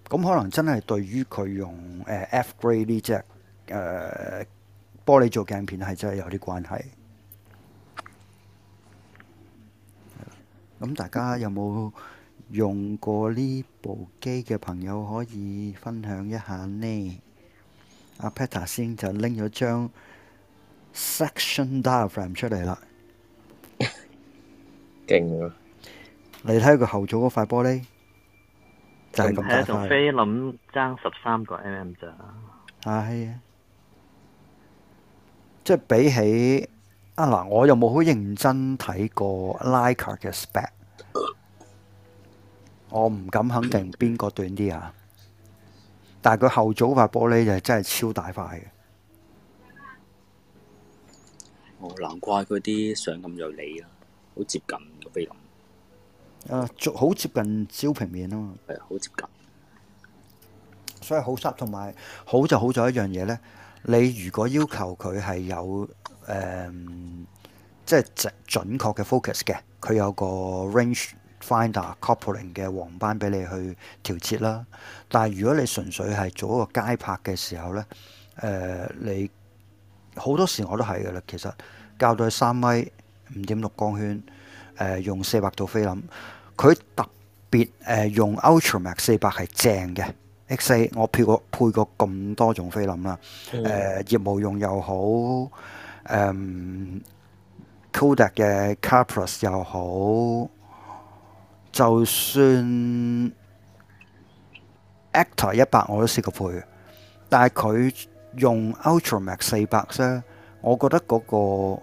咁可能真係對於佢用 F grade 呢隻、呃、玻璃做鏡片係真係有啲關係。咁大家有冇用過呢部機嘅朋友可以分享一下呢？阿 Peter 先就拎咗張。section diaphragm 出嚟啦，勁咯！你睇佢後左嗰塊玻璃就咁大塊。仲菲林爭十三個 mm 咋？係啊，啊，即係比起啊嗱，我又冇好認真睇過 Leica 嘅 spec，我唔敢肯定邊個短啲啊。但係佢後左塊玻璃就真係超大塊嘅。哦、難怪佢啲相咁銳利啊，好接近個菲林，啊，好接近焦平面啊嘛，係好接近。所以好 sharp，同埋好就好在一樣嘢咧。你如果要求佢係有誒，即、呃、係、就是、準準確嘅 focus 嘅，佢有個 range finder coupling 嘅黃斑俾你去調節啦。但係如果你純粹係做一個街拍嘅時候咧，誒、呃、你。好多時我都係嘅啦，其實校到三米五點六光圈，呃、用四百度菲林，佢特別誒、呃、用 Ultra Max 四百係正嘅 X 四，我配過配過咁多種菲林啦，誒、嗯呃、業務用又好、嗯、柯達嘅 carplus 又好，就算 actor 一百我都試過配，但係佢。用 UltraMax 四百啫，我覺得嗰個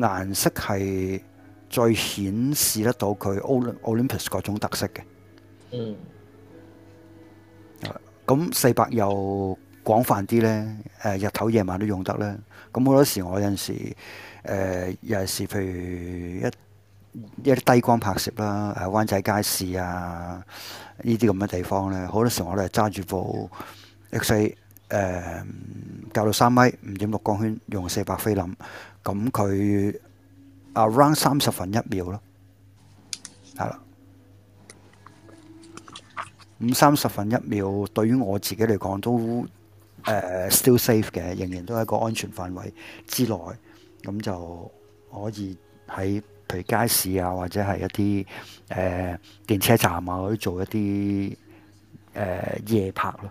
顏色係最顯示得到佢 Olympus 嗰種特色嘅。嗯。啊，咁四百又廣泛啲咧，誒、呃、日頭夜晚都用得咧。咁好多時我有陣時，誒有陣時譬如一一啲低光拍攝啦，誒、啊、灣仔街市啊，呢啲咁嘅地方咧，好多時我都係揸住部 X。誒較、um, 到三米，五點六光圈，用四百菲林，咁佢 around 三十分一秒咯，係啦，咁三十分一秒對於我自己嚟講都誒、uh, still safe 嘅，仍然都係一個安全範圍之內，咁就可以喺譬如街市啊，或者係一啲誒、呃、電車站啊，去做一啲誒、呃、夜拍咯。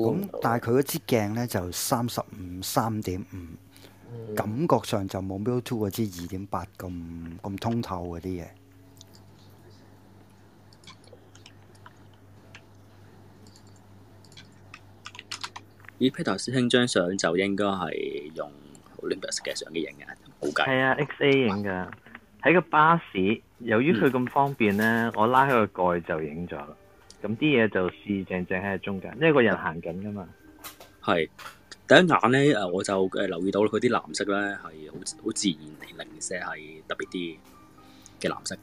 咁但係佢嗰支鏡咧就三十五三點五，感覺上就冇 Mio Two 嗰支二點八咁咁通透嗰啲嘢。依批頭師兄張相就應該係用 Olympus 嘅相機影嘅，估計。係啊，XA 影㗎，喺個巴士。由於佢咁方便咧，我拉開個蓋就影咗。咁啲嘢就試正正喺中間，呢個人行緊噶嘛？係第一眼咧，誒，我就誒留意到佢啲藍色咧，係好好自然地零舍，係特別啲嘅藍色。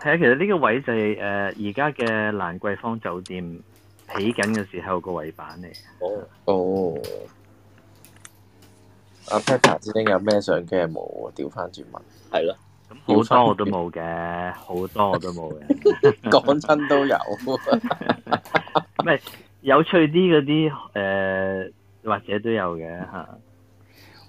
係啊，其實呢個位就係誒而家嘅蘭桂坊酒店起緊嘅時候個位板嚟。哦。哦哦，阿 Peter 師兄有咩相機冇啊？調翻轉問。係啦。好多我都冇嘅，好多我都冇嘅。講 [laughs] 真都有，唔係 [laughs] [laughs] 有趣啲嗰啲誒，或者都有嘅吓。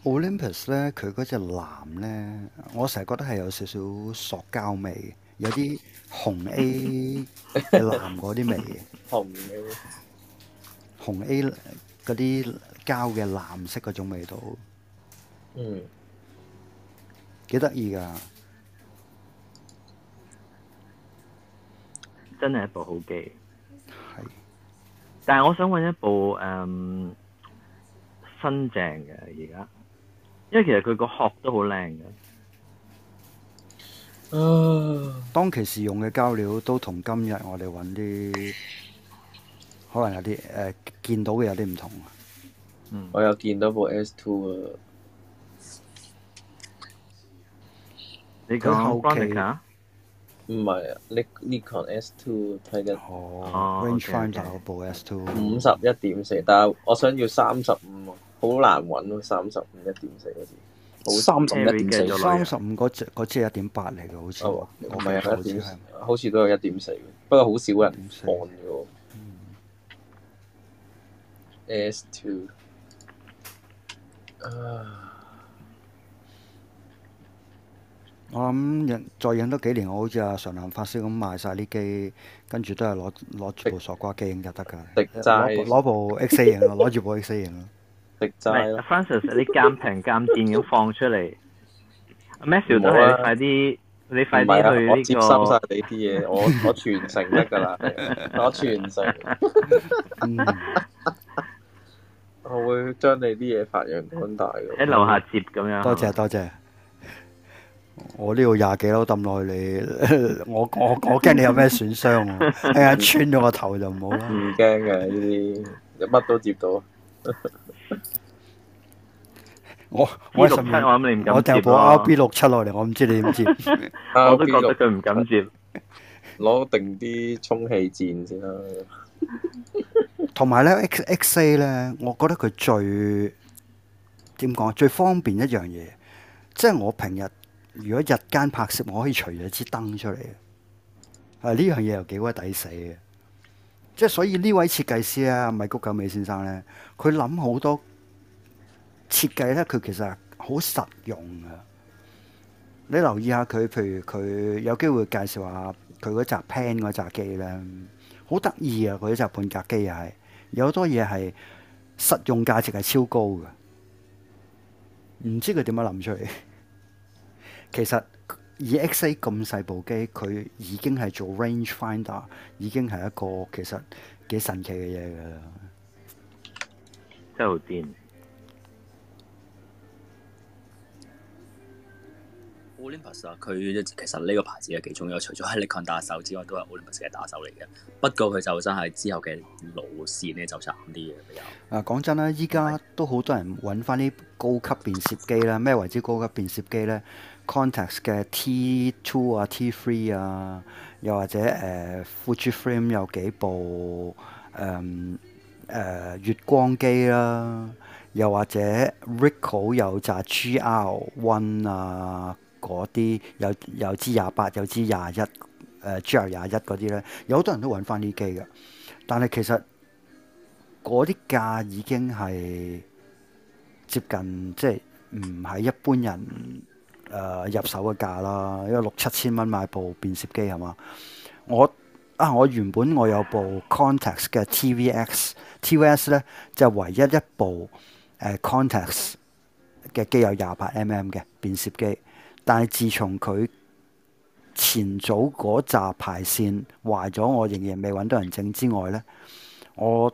Olympus 咧，佢嗰隻藍咧，我成日覺得係有少少塑膠味，有啲紅 A 的藍嗰啲味嘅。 [laughs] 樣紅 A，紅 A 嗰啲膠嘅藍色嗰種味道，嗯，幾得意噶。真係一部好機，係。但係我想揾一部誒新淨嘅而家，因為其實佢個殼都好靚嘅。啊！當其時用嘅膠料都同今日我哋揾啲可能有啲誒見到嘅有啲唔同。嗯，我有見到部 S Two 啊。你講翻嚟嚇。唔係啊！Nikon S2 睇緊哦 range finder 部 S2 五十一點四，Le、但係我想要三十五，好難揾到三十五一點四嗰啲。三十五一點四，三十五嗰隻嗰隻係一點八嚟嘅，好似喎。唔係啊，一點四，好似好似都係一點四，不過好少人放嘅喎。S2 啊、嗯！ S 2. Uh. 我諗、um, 再影多幾年，我好似阿常南發燒咁賣晒啲機，跟住都係攞攞住部傻瓜機影就得噶。攞攞菜、啊、部 X、a、型攞住部 X 型咯。 [laughs] 食齋呢。Francis 啲鑑不 [laughs] 平鑑賤要放出嚟。阿 Matthew 都係快啲，你快啲去接收晒你啲嘢，我我全城得噶啦，我全城，我,全 [laughs] [laughs] [laughs] 我會將你啲嘢發揚光大嘅。喺樓下接咁樣多。多謝多謝。我呢度廿幾樓抌耐你，我我我驚你有咩損傷，驚穿咗個頭就唔好啦。唔驚嘅呢啲，乜都接到。我我十米我掉部 R B 六七落嚟，我唔知你點知，我都覺得佢唔敢接。攞定啲充氣墊先啦。同埋咧 X X A 咧，我覺得佢最點講啊？最方便一樣嘢，即係我平日。如果日間拍攝，我可以除咗支燈出嚟啊！呢樣嘢又幾鬼抵死嘅，即係所以呢位設計師啊，米谷久美先生咧，佢諗好多設計咧，佢其實好實用嘅。你留意下佢，譬如佢有機會介紹下佢嗰隻 Pen 嗰隻機咧，好得意啊！佢隻半格機啊，係有好多嘢係實用價值係超高嘅，唔知佢點樣諗出嚟。其實，以 X A 咁細部機，佢已經係做 range finder，已經係一個其實幾神奇嘅嘢嘅啦。真係好癲！Olympus 啊，佢其實呢個牌子幾重要，有除咗係 Nikon 打手之外，都係 Olympus 嘅打手嚟嘅。不過佢就真係之後嘅路線咧，就差啲嘅比較。啊，講真啦，依家都好多人揾翻啲高級便攝機啦，咩為之高級便攝機咧？Context 嘅 T2 啊、T3 啊，又或者誒、呃、Fujifilm 有幾部誒誒、呃呃、月光機啦、啊，又或者 Ricoh 有扎 GR One 啊嗰啲，有有支廿八，有支廿一誒 GR 廿一嗰啲咧，有好多人都揾翻啲機嘅，但係其實嗰啲價已經係接近，即係唔係一般人。誒、呃、入手嘅價啦，因為六七千蚊買部變色機係嘛？我啊，我原本我有部 Contax 嘅 TVS TVS 咧就係、唯一一部誒、呃、Contax 嘅機有廿八 mm 嘅變色機，但係自從佢前早嗰紮排線壞咗，我仍然未揾到人整之外咧，我，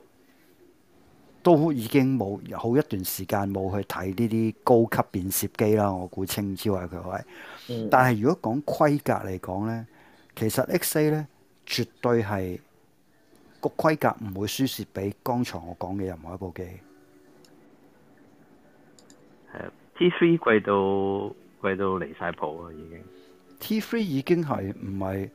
都已經冇好一段時間冇去睇呢啲高級便攝機啦，我估稱之為佢位。但係如果講規格嚟講咧，其實 XA 咧絕對係個規格唔會輸蝕俾剛才我講嘅任何一部機。係啊，T 三貴到貴到離晒譜啊！已經 T 三已經係唔係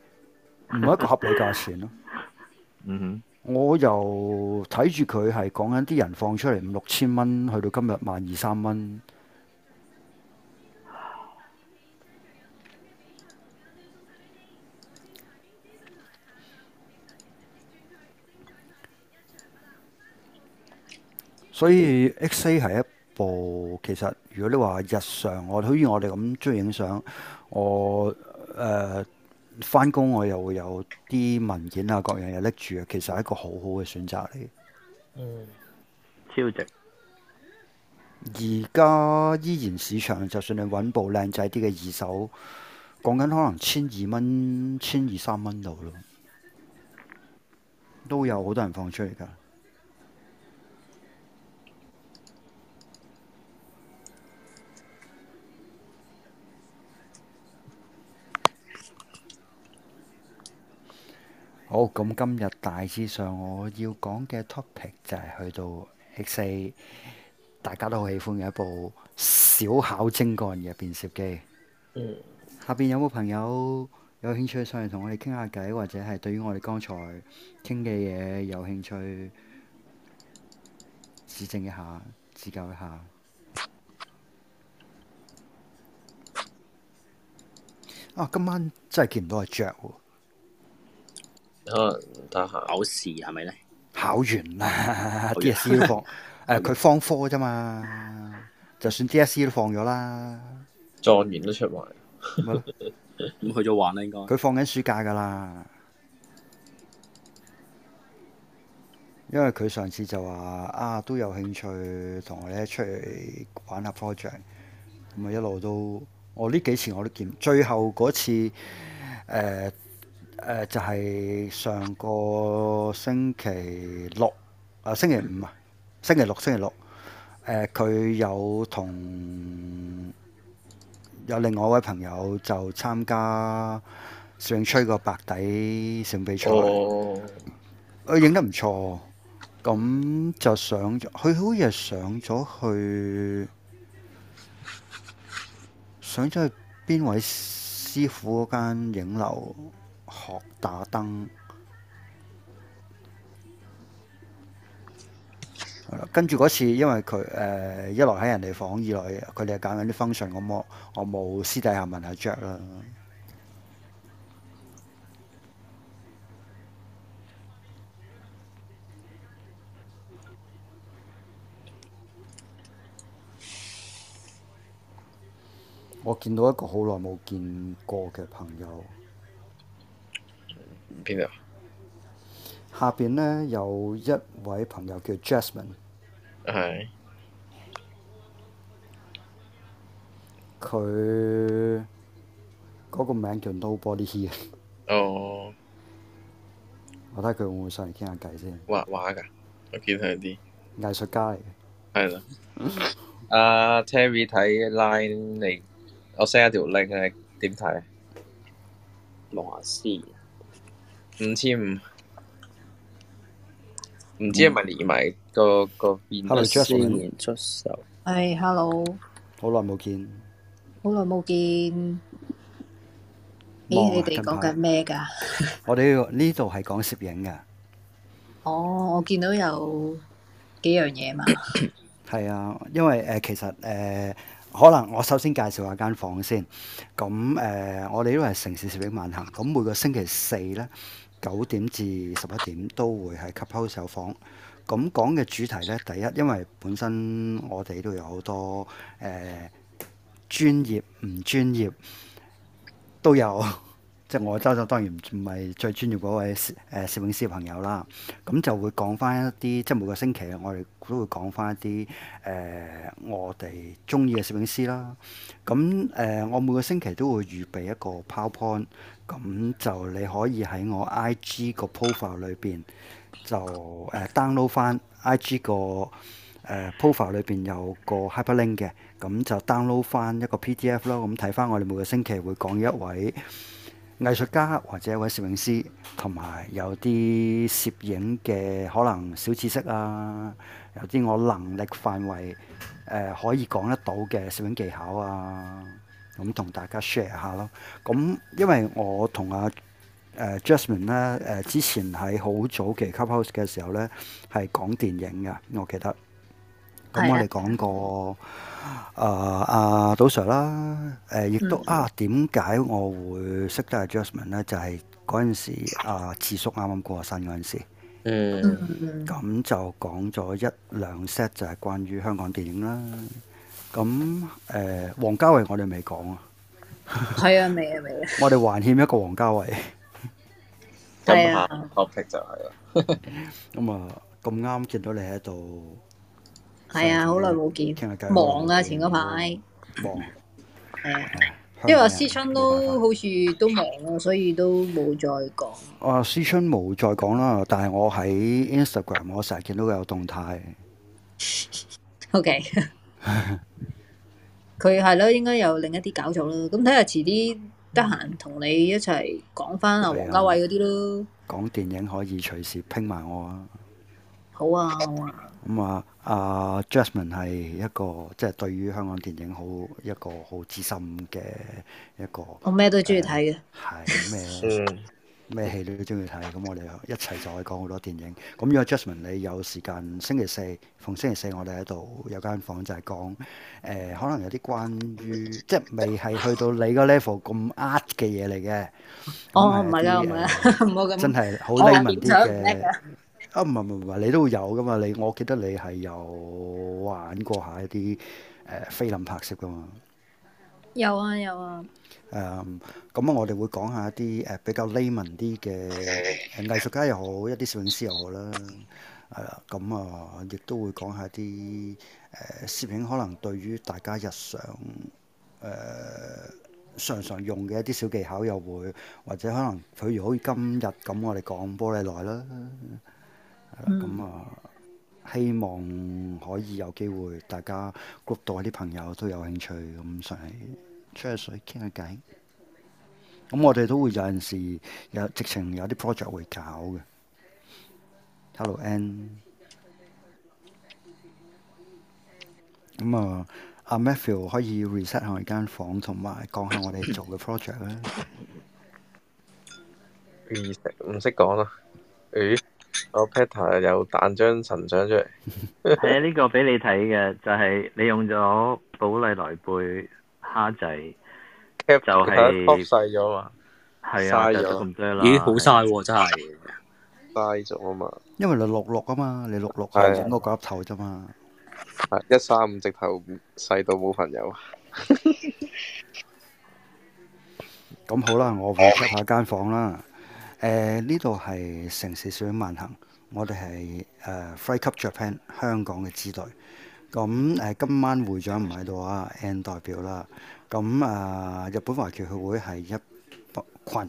唔係一個合理價錢咯？ [laughs] 嗯哼。我又睇住佢係講緊啲人放出嚟五六千蚊，去到今日萬二三蚊。 [noise] 所以 X A 係一部其實，如果你話日常，我好似我哋咁中意影相，我誒。呃翻工我又會有啲文件啊，各樣嘢拎住啊，其實係一個好好嘅選擇嚟嘅，嗯，超值。而家依然市場，就算你揾部靚仔啲嘅二手，講緊可能千二蚊、千二三蚊度咯，都有好多人放出嚟噶。好，咁今日大致上我要講嘅 topic 就係去到 X，A，大家都好喜歡嘅一部小巧精幹入變攝機。嗯。下邊有冇朋友有興趣上嚟同我哋傾下偈，或者係對於我哋剛才傾嘅嘢有興趣指正一下、指教一下？啊，今晚真係見唔到阿雀喎！可能打考試係咪咧？考完啦，D S C 都放， [laughs] 誒，佢放科啫嘛，就算 D S C 都放咗啦，狀元都出埋，咁 [laughs] [laughs] [laughs] 去咗玩啦，應該。佢放緊暑假噶啦， [laughs] 因為佢上次就話啊，都有興趣同我哋出嚟玩下 project，咁啊一路都我呢都我幾次我都見，最後嗰次誒。呃誒、呃、就係、是、上個星期六啊，星期五啊，星期六星期六，誒、呃、佢有同有另外一位朋友就參加上吹個白底相比賽，佢影得唔錯，咁就上咗，佢好似係上咗去上咗去邊位師傅嗰間影樓。學打燈，跟住嗰次，因為佢誒、呃，一來喺人哋房，二來佢哋係揀緊啲 function，我冇我冇私底下問，問下着啦。我見到一個好耐冇見過嘅朋友。邊度？下邊呢有一位朋友叫 Jasmine，係佢嗰個名叫 Nobody Here。哦，我睇佢會唔會上嚟傾下偈先。畫畫㗎，我見佢啲藝術家嚟嘅。係啦，阿 Terry 睇 line 你，我 send 一條 link 你點睇？望下先。五千五，唔知係咪連埋個個變相先出手？係，hello，好耐冇見，好耐冇見，咦？你哋講緊咩噶？我哋呢度係講攝影噶。哦，我見到有幾樣嘢嘛。係啊，因為誒，其實誒，可能我首先介紹下間房先。咁誒，我哋呢度係城市攝影萬行。咁每個星期四咧。九點至十一點都會係吸 a p t 房，咁講嘅主題呢，第一，因為本身我哋都有好多誒、呃、專業唔專業都有， [laughs] 即係我周周當然唔係最專業嗰位誒攝影師朋友啦。咁就會講翻一啲，即係每個星期我哋都會講翻一啲誒、呃、我哋中意嘅攝影師啦。咁誒、呃，我每個星期都會預備一個 PowerPoint。咁就你可以喺我 IG 個 profile 裏邊，就誒 download 翻 IG 個誒 profile 裏邊有個 hyperlink 嘅，咁就 download 翻一個 PDF 咯。咁睇翻我哋每個星期會講一位藝術家或者一位攝影師，同埋有啲攝影嘅可能小知識啊，有啲我能力範圍誒可以講得到嘅攝影技巧啊。咁同大家 share 下咯。咁因為我同阿誒 Jasmine 咧誒之前喺好早期 Cup House 嘅時候咧係講電影嘅，我記得。咁我哋講過是的、呃、啊啊杜 Sir 啦，誒、呃、亦都、嗯、啊點解我會識得阿、啊、Jasmine 咧？就係嗰陣時啊，智、呃、叔啱啱過身嗰陣時嗯嗯嗯。嗯。咁就講咗一兩 set 就係關於香港電影啦。咁誒，黃家衞我哋未講啊，係啊，未啊，未啊，我哋還欠一個黃家衞，今日 topic 就係啦。咁啊，咁啱見到你喺度，係啊，好耐冇見，忙啊，前嗰排忙係啊，因為思春都好似都忙咯，所以都冇再講。啊，思春冇再講啦，但係我喺 Instagram，我成日見到佢有動態。OK。佢係咯，應該有另一啲搞作啦。咁睇下遲啲得閒同你一齊講翻阿王家衛嗰啲咯。講電影可以隨時拼埋我啊！好啊，好啊，咁啊，阿、啊、Jasmine 係一個即係、就是、對於香港電影好一個好資深嘅一個。我咩都中意睇嘅。係咩、呃？ [laughs] 咩戲你都中意睇，咁我哋一齊再可講好多電影。咁如果 Jasmine 你有時間，星期四逢星期四我哋喺度有間房就，就係講誒，可能有啲關於即係未係去到你個 level 咁 art 嘅嘢嚟嘅。哦，唔係啊，唔係啊，唔好咁。真係好低文啲嘅。啊，唔係唔係唔係，你都會有㗎嘛？你我記得你係有玩過下一啲誒菲林拍攝㗎嘛？有啊，有啊，有啊。誒咁啊，um, 我哋會講下一啲誒、uh, 比較 layman 啲嘅、uh, 藝術家又好，一啲攝影師又好啦，係啦。咁啊，亦都會講下啲誒攝影可能對於大家日常誒、uh, 常常用嘅一啲小技巧又會，或者可能譬如好似今日咁，我哋講玻璃內啦，咁、uh, 啊，希望可以有機會，大家 group 到啲朋友都有興趣咁想。嗯上吹下水傾下偈，咁我哋都會有陣時有直情有啲 project 會搞嘅。Hello，N。咁啊，阿 Matthew 可以 reset 下我間房，同埋講下我哋做嘅 project 啦？唔識唔講啦？誒，我 Peter 有彈張神像出嚟。係 [laughs] 呢個俾你睇嘅就係、是、你用咗寶麗來背。蝦、啊、仔就係縮細咗嘛，係啊，就咁多啦，咦，好晒真係，晒咗啊嘛，因為你六六啊嘛，你六六係咁多夾頭啫嘛，一三五直頭細到冇朋友。咁好啦，我換出下間房啦。誒、呃，呢度係城市小上萬行，我哋係誒 F 級 Japan 香港嘅支隊。咁誒今晚會長唔喺度啊，N 代表啦。咁啊，日本華僑協會係一羣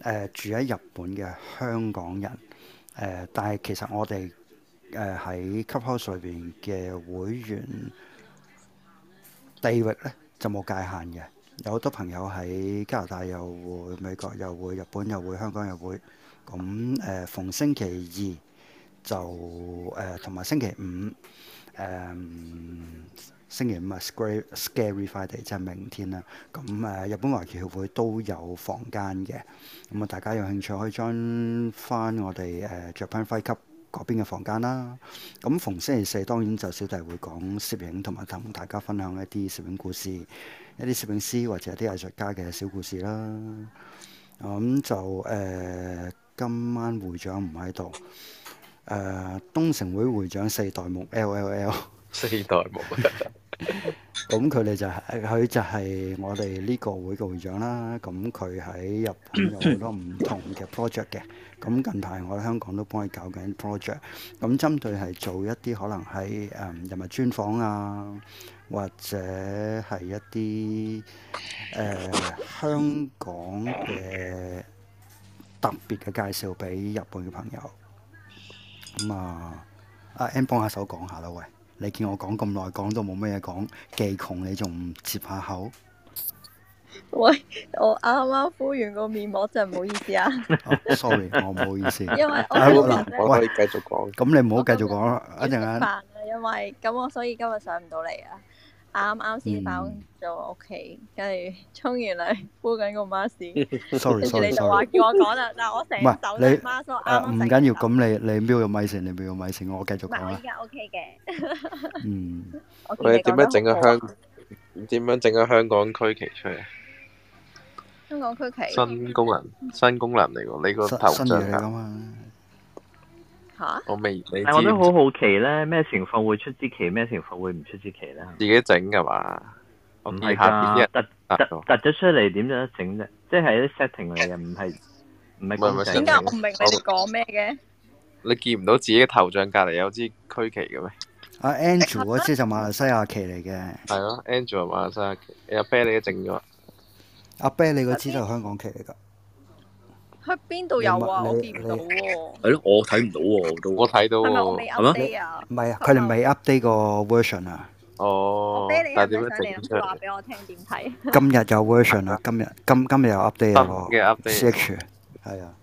誒住喺日本嘅香港人。誒，但係其實我哋誒喺 Clubhouse 入邊嘅會員地域咧就冇界限嘅。有好多朋友喺加拿大又會、美國又會、日本又會、香港又會。咁誒，逢星期二就誒同埋星期五，誒、um, 星期五啊，Scary Scary Friday 即係明天啦。咁誒、呃、日本華僑協會都有房間嘅，咁啊大家有興趣可以 join 翻我哋誒、呃、Japan Fight Club 嗰邊嘅房間啦。咁逢星期四當然就小弟會講攝影，同埋同大家分享一啲攝影故事，一啲攝影師或者一啲藝術家嘅小故事啦。咁就誒、呃、今晚會長唔喺度。誒，東城會會長四代目 L L L，四代目，咁佢哋就係佢就係我哋呢個會嘅會長啦。咁佢喺日本有好多唔同嘅 project 嘅。咁近排我喺香港都幫佢搞緊 project。咁針對係做一啲可能喺誒人物專訪啊，或者係一啲誒香港嘅特別嘅介紹俾日本嘅朋友。咁、嗯、啊，阿 M 幫下手講下啦喂，你見我講咁耐，講都冇咩嘢講，技窮，你仲唔接下口？喂，我啱啱敷完個面膜，真係唔好意思啊。哦、Sorry，我唔好意思。因為我可以，喂，繼續講，咁你唔好繼續講啦，一陣間。因為咁我所以今日上唔到嚟啊。啱啱先返咗屋企，跟住沖完涼敷緊個 mask，Sorry，你就話叫我講啦，但係我成手都係 mask，啱啱洗手。唔係你啊，唔緊要，咁你你瞄入米先，你瞄入米先，我繼續講啦。唔係我依家 OK 嘅。嗯，佢點樣整個香？點樣整個香港區旗出嚟？香港區旗新功能，新功能嚟喎，你個頭像啊！我未，未但我都好好奇咧，咩情況會出支旗，咩情況會唔出支旗咧？自己整噶嘛？唔係下邊啲突、啊、突咗出嚟點樣整啫？即係啲 setting 嚟嘅，唔係唔係。點解我唔明你哋講咩嘅？你見唔到自己頭像隔籬有支區旗嘅咩？阿 Andrew 嗰支就馬來西亞旗嚟嘅，係咯、 [laughs] 啊、？Andrew 係馬來西亞旗，阿 Billy 你都整咗，阿 Billy 嗰支就香港旗嚟噶。佢邊度有啊？我見唔到喎。係咯，我睇唔到喎。我睇到。係咪啊？唔係啊，佢哋未 update 個 version 啊。哦。update 係話俾我聽點睇？今日有 version 啦，今日今今日有 update 啊。今日 update。sh 係啊。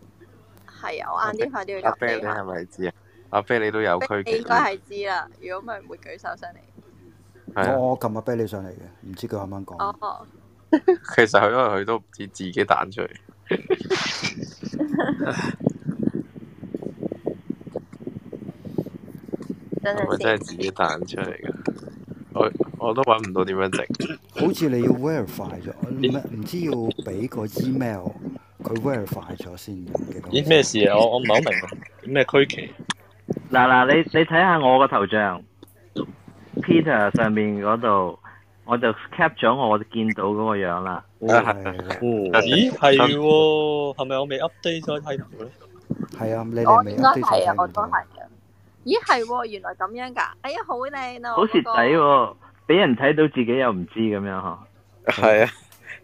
係啊，我晏啲快啲 update。阿飛你係咪知啊？阿飛你都有區？你應該係知啦。如果唔係，唔會舉手上嚟。我今日飛你上嚟嘅，唔知佢啱啱講。其實佢因為佢都唔知自己彈出嚟。 [laughs] [laughs] 我真係自己彈出嚟噶，我我都揾唔到點樣整。好似你要 verify 咗，唔唔 [laughs] 知要俾個 email 佢 verify 咗先。咦？咩事啊？我我唔係好明喎。咩區旗？嗱嗱，你你睇下我個頭像，Peter 上面嗰度，我就 cap 咗我見到嗰個樣啦。啊係，嗯、哦， [music] 咦係喎，係咪我未 update 晒睇到咧？係啊，你哋未 u 應該係啊，我都係啊。咦係喎，原來咁樣噶，哎呀好靚啊！好蝕底喎，俾、哦嗯、人睇到自己又唔知咁樣嗬，係、嗯、啊，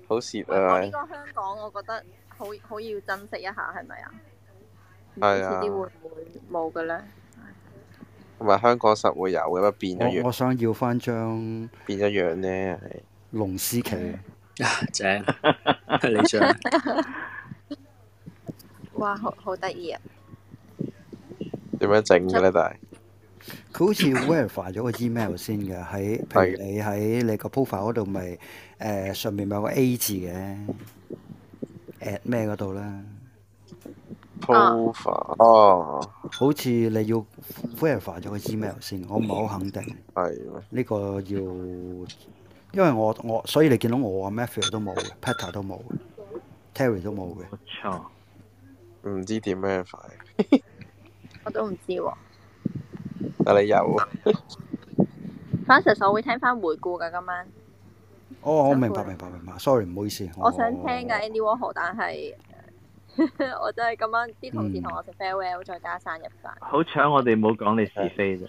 好蝕啊！我呢個香港，我覺得好好要珍惜一下，係咪啊？係啊，唔 [noise] 知樂會唔會冇嘅咧？唔係、嗯、香港實會有嘅，變一樣我。我想要翻張變一樣咧，龍獅旗。正，你唱。哇，好好得意啊！點樣整嘅咧？但係佢 [laughs] 好似 verify 咗個 email 先嘅 em，喺譬如你喺你你個 profile 嗰度，咪、呃、誒上面咪有個 A 字嘅 at 咩嗰度啦？profile 哦， [laughs] 好似你要 verify 咗個 email 先，我唔係好肯定。係，呢個要。因為我我所以你見到我，Matthew 我啊 Matthew 都冇嘅，Peter 都冇嘅，Terry 都冇嘅，我錯。唔知點咩法？我都唔知喎。但你有啊？反正我會聽翻回顧㗎，今晚。哦，我明白明白明白，明白，sorry，唔好意思。我想聽嘅 Andy Warhol，但係是、嗯、 [laughs] 我真係今晚啲同事同我食 farewell，再加生日飯。好彩我哋冇講你是非啫。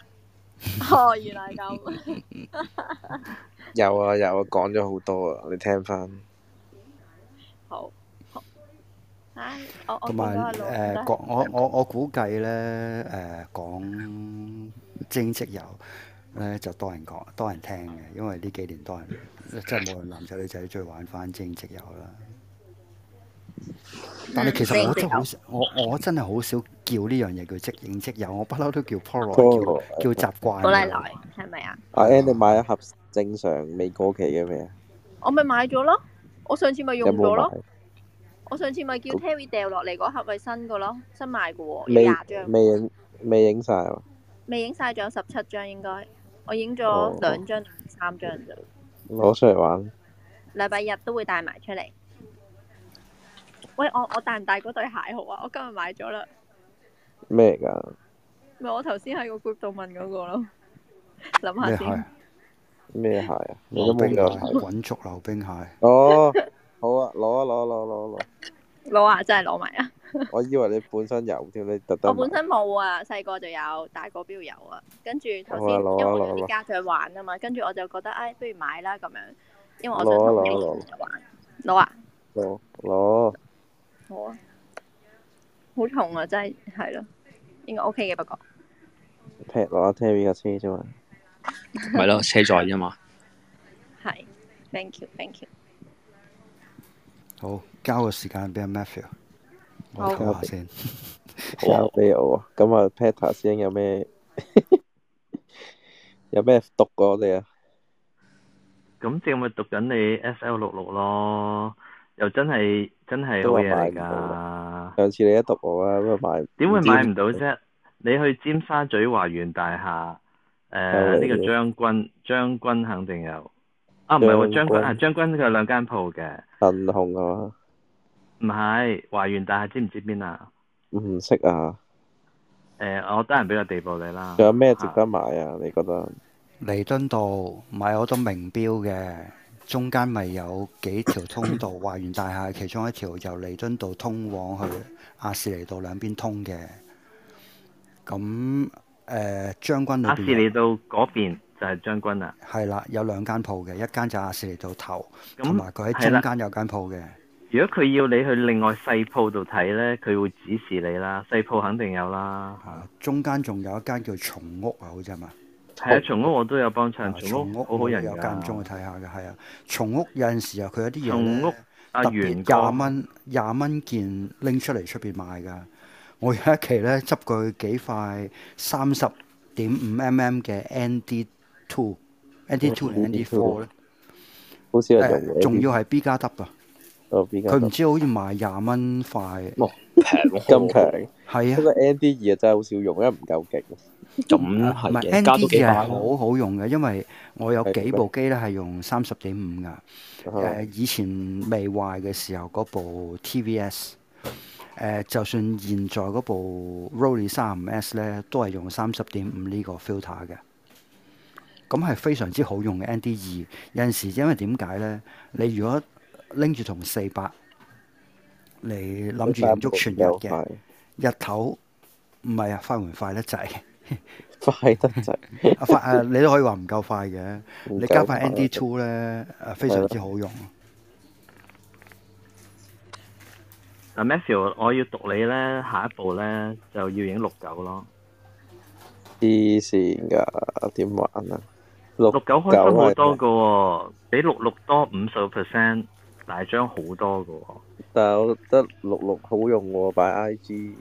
哦，原來咁、 [laughs] 啊。有啊有啊，講咗好多啊，你聽翻。好。同埋誒講，我我、呃、我，我，我估計咧誒講精職遊誒就多人講，多人聽嘅，因為呢幾年多人即係無論男仔女仔，都中意玩翻精職遊啦。但係其實我真係好少，我我真係好少。叫呢樣嘢叫即影即有，我不嬲都叫 Polo 叫習慣。Prologue 係咪啊？阿 Andy 買一盒正常未過期嘅咩？我咪買咗咯，我上次咪用咗咯。有冇啊？我上次咪叫 Terry 掉落嚟嗰盒咪新嘅咯，新買嘅喎，有廿張。未影未影曬啊？未影曬，仲有十七張應該，我影咗兩張三張咋。攞出嚟玩。禮拜日都會帶埋出嚟。喂，我我帶唔帶嗰對鞋好啊？我今日買咗啦。咩嚟噶？咪我頭先喺個 group 度問嗰個咯，諗下先。咩鞋？咩鞋啊？溜冰鞋。穩足溜冰鞋。哦，好啊，攞啊，攞啊，攞啊，攞！攞啊，真係攞埋啊！我以為你本身有添，你特登。我本身冇啊，細個就有，大個邊度有啊？跟住頭先，因為我有啲家長玩啊嘛，跟住我就覺得，哎，不如買啦咁樣，因為我想同啲小朋友玩。攞啊！攞！攞！好啊！好重啊！真係係咯～應該 OK 嘅，不過 Pat 攞阿 Ter 架車啫嘛，係咯，車載啫嘛。係，Thank you，Thank you。好，交個時間俾阿 Matthew，我交下先。交俾我，咁啊 Peter 先，有咩有咩讀過我哋啊？咁即係咪讀緊你 SL 六六咯？又真係。真係好嘢嚟噶上次你一讀我啦，咁又買？點會買唔到啫？你去尖沙咀華源大廈，誒呢個將軍將軍肯定有。啊，唔係喎，將軍，係將軍佢有兩間鋪嘅。銀行啊？唔係，華源大廈知唔知邊啊？唔識啊。誒，我得閒俾個地步你啦。仲有咩值得買啊？的你覺得？彌敦道買好多名錶嘅。中間咪有幾條通道，華源大廈其中一條，由彌敦道通往去亞士尼道兩邊通嘅。咁誒，將、呃、軍兩邊亞士尼道嗰邊就係將軍啦。係啦，有兩間鋪嘅，一間就亞士尼道頭，同埋佢喺中間有間鋪嘅。如果佢要你去另外細鋪度睇咧，佢會指示你啦。細鋪肯定有啦。嚇、啊！中間仲有一間叫松屋啊，好似係嘛？係喺松屋，我都有幫襯。松屋好好，都有間中去睇下嘅，係啊。松屋有陣時啊，佢有啲嘢，松屋阿袁廿蚊廿蚊件拎出嚟出邊賣噶。我有一期咧執過幾塊三十點五 mm 嘅 ND two，ND two 定 ND four 咧？好少用。誒，仲要係 B 加得啊。哦，B 加 W 佢唔知好似賣廿蚊塊，平咁平，係啊。不過 ND 二啊，真係好少用，因為唔夠勁。咁唔係 ND 二係好好用嘅，因為我有幾部機咧係用三十點五噶。誒、嗯呃、以前未壞嘅時候嗰部 TVS，誒、呃、就算現在嗰部 Rollei 三五 S 咧都係用三十點五呢個 filter 嘅。咁係非常之好用嘅 ND 二。有陣時因為點解咧？你如果拎住同四百你諗住用足全日嘅日頭，唔係啊，快門快得滯。就是快得滯，啊，快啊！你都可以話唔夠快嘅，你加塊 ND Two 咧，啊非常之好用。阿 Matthew，我要讀你咧，下一步咧就要影六九咯。以前噶點玩啊？六九開咗好多嘅，比六六多五十個 percent，大張好多嘅。但係我覺得六六好用喎，擺 IG。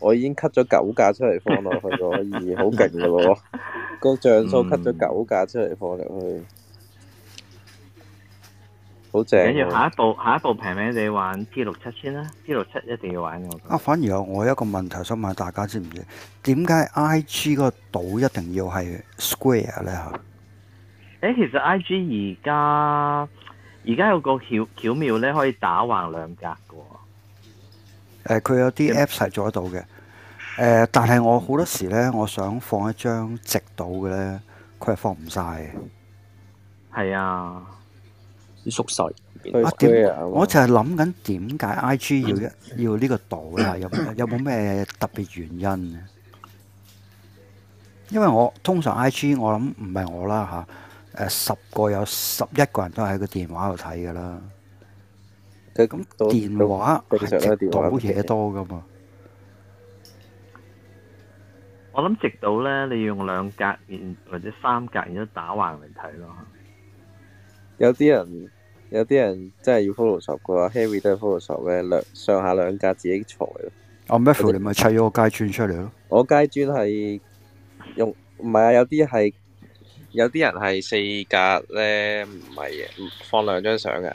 我已經 cut 咗九架出嚟放落去，咗、 [laughs] 欸，而好勁嘅喎， [laughs] [laughs] 個像素 cut 咗九架出嚟放落去，好正、嗯。跟住棒下，下一步，下一步平平哋玩 g 六七千啦 g 六七一定要玩嘅。啊，反而我有我一個問題想問大家，知唔知點解 I G 個島一定要係 square 咧吓？誒、欸，其實 I G 而家而家有個巧巧妙咧，可以打橫兩格嘅。誒佢、呃、有啲 app 係做得到嘅，誒、呃、但係我好多時咧，我想放一張直到嘅咧，佢係放唔晒嘅。係啊，啲縮細。我點？我就係諗緊點解 I G 要一要呢個度咧？有有冇咩特別原因？因為我通常 I G 我諗唔係我啦嚇，誒、啊、十個有十一個人都喺個電話度睇㗎啦。咁電話係擲到嘢多噶嘛？我諗直到咧，你要用兩格或者三格然都打橫嚟睇咯。有啲人有啲人真係要 follow 十嘅話 Harry 都係 follow 嘅兩上下兩格自己裁咯。阿 Matthew 你咪砌咗個階磚出嚟咯。我階磚係用唔係啊？有啲係有啲人係四格咧，唔係、啊、放兩張相嘅。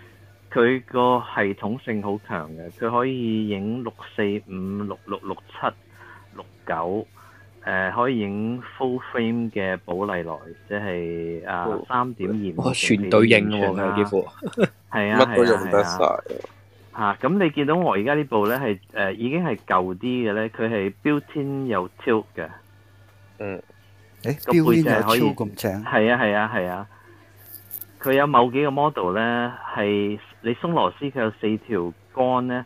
佢個系統性好強嘅，佢可以影六四五六六六七六九，誒可以影 full frame 嘅寶麗來，即係誒三點二全對應嘅幾部，係啊係啊係啊嚇！咁你見到我而家呢部咧係誒已經係舊啲嘅咧，佢係 built-in 有 tilt 嘅，嗯，誒個背脊可以咁正，係啊係啊係啊，佢有某幾個 model 咧係。你鬆螺絲，佢有四條桿咧，誒、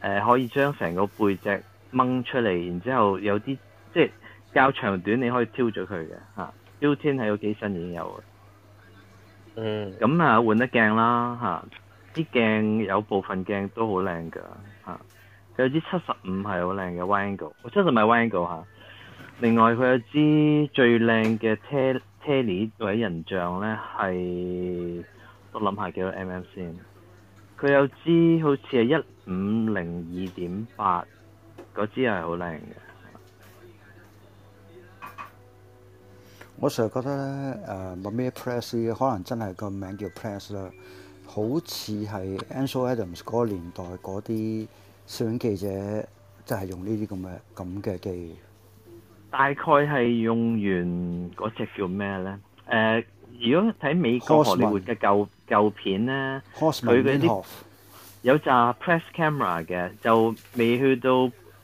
呃、可以將成個背脊掹出嚟，然之後有啲即係較長短，你可以挑咗佢嘅嚇。挑、啊、天喺有機身已經有嘅，嗯，咁啊換一鏡啦嚇，啲、啊、鏡有部分鏡都好靚㗎嚇。佢、啊、有支七十五係好靚嘅 Wango 七十五係 Wango，另外佢有支最靚嘅 Telly 位人像咧，係我諗下幾多 mm 先。佢有支好似係一五零二點八，嗰支係好靚嘅。我成日覺得咧，誒、呃、Mamiya Press 可能真係個名叫 Press 啦，好似係 Ansel Adams 嗰年代嗰啲攝影記者即係、就是、用呢啲咁嘅咁嘅機。大概係用完嗰隻叫咩咧？誒、呃，如果睇美國荷里活嘅舊。舊片咧，佢嗰啲有架 press camera 嘅，就未去到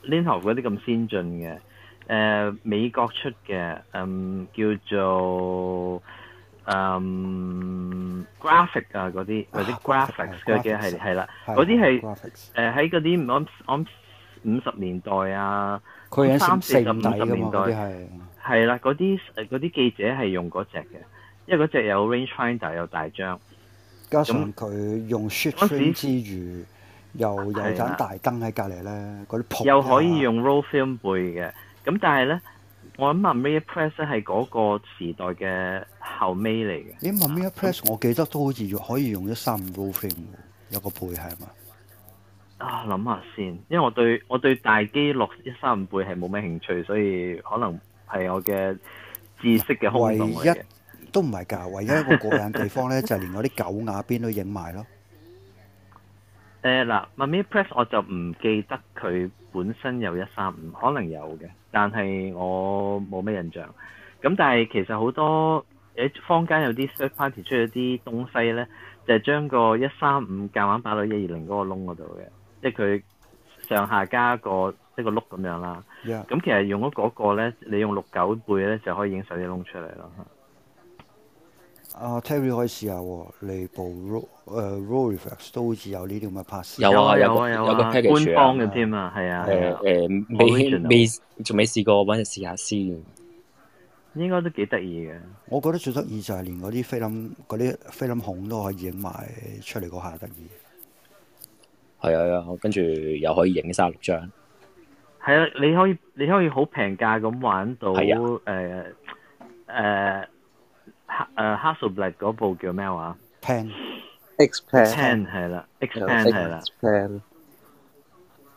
linhof 嗰啲咁先進嘅。誒，美國出嘅，嗯，叫做嗯 graphic 啊嗰啲或者 graphics 嘅嘅係係啦，嗰啲係誒喺嗰啲五十年代啊，三四十五十年代係係啦，嗰啲嗰啲記者係用嗰隻嘅，因為嗰隻有 range r i n e r 有大張。加上佢用雪圈、嗯、之餘，啊、又有盞大燈喺隔籬咧，嗰啲撲又可以用 roll film 背嘅。咁但係咧，我諗阿 Mira Press 咧係嗰個時代嘅後尾嚟嘅。你問 Mira Press，我記得都好似可以用 frame，一三五 roll film，有個背係嘛？啊，諗下先，因為我對我對大機落一三五背係冇咩興趣，所以可能係我嘅知識嘅空洞都唔係㗎，唯一我過癮地方咧， [laughs] 就係連我啲狗牙邊都影埋咯。誒嗱，Mamiya Press 我就唔記得佢本身有一三五，可能有嘅，但係我冇咩印象。咁但係其實好多誒坊間有啲 search party 出咗啲東西咧，就係、是、將個一三五夾硬擺到一二零嗰個窿嗰度嘅，即係佢上下加一個即係個碌咁樣啦。咁 Yeah. 其實用咗嗰個咧，你用六九背咧就可以影手啲窿出嚟咯。啊 Terry 可以試下喎，哦，你、呃、部 Ro 誒 Rolleiflex 都好似有呢啲咁嘅 pass。有啊有啊有啊，官方嘅添啊，係啊誒未未仲未試過，揾日試下先。應該都幾得意嘅，我覺得最得意就係連嗰啲菲林、嗰啲菲林孔都可以影埋出嚟，嗰下得意。係啊係啊，跟住又可以影三十六張。係啊，你可以你可以好平價咁玩到誒誒。黑誒，Hasselblad 嗰部叫咩話？Pen，expand，pen 係啦，expand 係啦，pen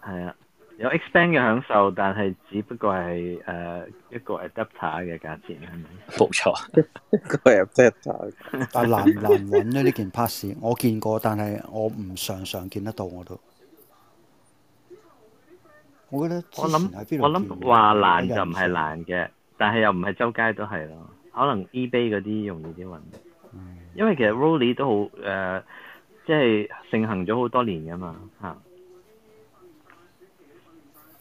係啊，有 expand 嘅享受，Pan. Pan，但係只不過係誒一個係 adapter 嘅價錢，係咪？冇錯，個 adapter，但係難唔難揾咧？呢件拍攝我見過，但係我唔常常用見得到我都思。我覺得我諗我諗話難就唔係難嘅，但係又唔係周街都係咯。可能 eBay 嗰啲容易啲揾，嗯、因為其實 Rollie 都好誒、呃，即係盛行咗好多年噶嘛嚇。啊、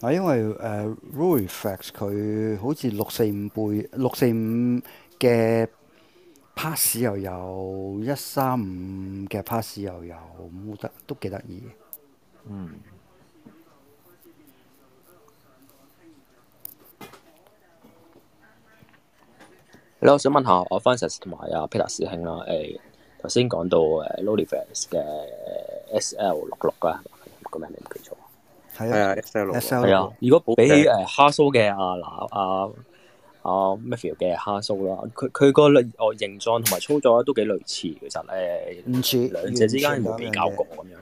嗯，因為誒 RollieFX 佢好似六四五倍，六四五嘅 pass 又有，一三五嘅 pass 又有，咁都得，都幾得意。嗯。你好，想問下我 Francis 同埋阿 Peter 師兄啦。誒、欸，頭先講到誒 Rolleiflex 嘅 SL 六六啊，個名你唔記得咗。係啊，SL 六六。係啊。 S 如果比起誒哈蘇嘅阿阿阿 Matthew 嘅哈蘇啦，佢、啊、佢、啊、個哦形狀同埋操作都幾類似，其實誒，唔似兩者之間唔會比較過咁樣。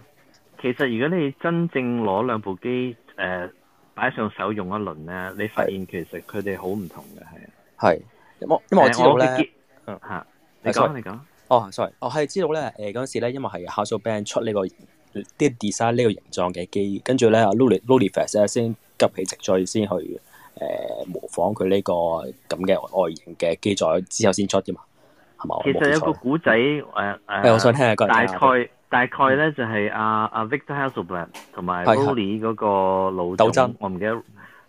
其實如果你真正攞兩部機誒擺上手用一輪咧，你發現其實佢哋好唔同嘅，係啊的。係。因因為我知道咧，嗯，吓，你講你講說。哦、oh,，sorry，我係知道咧，誒，嗰陣時咧，因為係 Hasselblad 出呢、這個啲 design 呢個形狀嘅機，跟住咧啊 Rollei Rolleiflex 咧先急起直追，先去誒、呃、模仿佢呢個咁嘅外形嘅機載，之後先出嘅嘛，係咪啊？其實有個古仔，誒誒、嗯、呃、我想聽下嗰個。大概大概咧就係阿阿 Victor Hasselblad 同埋 Rollei 嗰個老總，我唔記得。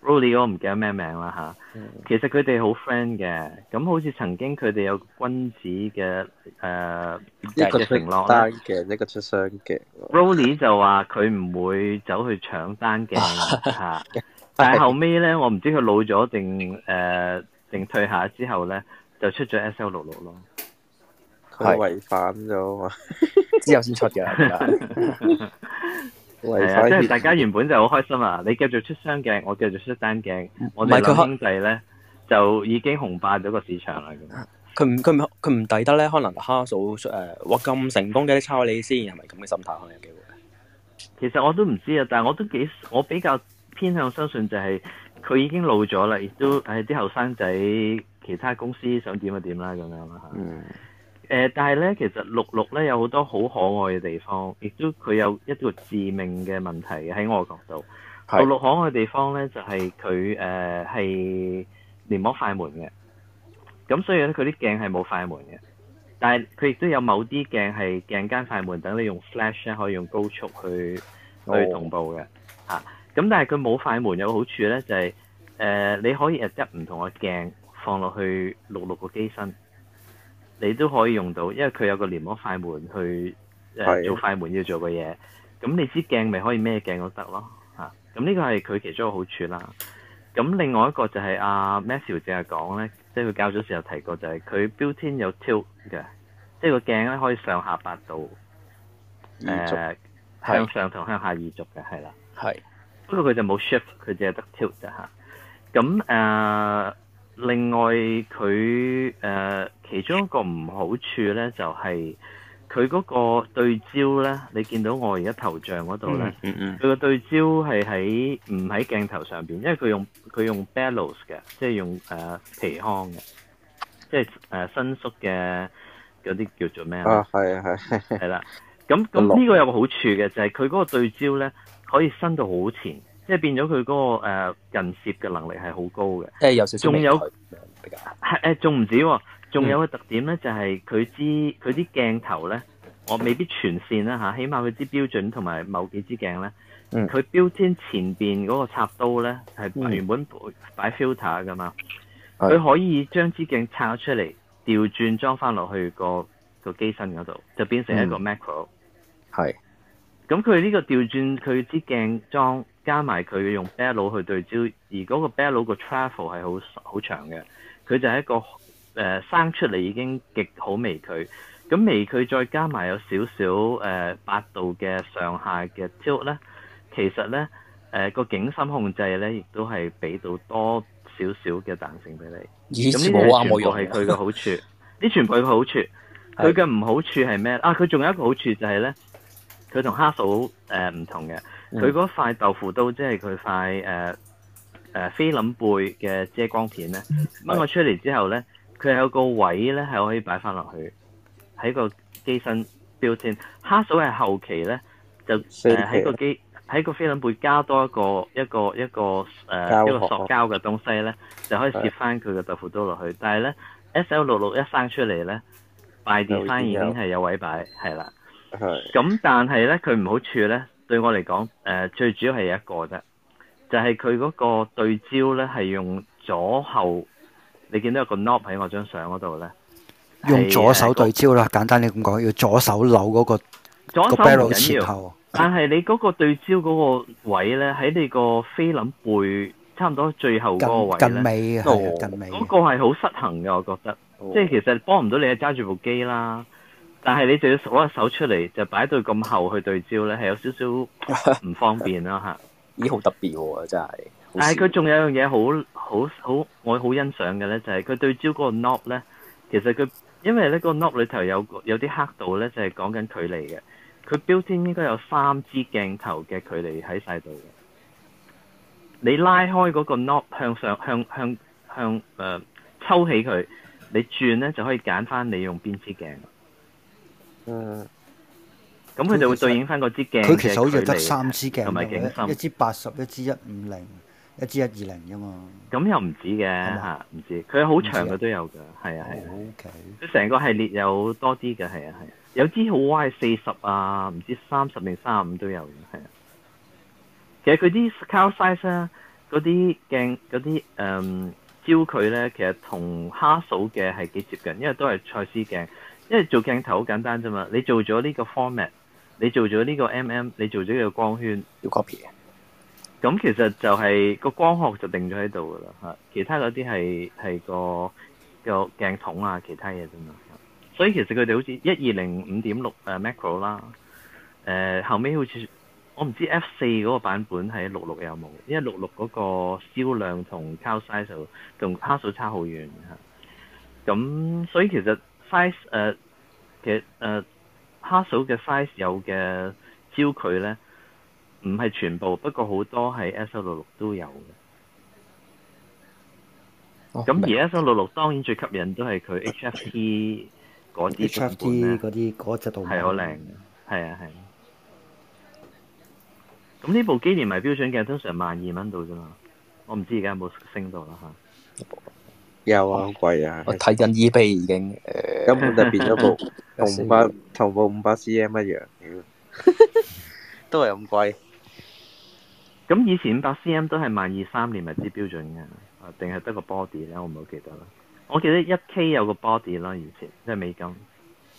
Rolly 我唔記得咩名啦吓，其實佢哋好 friend 嘅，咁好似曾經佢哋有君子嘅誒一個出單鏡，一、呃、個出雙嘅 Rolly 就話佢唔會走去搶單鏡吓， [laughs] 但係後尾咧，我唔知佢老咗定誒、呃、定退下之後咧，就出咗 S L 六六咯。佢違反咗，之後先出嘅。係啊，即係大家原本就好開心啊！你繼續出雙鏡，我繼續出單鏡，不我哋諗經濟咧就已經紅霸咗個市場啦。咁，佢唔佢唔佢唔抵得咧？可能哈數誒，哇、呃、咁成功嘅，你抄你先，係咪咁嘅心態？可能有機會。其實我都唔知啊，但係我都幾，我比較偏向相信就係佢已經老咗啦，亦都誒啲後生仔，其他公司想點就點啦，咁樣啦吓。嗯誒、呃，但係咧，其實六六咧有好多好可愛嘅地方，亦都佢有一個致命嘅問題喺我角度。六是六可愛嘅地方咧，就係佢誒係簾幕快門嘅，咁所以咧佢啲鏡係冇快門嘅。但係佢亦都有某啲鏡係鏡間快門，等你用 flash 咧可以用高速去去同步嘅。嚇、哦，咁、啊、但係佢冇快門有個好處咧，就係、是、誒、呃、你可以一唔同嘅鏡放落去六六個機身。你都可以用到，因為佢有個連膜快門去誒、呃、做快門要做嘅嘢。咁是的 你知鏡咪可以咩鏡都得咯嚇。咁、啊、呢個係佢其中個好處啦。咁另外一個就係、是、阿、啊、Matthew 淨係講咧，即係佢教咗時候提過，就係、是、佢 builtin 有 tilt 嘅，即係個鏡咧可以上下八度誒，向上同向下移軸嘅係啦。係是的 不過佢就冇 shift，佢淨係得 tilt 啫嚇。咁、啊、誒、呃、另外佢誒。呃呃其中一個唔好處咧，就係佢嗰個對焦咧。你見到我而家頭像嗰度咧，佢個、嗯嗯嗯、對焦係喺唔喺鏡頭上邊？因為佢用佢用 bellows 嘅，即係用誒、呃、皮腔嘅，即係誒伸縮嘅嗰啲叫做咩啊？係係係啦。咁咁呢個有個好處嘅，就係佢嗰個對焦咧可以伸到好前，即係變咗佢嗰個誒、呃、近攝嘅能力係好高嘅。即誒、呃、有少有有少，仲有係仲唔止仲有個特點咧，就係佢支佢啲鏡頭咧，我未必全線啦、啊、吓，起碼佢啲標準同埋某幾支鏡咧，佢標籤前邊嗰個插刀咧係原本擺 filter 噶嘛，佢、嗯、可以將支鏡拆咗出嚟，調轉裝翻落去，那個個機身嗰度，就變成一個 macro。係、嗯。咁佢呢個調轉佢支鏡裝加埋佢用 bellow 去對焦，而嗰個 bellow 個 travel 係好好長嘅，佢就係一個。誒、呃，生出嚟已經極好微距，咁微距再加埋有少少誒八度嘅上下嘅調咧，其實咧誒個景深控制咧，亦都係俾到多少少嘅彈性俾你。咁呢啲冇用係佢嘅好處，呢 [laughs] 全部係佢嘅好處。佢嘅唔好處係咩啊？佢仲有一個好處就係咧，佢同哈蘇誒唔、呃、同嘅。佢嗰塊豆腐刀即係佢塊誒誒菲林背嘅遮光片咧，掹咗出嚟之後咧。 [laughs] 佢有個位咧，係可以擺翻落去，喺個機身標誌。哈蘇係後期咧，就誒喺、啊呃、個機喺個菲林背加多一個一個一個誒、呃、學一個塑膠嘅東西咧，就可以攝翻佢嘅豆腐刀落去。的但係咧，SL 六六一生出嚟咧，擺電翻已經係有位擺，係啦。咁的但係咧，佢唔好處咧，對我嚟講誒，最主要係一個啫，就係佢嗰個對焦咧，係用左後。你見到有個 knob 喺我張相嗰度咧，用左手對焦啦，那個、簡單啲咁講，要左手扭嗰、那個個 bellows 前頭但係你嗰個對焦嗰個位咧，喺 [laughs] 你個菲林背，差唔多最後嗰個位近尾啊，近尾。嗰、哦、個係好失衡嘅，我覺得，哦、即係其實幫唔到你揸住部機啦，但係你就要索一手出嚟，就擺到咁後去對焦咧，係有少少唔方便啦吓， [laughs] 咦，好特別喎、啊，真係～ [laughs] 但係佢仲有樣嘢好好好，我好欣賞嘅咧，就係、是、佢對焦嗰個 knob 咧，其實佢因為呢個 knob 裏頭有有啲刻度咧，就係講緊距離嘅。佢標籤應該有三支鏡頭嘅距離喺晒度。你拉開嗰個 knob 向上向向向誒、呃、抽起佢，你轉咧就可以揀翻你用邊支鏡。嗯。咁佢就會對應翻嗰支鏡。佢其實就得三支鏡頭鏡，一一支八十一支一五零。一支一二零啫嘛，咁又唔止嘅吓，唔止，佢好長嘅都有嘅，係啊係，okay，佢成個系列有多啲嘅，係啊係，有支好歪四十啊，唔知三十定三十五都有嘅，係啊。其實佢啲 scale size 啊，嗰啲鏡嗰啲誒焦距咧，其實同蝦數嘅係幾接近，因為都係蔡司鏡，因為做鏡頭好簡單啫嘛，你做咗呢個 format，你做咗呢個 mm，你做咗呢個個光圈要 copy 嘅。咁其實就係個光學就定咗喺度噶啦，嚇！其他嗰啲係係個個鏡筒啊，其他嘢啫嘛。所以其實佢哋好似一二零五點六誒 macro 啦，誒、呃、後尾好似我唔知 F 四嗰個版本係六六有冇，因為六六嗰個銷量同 Cal size 就同卡數差好遠嚇。咁、嗯、所以其實 size 誒其實誒卡數嘅 size 有嘅焦距咧。唔係全部，不過好多係 S 六六都有嘅。咁、哦、而 S 六六當然最吸引都係佢 HFT 嗰啲主板啦，嗰啲嗰隻度係好靚，係、 [coughs] 那個、啊係。咁呢、啊、部機呢咪標準嘅，通常萬二蚊度啫嘛。我唔知而家有冇升到啦吓？有啊，好貴啊！ [coughs] 我睇緊 eBay 已經，誒根本就變咗部同五百同部五百 C M 一樣， [laughs] 都係咁貴。咁以前五百 CM 都係萬二三年咪啲標準嘅，啊定係得個 body 咧？我唔好記得啦。我記得一 K 有個 body 啦，以前即係美金。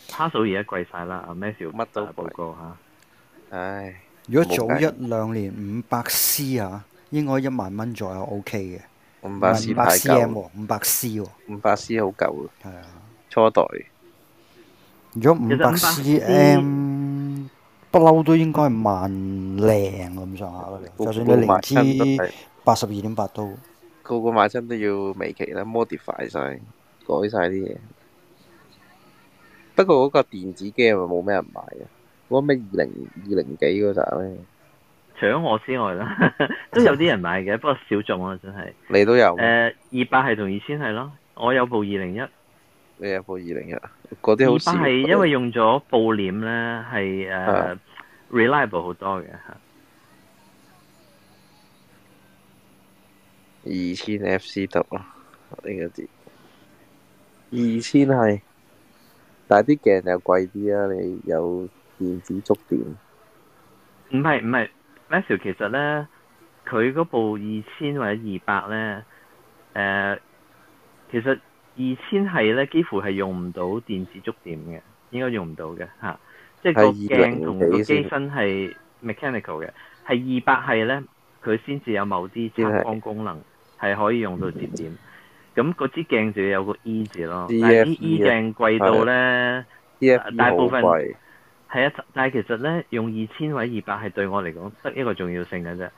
卡數而家貴晒啦，阿咩 a 乜都貴過嚇。哥唉，如果早一兩年五百 C 啊，應該一萬蚊左右 OK 嘅。五百 CM，五百 C，五百 C 好舊啊。係啊的。初代。如果五百 CM。不嬲都應該係萬零咁上下，就算你零支八十二點八都，個個買親都要微期啦，modify 晒，改晒啲嘢。不過嗰個電子機係咪冇咩人買啊？嗰咩二零二零幾嗰扎咧？除咗我之外啦，都有啲人買嘅， [laughs] 不過少眾啊，真係。你都有？誒，二百係同二千係咯，我有部二零一。你有部二零一嗰啲好少。二百係因為用咗布簾咧，係、uh, 誒 reliable 好多嘅吓。二千 F.C. 度，啊，呢、uh, 個字。二千係，但係啲鏡又貴啲啊！你有電子觸點。唔係唔係，Matthew 其實咧，佢嗰部二千或者二百咧，誒、uh,，其實。二千係咧，幾乎係用唔到電子觸點嘅，應該用唔到嘅嚇。即係個鏡同個機身係 mechanical 嘅，係二百係咧，佢先至有某啲測光功能係可以用到接點。咁嗰支鏡就要有個 E 字咯。但係 E 鏡貴到咧，大部分係啊，但係其實咧，用二千或者二百係對我嚟講得一個重要性嘅啫，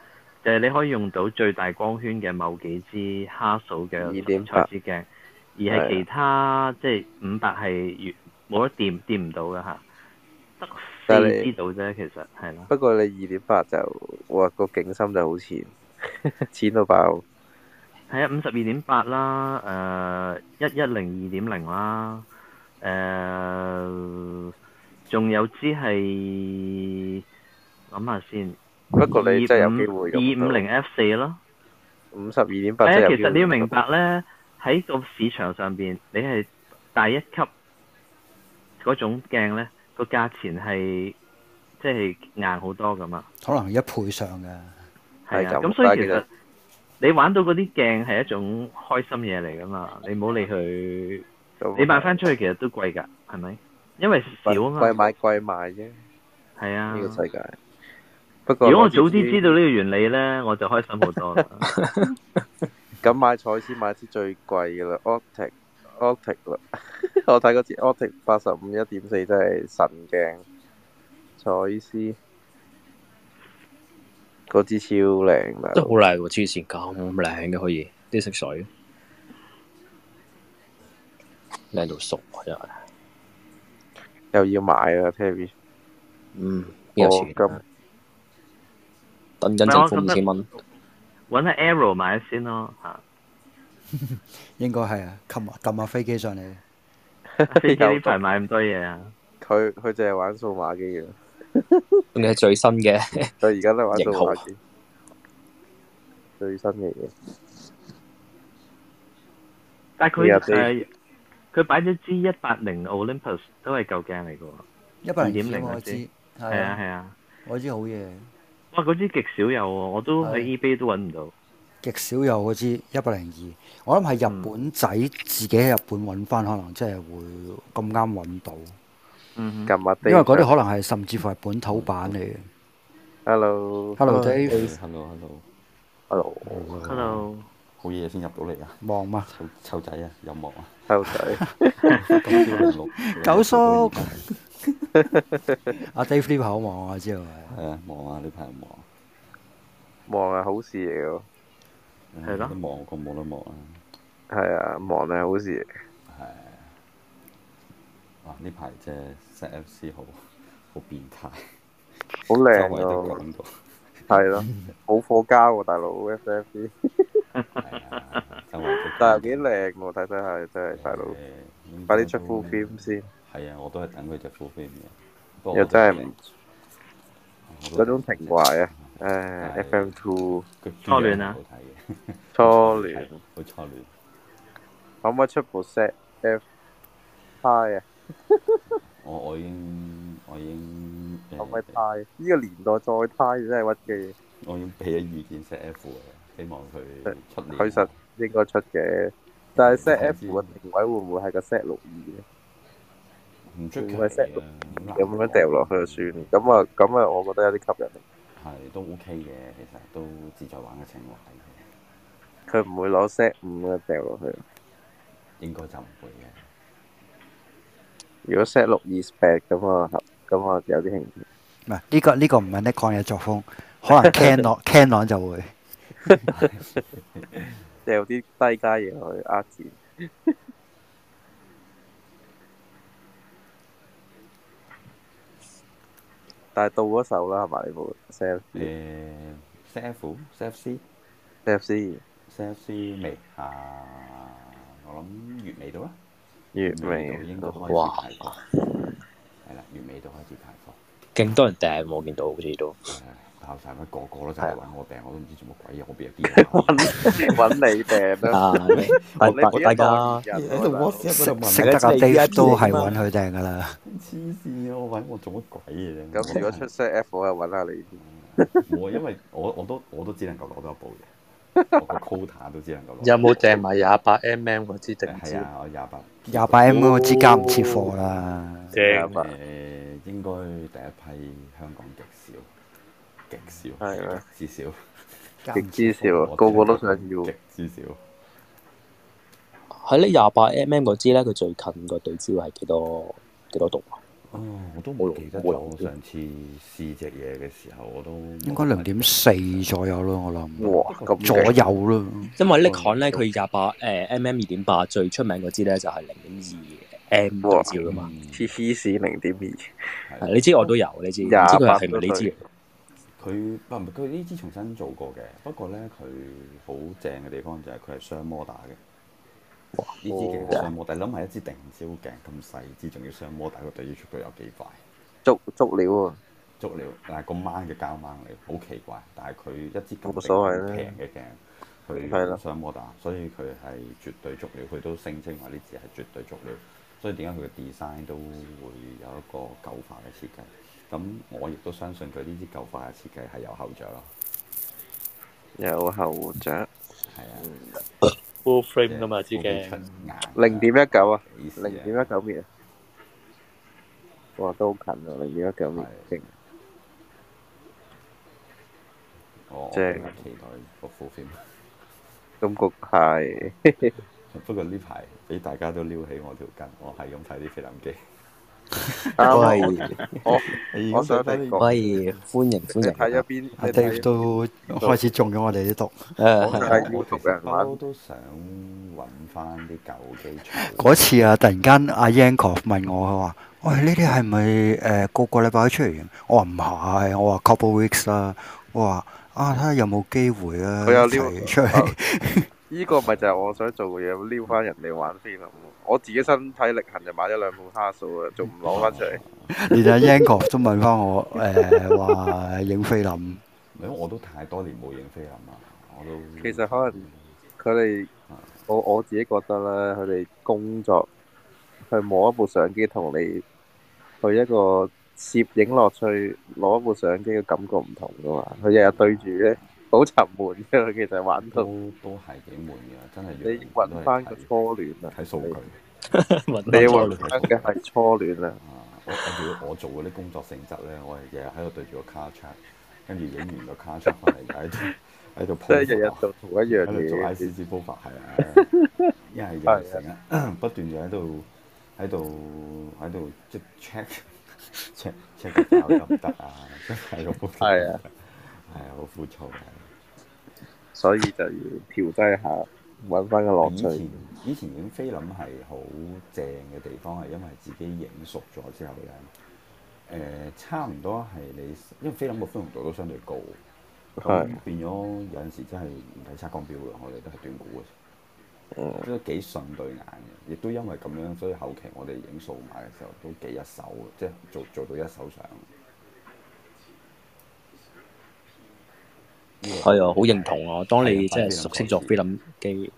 就係你可以用到最大光圈嘅某幾支蝦數嘅彩色之鏡。而係其他即係五百係越冇得掂掂唔到嘅吓，得四知道啫。其實係咯。不過你二點八就哇個景深就好淺，淺到爆。係啊，五十二點八啦，誒，一一零二點零啦，誒，仲有支係諗下先。不過你真係有機會咁樣。二五零 F 四咯。五十二點八。誒，其實你要明白咧。喺個市場上邊，你係第一級嗰種鏡呢，個價錢係即係硬好多噶嘛？可能一倍上噶，係啊。咁所以其實你玩到嗰啲鏡係一種開心嘢嚟噶嘛？你唔好理佢。嗯嗯、你賣翻出去其實都貴噶，係咪？因為少啊嘛。貴買貴賣啫。係啊。呢個世界。不過如果我早啲知道呢個原理呢，我就開心好多啦。 [laughs] 咁買彩絲買支最貴嘅啦 o c t i c o p t i c 啦。Or ctic, Or ctic [laughs] 我睇嗰支 o c t i c 八十五一點四，真係神鏡，彩絲嗰支超靚嘅，真好靚喎！黐線咁靚嘅可以，啲色水靚到熟啊真係，又要買啦，Terry，嗯，有錢，哦、今等緊政府五千蚊。揾下 Arrow 買咗先咯嚇， [laughs] 應該係啊！撳下撳下飛機上嚟， [laughs] 飛機呢排買咁多嘢啊！ [laughs] 佢佢淨係玩數碼機啊！你係最新嘅，到而家都玩數碼機，號最新嘅嘢。 [laughs] 但係佢誒，佢擺咗支一百零 Olympus 都係舊鏡嚟嘅一百零點零嗰支，係 100 X, 啊係啊，啊，我支好嘢。哇！嗰支極少有喎，我都喺 eBay 都揾唔到。極少有嗰支一百零二，我諗係日本仔自己喺日本揾翻，可能即係會咁啱揾到。嗯，因為嗰啲可能係甚至乎係本土版嚟嘅。Hello，hello hello hello hello hello，好嘢先入到嚟啊！望啊？臭臭仔啊，有望，啊？臭仔，九叔。阿 Dave 呢排好忙啊，知道係啊，忙啊？呢排唔忙，忙係好事嚟噶，係咯，忙過冇得忙啦，係啊，忙係好事。係，哇呢排隻 SFC 好，好變態，好靚啊，係咯，好火膠喎大佬 SFC，但係幾靚喎，睇睇下真係大佬，快啲出 full game 先。係啊，我都係等佢隻酷飛面，又真係唔嗰種情懷啊！誒，F.M. Two 初戀啊， [laughs] 初戀，好初戀，可唔可以出部 Set F tie 啊？我我已經我已經可唔可以 tie？呢個年代再 tie 真係屈機。 [laughs] 我已經俾咗預見 Set F 嘅，希望佢出，佢實應該出嘅，但係 Set F 嘅定位會唔會係個 Set 六二咧？唔出奇啊！有冇乜掉落去就算，咁啊咁啊，我覺得有啲吸引力。係都 OK 嘅，其實都自在玩嘅情況係。佢唔會攞 set 五啊掉落去。應該就唔會嘅。如果 set 六二 set 咁啊，咁啊有啲興。唔係呢個呢、呢個唔係講嘢作風，可能 Canon [laughs] Canon 就會掉啲 [laughs] [laughs] 低價嘢去呃錢。但係到時候啦，係咪你部 s a、uh, f e 誒，sale s a l c s a l c, f c s a l C 未 f f？啊、uh,，我諗月尾到啦。月尾應該開始排貨。係啦，月尾都開始排貨。勁哇多人訂，冇見到好似都。 [laughs] 靠曬，乜個個都就係揾我訂，我都唔知做乜鬼嘢，我邊有啲揾揾你訂啊！大大家識得個 D 都係揾佢訂噶啦，黐線啊！我揾我做乜鬼嘢啫？咁如果出 set F，我又揾下你先。我因為我我都我都只能夠攞得一部嘅，個 quota 都只能夠攞。有冇訂埋廿八 mm 嗰支定？係啊，廿八。廿八 mm 之間唔切貨啦。即係誒，應該第一批香港極少。極少，係咪？至少，極之少，個個都想要極之少。喺、mm、呢廿八 mm 嗰支咧，佢最近個對焦係幾多？幾多度啊？哦，我都冇記得。我上次試隻嘢嘅時候，我都應該零點四左右咯，我諗。哇，咁左右咯。因為呢款咧，佢廿八誒 mm 二點八最出名嗰支咧，就係零點二 m 對焦噶嘛。P P 是零點二。你知，我都有你知。廿八。係咪你知？佢唔係佢呢支重新做過嘅，不過咧佢好正嘅地方就係佢係雙摩打嘅。呢支其實雙摩打，但係諗係一支定焦鏡咁細支，仲要雙摩打，佢對焦速度有幾快？足足料啊！足料，但係個掹嘅膠掹嚟，好奇怪。但係佢一支咁平嘅鏡，佢雙摩打，了所以佢係絕對足料。佢都聲稱話呢支係絕對足料。所以點解佢嘅 design 都會有一個舊化嘅設計？咁我亦都相信佢呢啲舊化嘅設計係有後著咯，有後著，係啊，full frame 㗎嘛支鏡，零點一九啊，零點一九秒啊，哇都好近喎，零點一九秒，哦，即係期待個 full frame，感覺係，不過呢排俾大家都撩起我條筋，我係咁睇啲菲林機。可以， [laughs] 我我想聽可以歡迎歡迎喺一邊，阿 Dave 都開始中咗我哋啲毒。誒， [laughs] 我都想揾翻啲舊機出。嗰 [laughs] 次啊，突然間阿 Yankov 問我，佢話：喂，呢啲係咪誒個個禮拜都出嚟？我話唔係，我話 couple weeks 啦。我話啊，睇下有冇機會啊，我有這個、一齊起出嚟。」呢個咪就係我想做嘅嘢，撩翻人哋玩菲林。我自己身體力行就買咗兩部哈蘇啊，仲唔攞翻出嚟？ [laughs] 你睇 Young 哥都問翻我，誒話影菲林。我都太多年冇影菲林啦，我都、嗯。其實可能佢哋，我我自己覺得咧，佢哋工作去摸一部相機同你去一個攝影落去，攞一部相機嘅感覺唔同噶嘛。佢日日對住咧，好沉悶嘅，其實玩到都都係幾悶嘅，真係要揾翻個初戀啊！睇數據，你揾翻嘅係初戀 [laughs] 啊！我，我做嗰啲工作性質咧，我係日日喺度對住個卡尺跟住影完個卡尺喺度喺度。即係日日做同一樣嘢。一係成日不斷又喺度喺度喺度即 check check check 得唔得啊！真係好係啊！係啊、哎！好枯燥所以就要調劑下，揾翻個樂趣。以前以前影菲林係好正嘅地方，係因為自己影熟咗之後咧。誒、呃，差唔多係你，因為菲林個寬容度都相對高，咁是變咗有陣時真係唔使測光表嘅，我哋都係斷估嘅，都幾的順對眼嘅。亦都因為咁樣，所以後期我哋影數碼嘅時候都幾一手，即係做做到一手相。係啊，好認同啊！當你即係熟悉咗菲林機，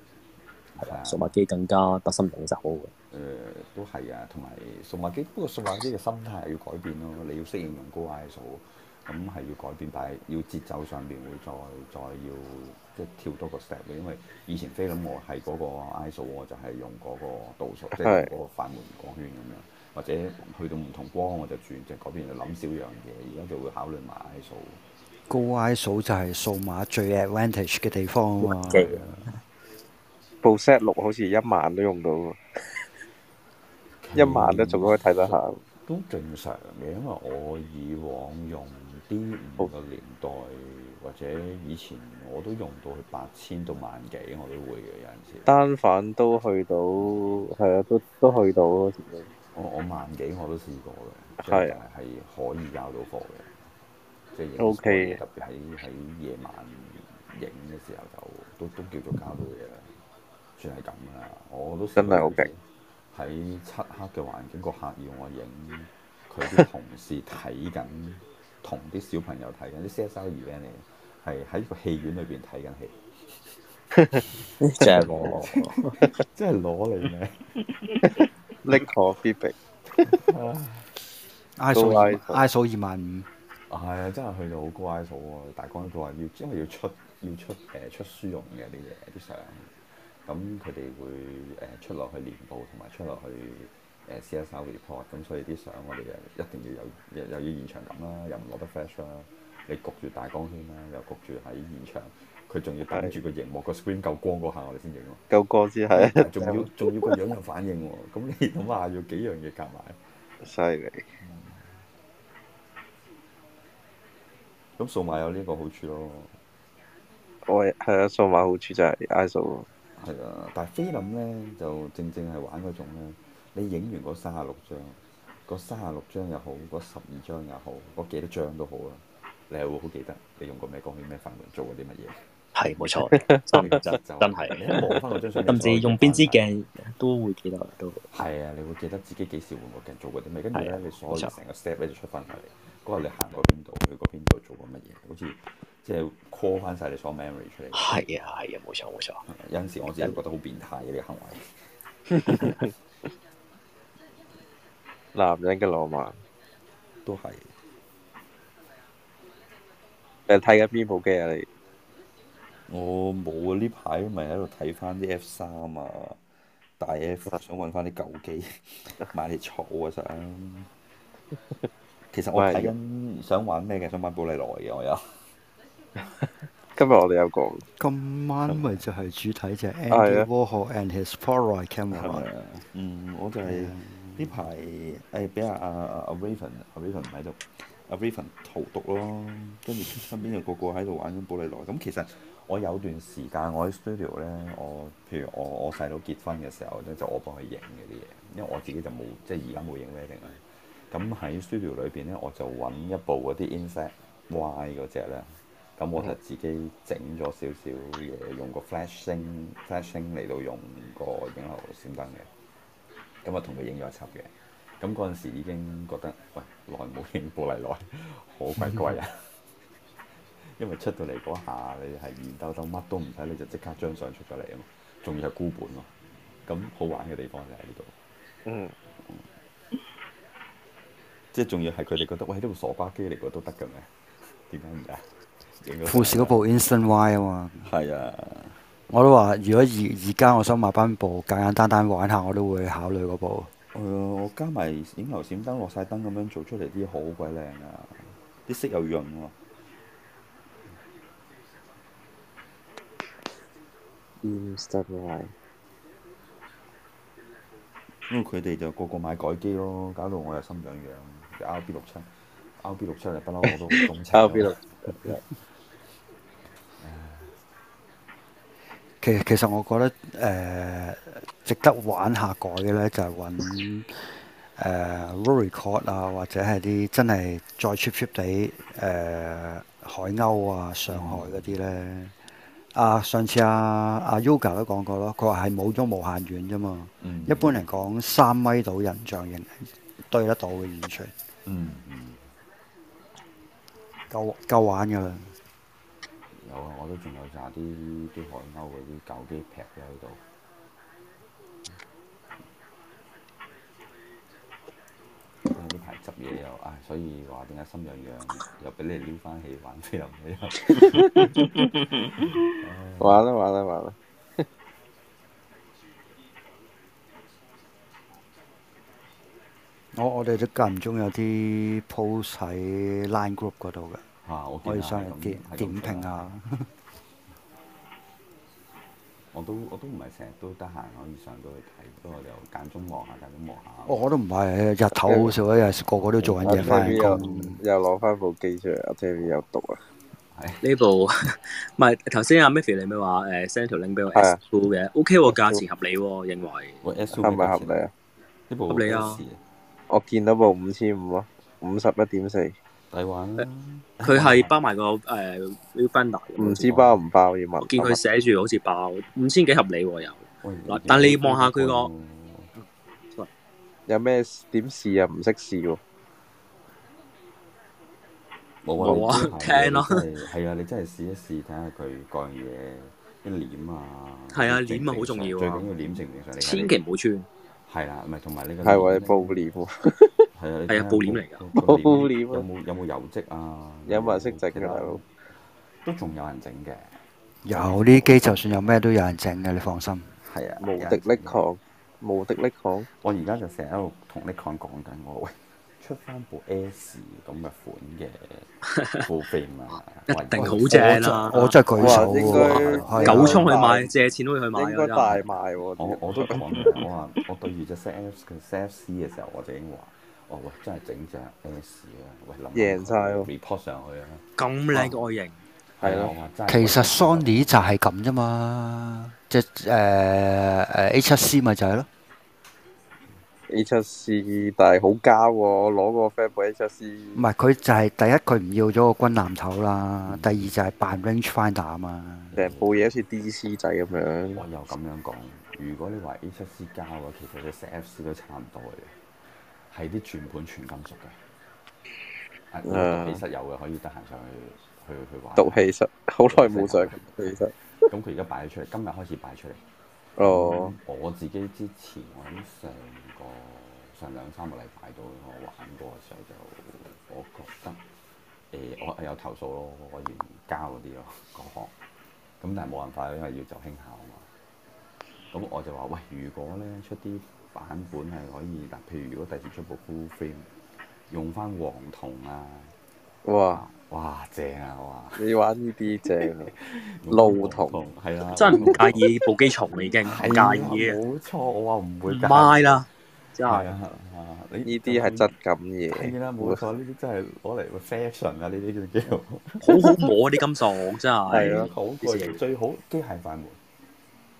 數碼的機更加得心應手嘅。誒、嗯，都係啊，同埋數碼機，不過數碼機嘅心態係要改變咯。你要適應用高 ISO，咁、嗯、係要改變，但係要節奏上邊會再再要即係跳多個 step 因為以前菲林、um、我係嗰個 ISO，我就係用嗰個度數，即係嗰個快門光圈咁樣，的或者去到唔同光我就轉，就改變就諗少樣嘢。而家就會考慮埋 ISO。高 I 數就係數碼最 advantage 嘅地方啊嘛，部 set 六好似一萬都用到， [laughs] 一萬都仲可以睇得下，都正常嘅。因為我以往用啲五嘅年代好或者以前，我都用到八千到萬幾，我都會嘅。有陣時單反都去到，係啊，都都去到。我我萬幾我都試過嘅，係係可以交到貨嘅。O.K. 特別喺喺夜晚影嘅時候，就都都叫做搞到嘢啦，算係咁啦。我都真係好勁喺漆黑嘅環境，個客要我影佢啲同事睇緊，同啲小朋友睇緊啲《c s 二零》嚟嘅，係喺個戲院裏邊睇緊戲。即係攞，即係攞嚟嘅。拎貨必備。I.S.O. 二萬五。啊，啊，真係去到乖好乖熟大光都話要，因為要出要出誒、呃、出書用嘅啲嘢啲相，咁佢哋會誒、呃、出落去年報同埋出落去誒、呃、CSR report，咁所以啲相我哋誒一定要有，又，又，又要現場感啦，又唔攞得 fresh 啦，你焗住大光圈啦，又焗住喺現場，佢仲要等住個熒幕個 screen 夠光嗰下，我哋先影咯。夠光先係，仲要仲要個樣有反應喎，咁你諗下要幾樣嘢夾埋？犀利！咁數碼有呢個好處咯，我係係啊，數碼好處就係 ISO，係啊，但係菲林咧就正正係玩嗰種咧，你影完嗰三十六張，嗰三十六張又好，嗰十二張又好，嗰幾多張都好啦，你係會好記得你用過咩光圈、咩快門、做過啲乜嘢。係冇錯，真係，你一望返張相，甚至用邊支鏡都會記得都。係啊，你會記得自己幾時換過鏡，做過啲咩？跟住咧，你所住成個 step 咧就出翻嚟。嗰日你行過邊度？去過邊度？做過乜嘢？好似即係 call 翻晒你所有 memory 出嚟。係啊，係啊，冇錯冇錯。有陣時我自己都覺得好變態嘅啲行為。男人嘅浪漫都係。你睇緊邊部機啊？你？我冇啊！呢排咪喺度睇翻啲 F 三啊，大 F 啊，想揾翻啲舊機買啲草啊！想，其實我睇緊想玩咩嘅？想玩寶麗來嘅，我有。今日我哋有個。今晚咪就係主題就 Andy Warhol、 [laughs] 啊啊、and his Polaroid Camera 是是。嗯，我就係呢排誒俾阿阿 Raven、Raven 唔喺度 Raven 荼毒咯，跟住身邊又個個喺度玩緊寶麗來，咁、嗯、其實。我有段時間我喺 studio 咧，我，呢我譬如我我細佬結婚嘅時候咧，就我幫佢影嗰啲嘢，因為我自己就冇即係而家冇影 wedding 啦。咁喺 studio 裏邊咧，我就揾一部嗰啲 insert Y 嗰隻咧，咁、那個、我就自己整咗少少嘢，用個 flashing flashing 嚟到用個影樓閃燈嘅，咁啊同佢影咗一輯嘅。咁嗰陣時已經覺得喂，耐冇影過嚟耐，好鬼怪啊！ [laughs] 因為出到嚟嗰下，你係亂兜兜，乜都唔使，你就即刻張相出咗嚟啊嘛！仲要係孤本喎，咁好玩嘅地方就喺呢度。即係仲要係佢哋覺得，喂，呢部傻瓜機嚟嘅都得嘅咩？點解唔得？啊、富士嗰部 Instant Y 啊嘛，係啊，我都話，如果而而家我想買翻部簡簡單單玩下，我都會考慮嗰部。誒、呃，我加埋影樓閃燈落晒燈咁樣做出嚟啲好鬼靚啊！啲色又潤喎。嗯，stop line。因為佢哋就個個買改機咯，搞到我又心癢癢。R B 六七，R B 六七又不嬲我都中車。R B 六七。其實其實我覺得誒值得玩下改嘅咧，就係揾誒 Rolleicord 啊，或者係啲真係再 cheap cheap 地誒海鷗啊、上海嗰啲咧。啊！上次阿、啊、阿、啊、Yoga 都講過咯，佢話係冇咗無限遠啫嘛。嗯嗯、一般嚟講，三米到人像型對得到嘅遠處，嗯嗯，夠夠玩㗎啦。有啊，我都仲有揸啲啲海鷗嗰啲舊機劈嘅喺度。呢排執嘢又啊，所以話定係心癢癢，又俾你撩翻起玩、啊，又又玩啦玩啦玩啦！我我哋都間唔中有啲 post 喺 Line group 嗰度嘅，可以上嚟點點，點評啊。 [laughs] 我都我都唔係成日都得閒可以上到去睇，不過就間中望下，間中望下。哦，我都唔係日頭好少，日個個都做緊嘢，翻、嗯嗯、又攞翻部機出嚟，我唔聽到有毒、哎呃、啊？係呢部唔係頭先阿 Mevie 你咪話誒 send 條 link 俾我 s c o 嘅，OK 價錢合理喎，認為係咪合理啊？呢部。喂係咪合理啊！合理啊，我見到部五千五咯，五十一點四，你玩佢係包埋個誒 vibrator 唔知包唔包要見佢寫住好似包五千幾合理又，但你望下佢個有咩點試啊？唔識試喎，冇啊，聽咯，係啊，你真係試一試，睇下佢講嘢啲臉啊，係啊，臉啊好重要啊，最緊要臉成唔成，千祈唔好穿。係啦，咪同埋呢個係我哋暴利係啊，係啊，布料嚟噶，布料。有冇有冇油漬啊？有冇人識整啊？都仲有人整嘅，有啲機就算有咩都有人整嘅，你放心。係啊，無敵 Nick 康，無敵 n i k 康。我而家就成日喺度同 Nick 康講緊我喂，出翻部 S 咁嘅款嘅，好肥啊。定好正啦！我真係舉手，九倉去買，借錢都去買。應該大賣。我我都講，我話我對住隻 S，f C 嘅時候我就已經話。哦，真係整隻 S 啊！喂，林，贏曬咯，report 上去啊！咁靚外形，係咯、哦，對其實 Sony 就係咁啫嘛，嗯、即係誒誒 A 七 C 咪就係咯，A 七 C 但係好膠，攞個 F a i r 八 A 七 C，唔係佢就係、是、第一佢唔要咗個軍艦頭啦，第二就係扮 range finder 啊嘛、嗯，成、嗯、部嘢好似 DC 仔咁樣，嗯、又咁樣講，如果你話 A 七 C 膠嘅，其實你 Z F C 都差唔多嘅。係啲轉盤全金屬嘅，誒、uh,，其實有嘅可以得閒上去去去玩。道氣室好耐冇上氣室，咁佢而家擺咗出嚟，今日開始擺出嚟。哦、嗯，我自己之前我喺上個上兩三個禮拜度我玩過嘅時候就，我覺得誒、呃、我有投訴咯，我嫌交嗰啲咯嗰行，咁但係冇辦法，因為要就興下嘛。咁我就話喂，如果咧出啲。版本係可以，嗱，譬如如果第時出部 full frame，用翻黃銅啊，哇哇正啊，哇！你話呢啲正，銅係啦，真係唔介意部機重已經，唔介意冇錯，我話唔會。介意啦，真係啊！呢啲係質感嘢。啦，冇錯，呢啲真係攞嚟個 fashion 啊，呢啲叫好好摸啲金屬，真係好鬼型。最好機械快門。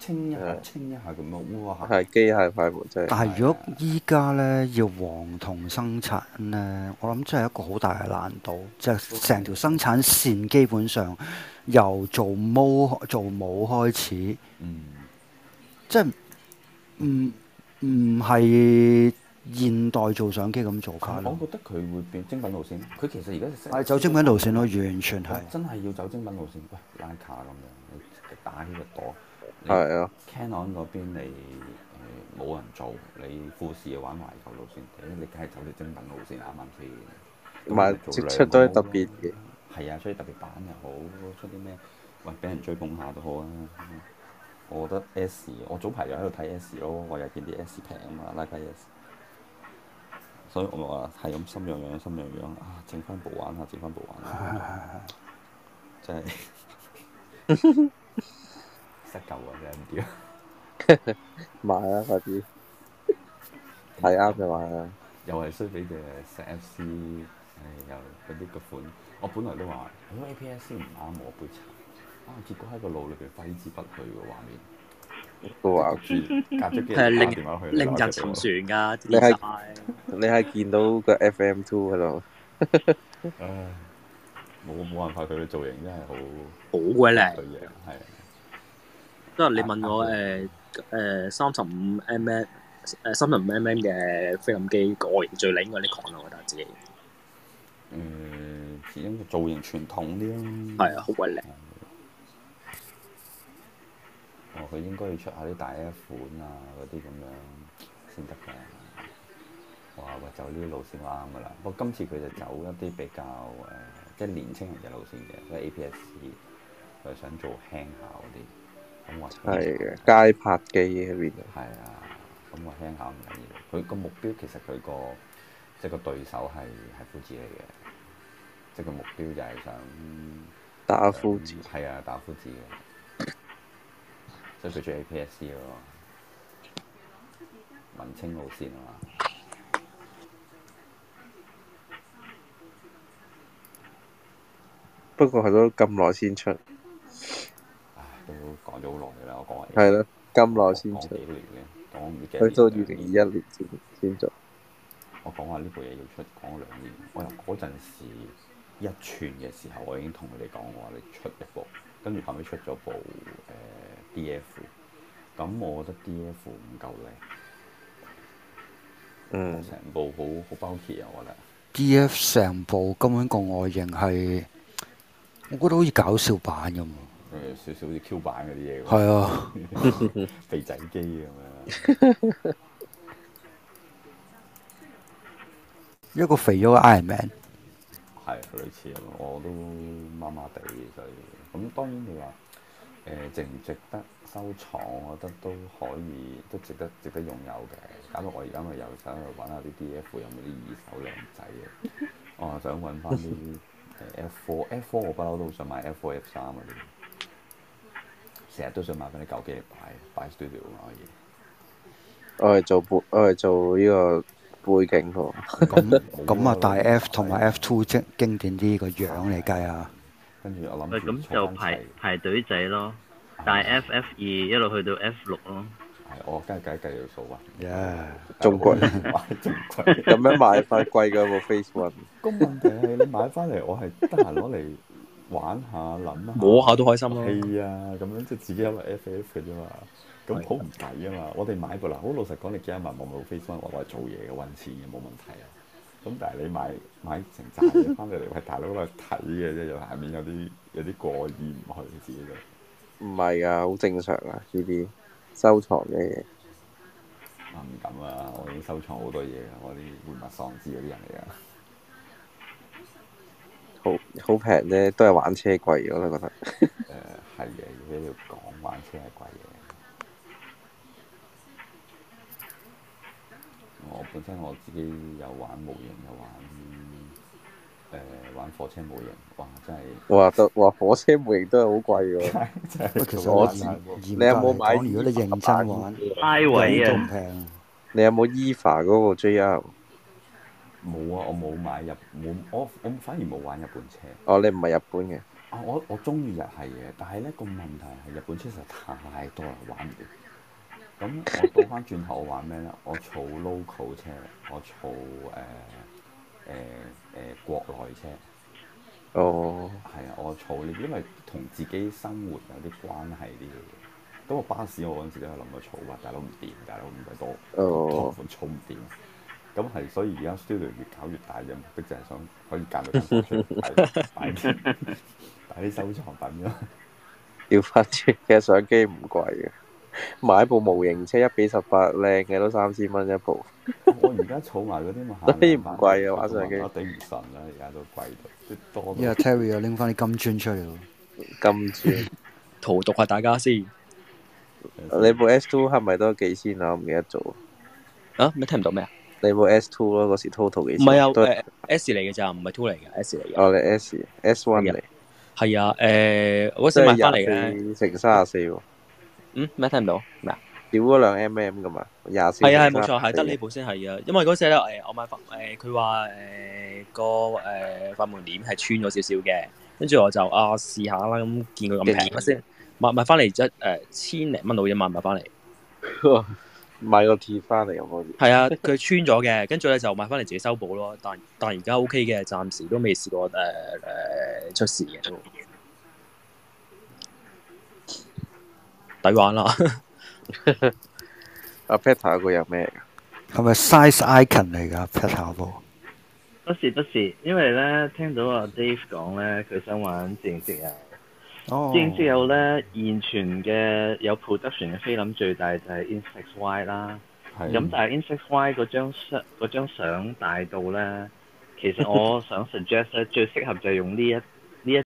清一下，的清一下咁。冇污啊！係機械快活啫。但係如果依家咧要黃銅生產咧，我諗真係一個好大嘅難度，就成、是、條生產線基本上由做模做模開始。嗯。即係唔唔係現代做相機咁做法。我覺得佢會變精品路線。佢其實而家係走精品路線咯，完全係、啊、真係要走精品路線，喂，拉卡咁樣打呢個朵。係咯，Canon 嗰邊你冇、呃、人做，你富士又玩懷舊路線，欸、你梗係走啲精品路線啱啱先？同埋、啊、出都特別，係啊，出啲特別版又好，出啲咩？喂，俾人追捧下都好啊！我覺得 S，我早排又喺度睇 S 咯，我又見啲 S 平啊嘛，Like S，所以我話係咁心癢癢，心癢癢啊！整翻部玩、啊、下玩、啊，整翻部玩下、啊，真係。 [laughs] [laughs] 一嚿啊，真係唔掂，買啊快啲，係啱就買啊！又係衰俾隻石 F C，唉，又嗰啲個款，我本來都話，咁 A P S 唔啱，我杯茶啊，結果喺個腦裏邊揮之不去個畫面，個 R G，係零零日沉船噶，你係你係見到個 F M Two 喺度，唉，冇冇辦法，佢嘅造型真係好，好鬼靚，係。即係你問我誒誒三十五 mm 誒三十五 mm 嘅菲林機外形最靚嗰啲款咯，我覺得自己嗯，因為造型傳統啲咯。係啊，好鬼靚！哦，佢應該要出一下啲大 S 款啊，嗰啲咁樣先得㗎。哇！咪走呢啲路線就啱㗎啦。不、哦、過今次佢就走一啲比較誒，即、呃、係、就是、年輕人嘅路線嘅，即係 A P S，佢想做輕巧啲。係嘅，街拍嘅嘢喺邊度？係啊，咁我聽下唔緊要。佢個目標其實佢個即係個對手係係夫子嚟嘅，即係個目標就係想打夫子。係啊，打夫子嘅，所以佢出 APS-C 咯，文青路線啊嘛。不過佢都咁耐先出。都講咗好耐啦，我講話係咯，咁耐先出幾年嘅，我唔記得咗。去到二零二一年先先出。我講話呢部嘢要出，講兩年。我嗰陣時一傳嘅時候，我已經同佢哋講，我話你出一部，跟住後尾出咗部誒、呃、D.F.，咁我覺得 D.F. 唔夠靚。嗯。成部好好包皮啊！我覺得 D.F. 成部根本個外形係，我覺得好似搞笑版咁。少少好似 Q 版嗰啲嘢，係啊，肥仔機咁樣。 [laughs] 一個肥咗 Iron Man，係類似咯，我都麻麻地。所以咁當然你話誒、呃、值唔值得收藏，我覺得都可以，都值得值得擁有嘅。搞到我而家咪又想去揾下啲 D F 有冇啲二手靚仔嘅。 [laughs] 我想揾翻啲 F Four、 [laughs] F Four，我不嬲都想買 F Four、F Three 嗰啲。成日都想買翻啲舊機嚟擺，擺 studio 可以。我係做背，我係做呢個背景圖。咁咁啊大 F 同埋 F two 即經典啲個樣嚟計啊。跟住我諗，咁就排排隊仔咯，大 FF 二一路去到 F 六咯。係我梗係計計到數啊，仲貴，買仲貴，有咩買翻貴嘅部 Facebook？咁問題係你買翻嚟，我係得閒攞嚟。玩下諗啊，下摸下都開心咯。係啊，咁樣即係自己有個 FF 嘅啫嘛。咁好唔抵啊嘛。我哋買部嗱，好老實講，你幾百萬冇冇飛身，我係做嘢嘅，揾錢嘅冇問題啊。咁但係你買買成扎嘢翻到嚟，喂 [laughs] 大佬嚟睇嘅啫，又下面有啲有啲過意唔去，自己都。唔係啊，好正常啊，呢啲收藏嘅嘢。唔敢啊！我已經收藏好多嘢啦，我啲玩物喪志嗰啲人嚟啊。好好平啫，都係玩車貴我覺得、 [laughs] 呃。誒係嘅，如果要講玩車係貴嘢。我本身我自己有玩模型，有玩、呃、玩火車模型，哇！真係。哇！到哇火車模型都係好貴喎。其實玩你有冇買、e？ 如果你認真玩，拉位啊都唔平。你有冇 EVA 嗰個 JR？冇啊！我冇買日本。我我反而冇玩日本車。哦，你唔係日本嘅。啊、哦，我我中意日系嘅，但係咧個問題係日本車實在太多啦，玩唔掂。咁、嗯、我倒翻轉頭， [laughs] 我玩咩咧？我儲 local 車，我儲誒誒誒國內車。哦。係啊，我儲呢啲，因為同自己生活有啲關係呢樣嘢。咁個巴士我嗰陣時、啊、都係諗過儲嘅，但係都唔掂，但係都唔係多，儲唔掂。咁係，所以而家 studio 越搞越大嘅，佢就係想可以揀到啲好出嚟擺，擺啲收藏品咯。要發傳嘅相機唔貴嘅，買部模型車一比十八靚嘅都三千蚊一部。我而家儲埋嗰啲咪都唔貴嘅玩相機。頂唔順啦，而家都貴到，啲多。因為 Terry 又拎翻啲金磚出嚟咯，金磚荼毒下大家先。你部 S Two 係咪都幾千啊？我唔記得咗。啊？咩聽唔到咩？你部 S two 咯，嗰時 total 幾？唔係啊，誒 S 嚟嘅咋，唔係 two 嚟嘅，S 嚟嘅。哦，你 S S,、oh, S S one 嚟，係啊，誒、啊，我、呃、嗰時買翻嚟咧，乘卅四喎。嗯，咩聽唔到？咩、啊？少嗰兩 M M 噶嘛？廿四係啊係啊，冇錯，係、啊、得呢部先係嘅，因為嗰時咧，誒，我買翻，誒、呃，佢話，誒、呃，個誒快、呃、門簾係穿咗少少嘅，跟住我就啊試下啦，咁見佢咁平。我先買買翻嚟、呃、一誒千零蚊到，一萬買翻嚟。買個鐵翻嚟用可以。係啊，佢 [laughs] 穿咗嘅，跟住咧就買翻嚟自己修補咯。但但係而家 O K 嘅，暫時都未試過誒誒、呃呃、出事嘅。抵玩啦！阿 Peter 嗰個有咩噶？係咪 size icon 嚟噶？Peter 哥，不是不是，因為咧聽到阿 Dave 講咧，佢想玩正職啊。之、oh. 後咧，現存嘅有 production 嘅菲林最大就係 Insect Y 啦。咁是但係 Insect Y 嗰張相嗰張相大到咧，其實我想 suggest 咧， [laughs] 最適合就係用呢一。